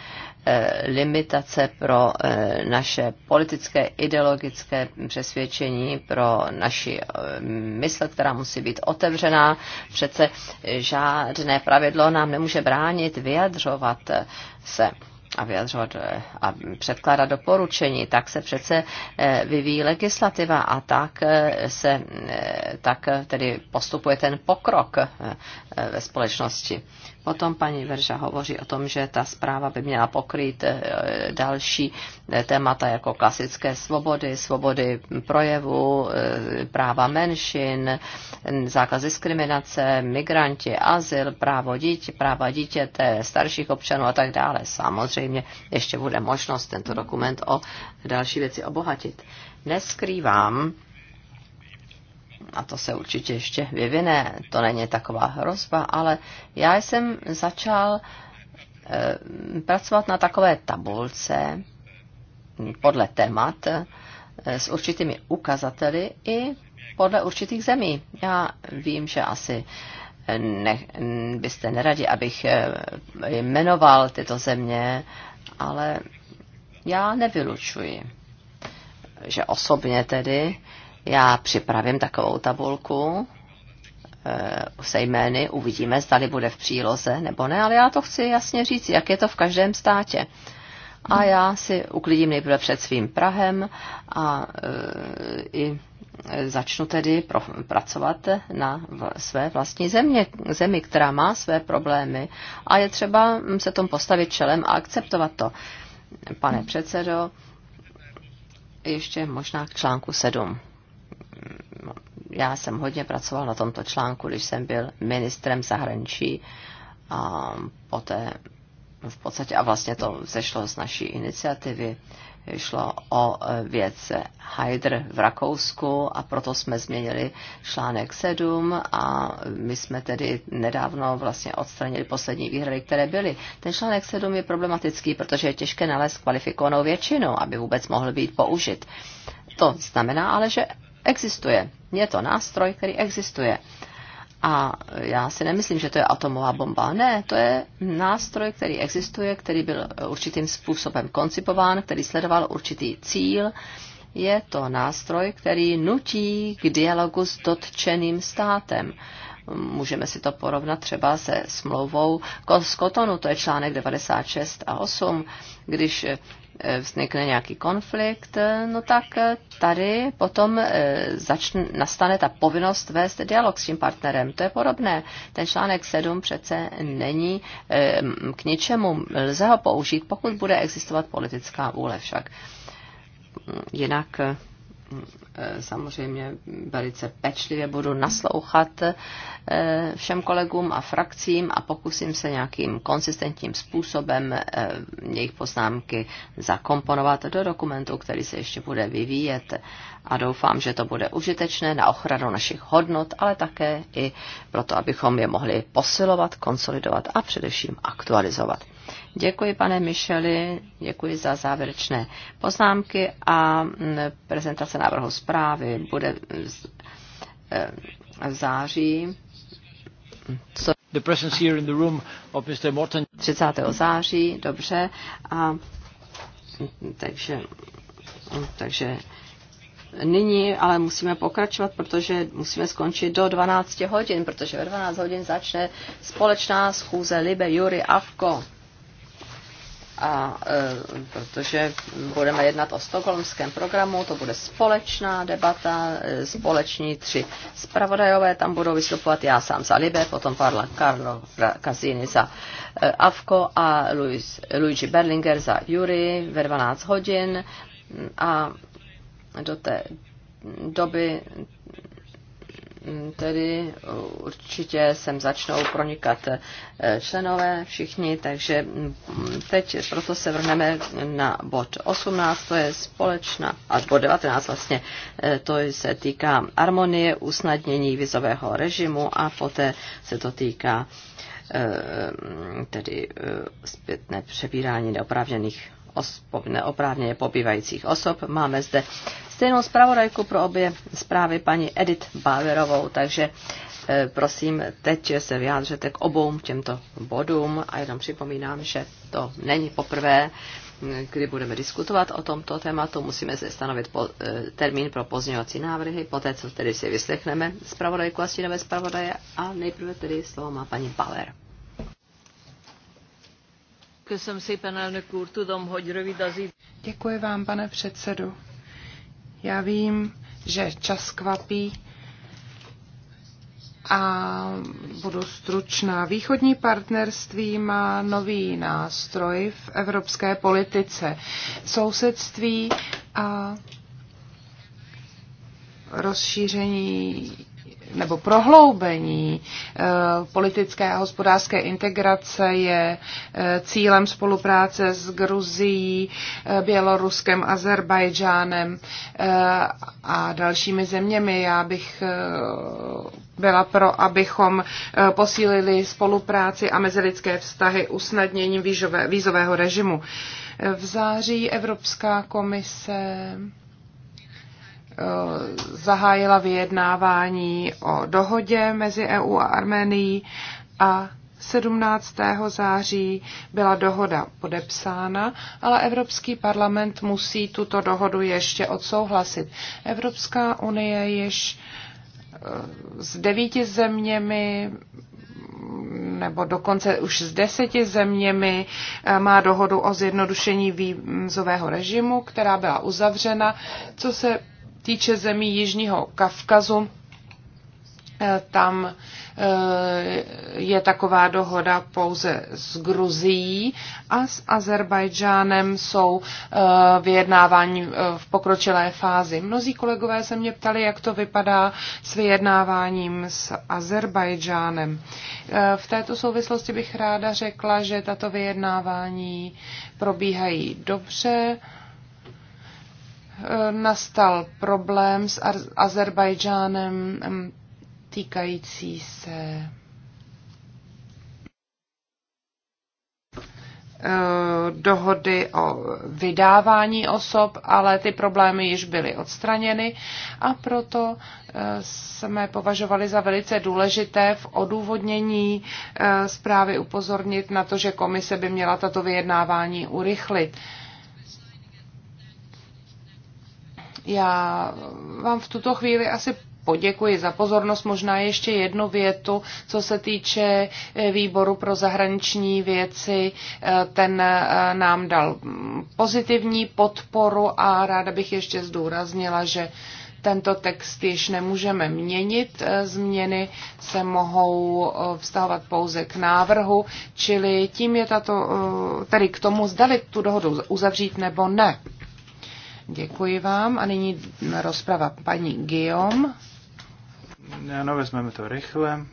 eh, limitace pro eh, naše politické, ideologické přesvědčení, pro naši mysl, která musí být otevřená. Přece žádné pravidlo nám nemůže bránit vyjadřovat se a vyjadřovat eh, a předkládat doporučení, tak se přece eh, vyvíjí legislativa a tak eh, se tak tedy postupuje ten pokrok Eh, ve společnosti. Potom paní Verža hovoří o tom, že ta zpráva by měla pokrýt eh, další eh, témata jako klasické svobody, svobody projevu, práva menšin, zákaz diskriminace, migranti, azyl, právo dítě, práva dítěte, starších občanů a tak dále. Samozřejmě ještě bude možnost tento dokument o další věci obohatit. Neskrývám, a to se určitě ještě vyvine, to není taková hrozba, ale já jsem začal eh, pracovat na takové tabulce podle témat eh, s určitými ukazateli i podle určitých zemí. Já vím, že asi eh, ne, byste neradi, abych jmenoval tyto země, ale já nevylučuji, že osobně tedy já připravím takovou tabulku eh, se jmény, uvidíme, zda bude v příloze nebo ne, ale já to chci jasně říct, jak je to v každém státě. A já si uklidím nejprve před svým Prahem a eh, i eh, začnu tedy pro, pracovat na v, své vlastní země, zemi, která má své problémy a je třeba mm, se tomu postavit čelem a akceptovat to. Pane předsedo, ještě možná k článku 7. Já jsem hodně pracoval na tomto článku, když jsem byl ministrem zahraničí a poté v podstatě, a vlastně to zešlo z naší iniciativy, šlo o e, věc Hydr v Rakousku a proto jsme změnili článek 7 a my jsme tedy nedávno vlastně odstranili poslední výhrady, které byly. Ten článek 7 je problematický, protože je těžké nalézt kvalifikovanou většinu, aby vůbec mohl být použit. To znamená ale, že existuje. Je to nástroj, který existuje. A já si nemyslím, že to je atomová bomba. Ne, to je nástroj, který existuje, který byl určitým způsobem koncipován, který sledoval určitý cíl. Je to nástroj, který nutí k dialogu s dotčeným státem. Můžeme si to porovnat třeba se smlouvou z Kotonu, to je článek 96 a 8, když vznikne nějaký konflikt, no tak tady potom eh, začne, nastane ta povinnost vést dialog s tím partnerem. To je podobné. Ten článek 7 přece není eh, k ničemu. Lze ho použít, pokud bude existovat politická vůle však. Jinak Eh, samozřejmě velice pečlivě budu naslouchat eh, všem kolegům a frakcím a pokusím se nějakým konsistentním způsobem eh, jejich poznámky zakomponovat do dokumentu, který se ještě bude vyvíjet a doufám, že to bude užitečné na ochranu našich hodnot, ale také i proto, abychom je mohli posilovat, konsolidovat a především aktualizovat. Děkuji, pane Micheli, děkuji za závěrečné poznámky a mm, prezentace návrhu zprávy bude eh, v září. Co 30. září, dobře. A, mm, takže, mm, takže Nyní ale musíme pokračovat, protože musíme skončit do 12 hodin, protože ve 12 hodin začne společná schůze Libe, Jury, Avko. A e, protože budeme jednat o stokholmském programu, to bude společná debata, e, společní tři zpravodajové, tam budou vystupovat já sám za Libe, potom Parla Carlo Casini za e, Avko a Luis, Luigi Berlinger za Jury ve 12 hodin a do té doby tedy určitě sem začnou pronikat eh, členové všichni, takže hm, teď proto se vrhneme na bod 18, to je společná, a bod 19 vlastně, eh, to se týká harmonie, usnadnění vizového režimu a poté se to týká eh, tedy zpětné přebírání neoprávněných ospo, neoprávněně pobývajících osob. Máme zde stejnou zpravodajku pro obě zprávy paní Edith Bauerovou, takže eh, prosím, teď se vyjádřete k obou těmto bodům a jenom připomínám, že to není poprvé, eh, kdy budeme diskutovat o tomto tématu. Musíme se stanovit po, eh, termín pro pozměňovací návrhy, poté co tedy si vyslechneme zpravodajku a stínové zpravodaje a nejprve tedy slovo má paní Bauer. Děkuji vám, pane předsedu. Já vím, že čas kvapí a budu stručná. Východní partnerství má nový nástroj v evropské politice. Sousedství a rozšíření nebo prohloubení eh, politické a hospodářské integrace je eh, cílem spolupráce s Gruzií, eh, Běloruskem, Azerbajdžánem a dalšími zeměmi. Já bych byla pro, abychom posílili spolupráci a mezilidské vztahy usnadněním vízového režimu. V září Evropská komise Eh, zahájila vyjednávání o dohodě mezi EU a Arménií a 17. září byla dohoda podepsána, ale Evropský parlament musí tuto dohodu ještě odsouhlasit. Evropská unie již eh, s devíti zeměmi nebo dokonce už s deseti zeměmi eh, má dohodu o zjednodušení výzového režimu, která byla uzavřena. Co se týče zemí Jižního Kavkazu, eh, tam eh, je taková dohoda pouze s Gruzií a s Azerbajdžánem jsou eh, vyjednávání v pokročilé fázi. Mnozí kolegové se mě ptali, jak to vypadá s vyjednáváním s Azerbajdžánem. V této souvislosti bych ráda řekla, že tato vyjednávání probíhají dobře Eh, nastal problém s Azerbajdžánem týkající se eh, dohody o vydávání osob, ale ty problémy již byly odstraněny a proto eh, jsme považovali za velice důležité v odůvodnění zprávy upozornit na to, že komise by měla tato vyjednávání urychlit. Já vám v tuto chvíli asi poděkuji za pozornost. Možná ještě jednu větu, co se týče eh, výboru pro zahraniční věci. Eh, ten eh, nám dal pozitivní podporu a ráda bych ještě zdůraznila, že tento text již nemůžeme měnit. Změny se mohou vztahovat pouze k návrhu, čili tím je tato, tedy k tomu, zdali tu dohodu uzavřít nebo ne. Děkuji vám. A nyní rozprava paní Guillaume. Ano, vezmeme to rychle,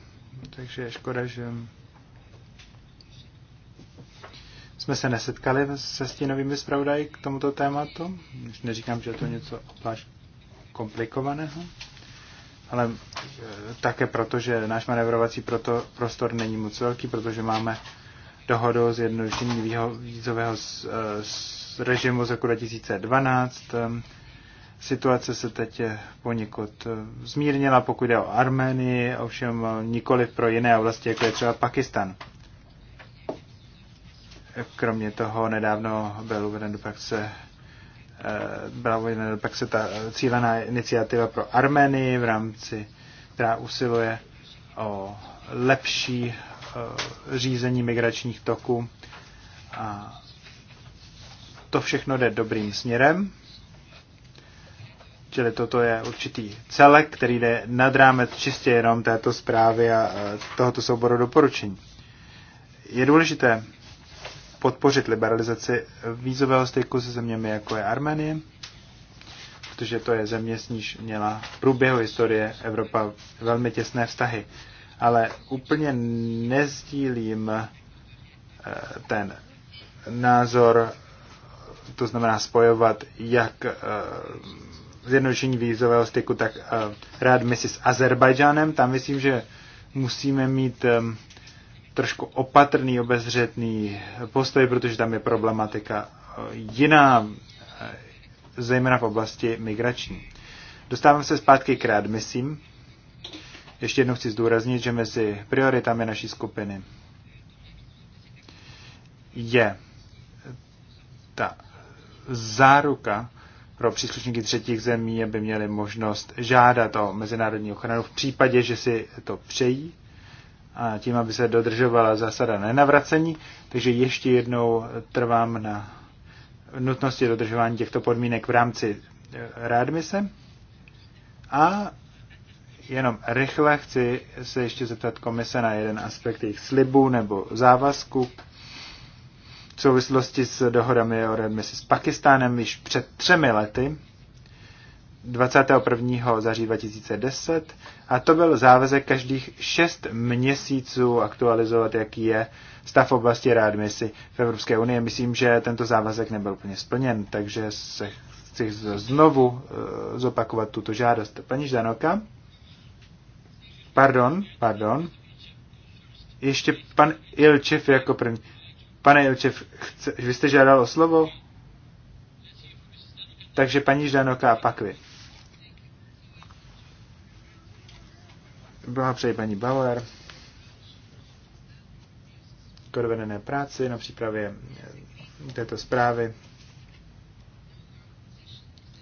takže je škoda, že jsme se nesetkali se stínovými zpravodaji k tomuto tématu. Už neříkám, že je to něco obzvlášť komplikovaného, ale eh, také proto, že náš manevrovací proto, prostor není moc velký, protože máme dohodu o zjednodušení vízového eh, režimu z roku 2012. Ehm, situace se teď poněkud eh, zmírnila, pokud jde o Arménii, ovšem eh, nikoli pro jiné oblasti, jako je třeba Pakistan. Kromě toho nedávno byl uveden do praxe eh, byla uvedena do praxe ta cílená iniciativa pro Armenii v rámci, která usiluje o lepší řízení migračních toků a to všechno jde dobrým směrem. Čili toto je určitý celek, který jde nad rámec čistě jenom této zprávy a tohoto souboru doporučení. Je důležité podpořit liberalizaci vízového styku se zeměmi, jako je Armenie, protože to je země, s níž měla v průběhu historie Evropa velmi těsné vztahy. Ale úplně nezdílím eh, ten názor to znamená spojovat jak eh, zjednodušení vízového styku, tak eh, readmisi s Azerbajdžánem. Tam myslím, že musíme mít trošku opatrný, obezřetný postoj, protože tam je problematika eh, jiná, zejména v oblasti migrační. Dostávám se zpátky k readmisím. Ještě jednou chci zdůraznit, že mezi prioritami naší skupiny je ta záruka pro příslušníky třetích zemí, aby měli možnost žádat o mezinárodní ochranu v případě, že si to přejí a tím, aby se dodržovala zásada nenavracení. Takže ještě jednou trvám na nutnosti dodržování těchto podmínek v rámci eh, rádmise. A jenom rychle chci se ještě zeptat komise na jeden aspekt jejich slibů nebo závazků, v souvislosti s dohodami o readmisi s Pakistánem již před třemi lety, 21. září 2010, a to byl závazek každých šest měsíců aktualizovat, jaký je stav v oblasti readmisi v Evropské unii. Myslím, že tento závazek nebyl plně splněn, takže se chci znovu eh, zopakovat tuto žádost. Paní Žanoka, pardon, pardon, ještě pan Ilčev jako první. Pane Ilčev, chce, vy jste žádal o slovo? Takže paní Žanoka a pak vy. Blahopřeji paní Bauer k odvedené práci na přípravě eh, této zprávy.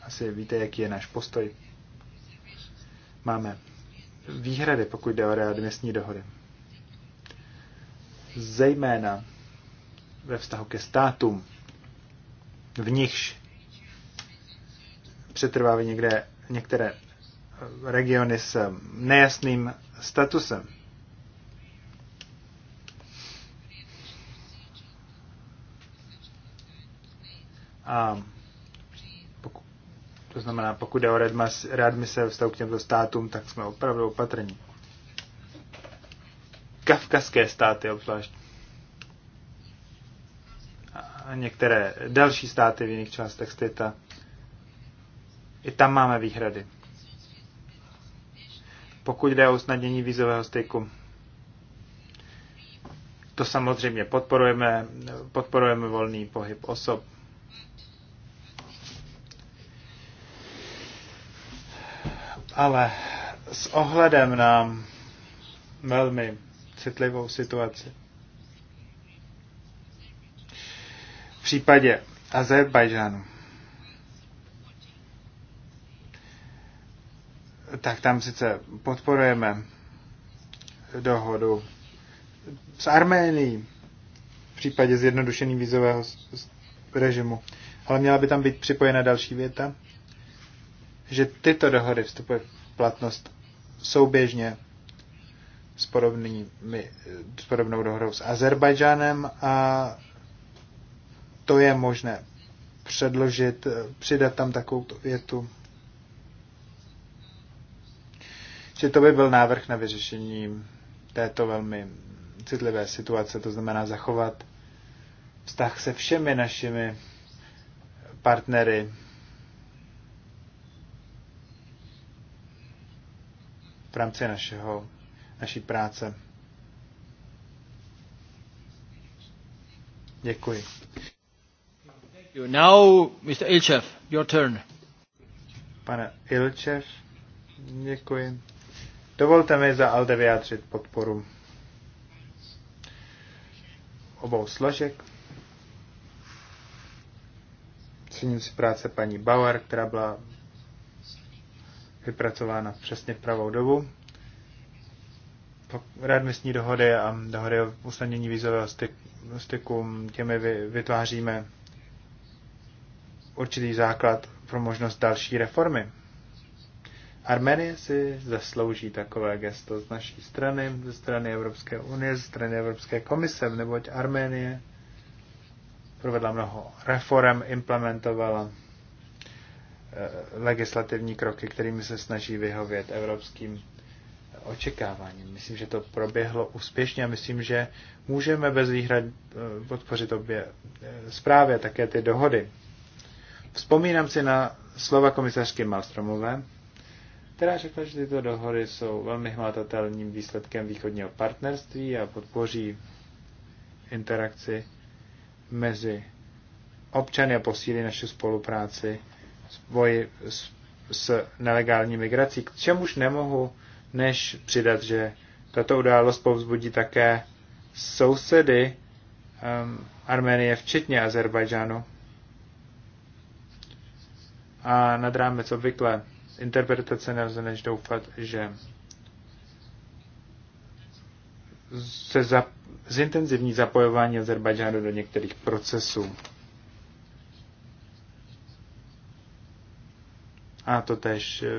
Asi víte, jaký je náš postoj. Máme výhrady, pokud jde o readmisní dohody. Zejména ve vztahu ke státům, v nichž přetrvávají někde, některé regiony s nejasným statusem. A poku, to znamená, pokud je o readmise vztahu k těmto státům, tak jsme opravdu opatrní. Kavkazské státy obzvlášť některé další státy v jiných částech světa. I tam máme výhrady. Pokud jde o usnadnění vízového styku, to samozřejmě podporujeme, podporujeme volný pohyb osob. Ale s ohledem na velmi citlivou situaci případě Azerbajdžánu, tak tam sice podporujeme dohodu s Arménií v případě zjednodušený vízového režimu, ale měla by tam být připojena další věta, že tyto dohody vstupují v platnost souběžně s, podobnými, s podobnou dohodou s Azerbajdžánem a to je možné předložit, eh, přidat tam takovou větu. Že to by byl návrh na vyřešení této velmi citlivé situace, to znamená zachovat vztah se všemi našimi partnery. v rámci našeho, naší práce. Děkuji you. Now, Mr. Ilchev, your turn. Pane Ilčev, děkuji. Dovolte mi za ALDE vyjádřit podporu obou složek. Cením si práce paní Bauer, která byla vypracována přesně v pravou dobu. Readmisní dohody a dohody o usnadnění vízového styku těmi vytváříme určitý základ pro možnost další reformy. Arménie si zaslouží takové gesto z naší strany, ze strany Evropské unie, ze strany Evropské komise, neboť Arménie provedla mnoho reform, implementovala eh, legislativní kroky, kterými se snaží vyhovět evropským eh, očekáváním. Myslím, že to proběhlo úspěšně a myslím, že můžeme bez výhrad eh, podpořit obě zprávy a také ty dohody. Vzpomínám si na slova komisařky Malstromové, která řekla, že tyto dohody jsou velmi hmatatelným výsledkem východního partnerství a podpoří interakci mezi občany a posílí naši spolupráci boji s, s nelegální migrací, k čemuž nemohu než přidat, že tato událost povzbudí také sousedy um, Arménie, včetně Azerbajdžánu, a nad rámec obvykle interpretace nelze než doufat, že se za, zintenzivní zapojování Azerbajdžánu do některých procesů. A to tež eh,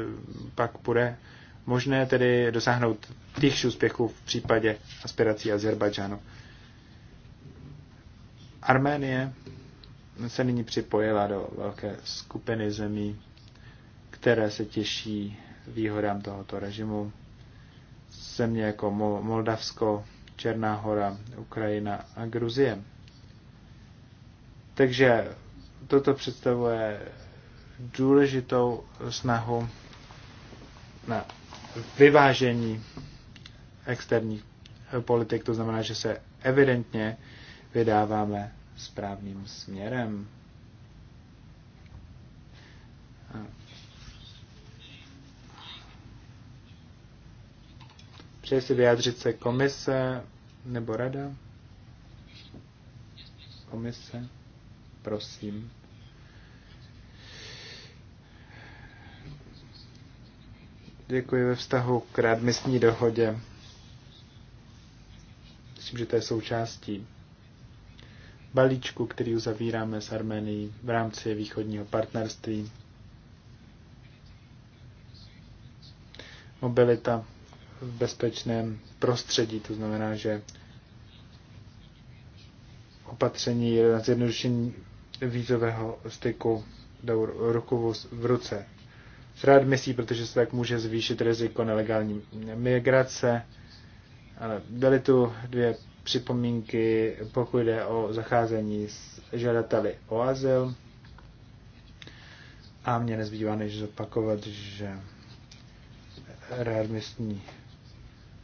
pak bude možné tedy dosáhnout těch úspěchů v případě aspirací Azerbajdžánu. Arménie se nyní připojila do velké skupiny zemí, které se těší výhodám tohoto režimu. Země jako Moldavsko, Černá hora, Ukrajina a Gruzie. Takže toto představuje důležitou snahu na vyvážení externích politik, to znamená, že se evidentně vydáváme správným směrem. Přeje si vyjádřit se komise nebo rada? Komise, prosím. Děkuji ve vztahu k rádmyslní dohodě. Myslím, že to je součástí balíčku, který uzavíráme s Armenií v rámci východního partnerství. Mobilita v bezpečném prostředí, to znamená, že opatření na zjednodušení vízového styku do ruku v ruce s readmisí, protože se tak může zvýšit riziko nelegální migrace. Ale byly tu dvě připomínky, pokud jde o zacházení s žadateli o azyl. A mě nezbývá než zopakovat, že readmisní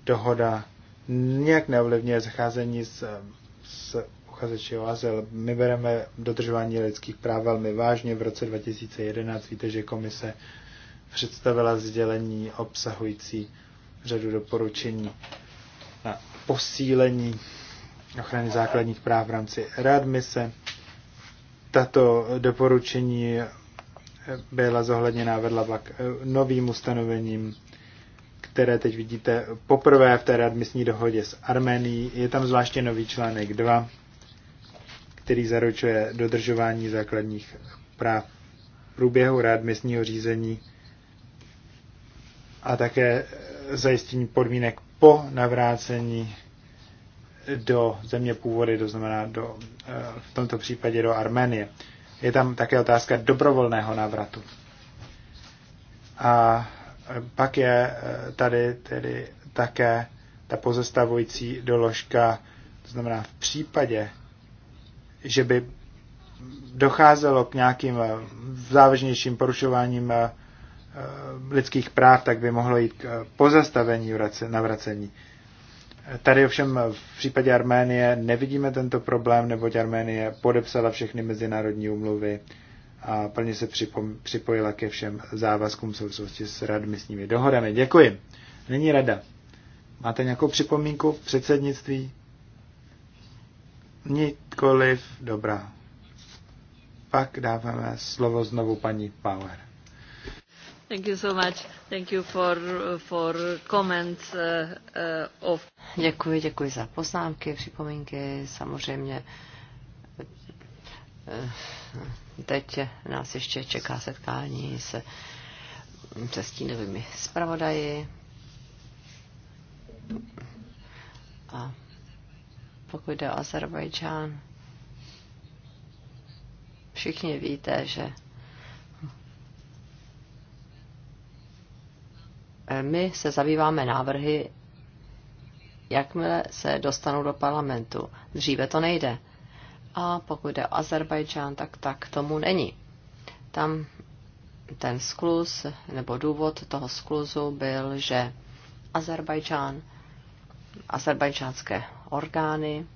dohoda nějak neovlivňuje zacházení s, s uchazeči o azyl. My bereme dodržování lidských práv velmi vážně. V roce 2011 víte, že komise představila sdělení obsahující řadu doporučení na posílení ochrany základních práv v rámci readmise. Tato doporučení byla zohledněná vedla vlak novým ustanovením, které teď vidíte poprvé v té readmisní dohodě s Armenií. Je tam zvláště nový článek 2, který zaručuje dodržování základních práv v průběhu readmisního řízení a také zajištění podmínek po navrácení do země původy, to znamená do, eh, v tomto případě do Arménie. Je tam také otázka dobrovolného návratu. A eh, pak je eh, tady tedy také ta pozestavující doložka, to znamená v případě, že by docházelo k nějakým závažnějším porušováním Eh, lidských práv, tak by mohlo jít k pozastavení navracení. Tady ovšem v případě Arménie nevidíme tento problém, neboť Arménie podepsala všechny mezinárodní umluvy a plně se připojila ke všem závazkům v souvislosti s nimi dohodami. Děkuji. Nyní rada. Máte nějakou připomínku v předsednictví? Nikoliv. Dobrá. Pak dáváme slovo znovu paní Power. Děkuji, děkuji za poznámky, připomínky. Samozřejmě eh, teď nás ještě čeká setkání se, se stínovými zpravodaji. A pokud jde o Azerbajdžán, všichni víte, že my se zabýváme návrhy, jakmile se dostanou do parlamentu. Dříve to nejde. A pokud jde o Azerbajdžán, tak tak tomu není. Tam ten skluz, nebo důvod toho skluzu byl, že Azerbajdžán, azerbajdžánské orgány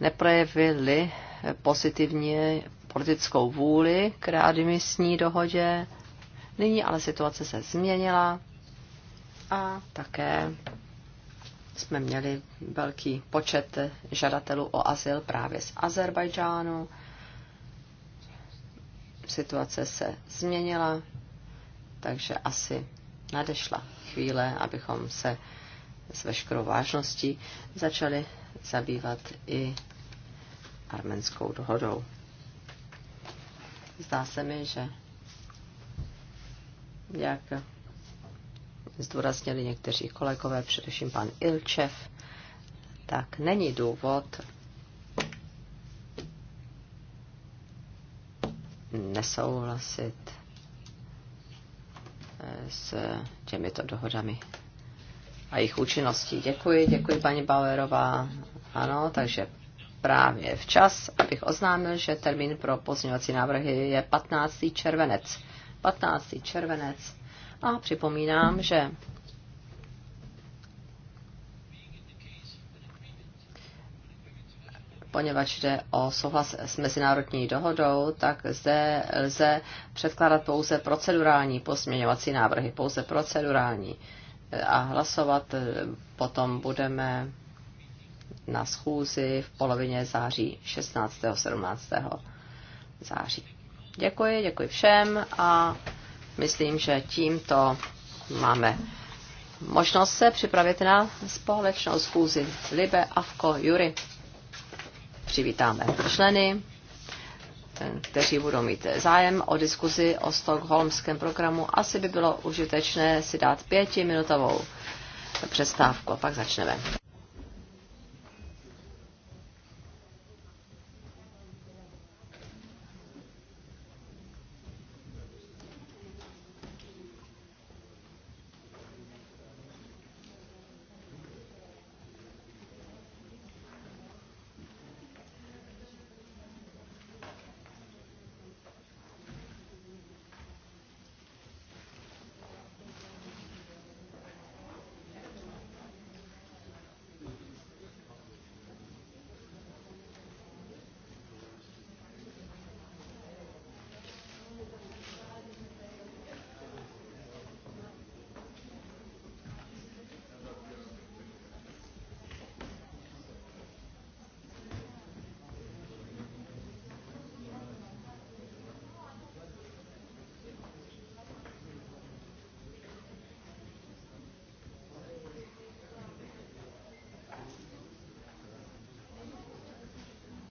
neprojevily pozitivně politickou vůli k readmisní dohodě Nyní ale situace se změnila a také jsme měli velký počet žadatelů o azyl právě z Azerbajdžánu. Situace se změnila, takže asi nadešla chvíle, abychom se s veškerou vážností začali zabývat i arménskou dohodou. Zdá se mi, že jak zdůraznili někteří kolegové, především pan Ilčev, tak není důvod nesouhlasit eh, s těmito dohodami a jejich účinností. Děkuji, děkuji paní Bauerová. Ano, takže právě včas, abych oznámil, že termín pro pozměňovací návrhy je 15. červenec 15. červenec. A připomínám, že poněvadž jde o souhlas s mezinárodní dohodou, tak zde lze předkládat pouze procedurální posměňovací návrhy, pouze procedurální. A hlasovat eh, potom budeme na schůzi v polovině září 16. 17. září. Děkuji, děkuji všem a myslím, že tímto máme možnost se připravit na společnou schůzi Libe, Avko, Jury. Přivítáme členy, kteří budou mít zájem o diskuzi o stokholmském programu. Asi by bylo užitečné si dát pětiminutovou přestávku a pak začneme.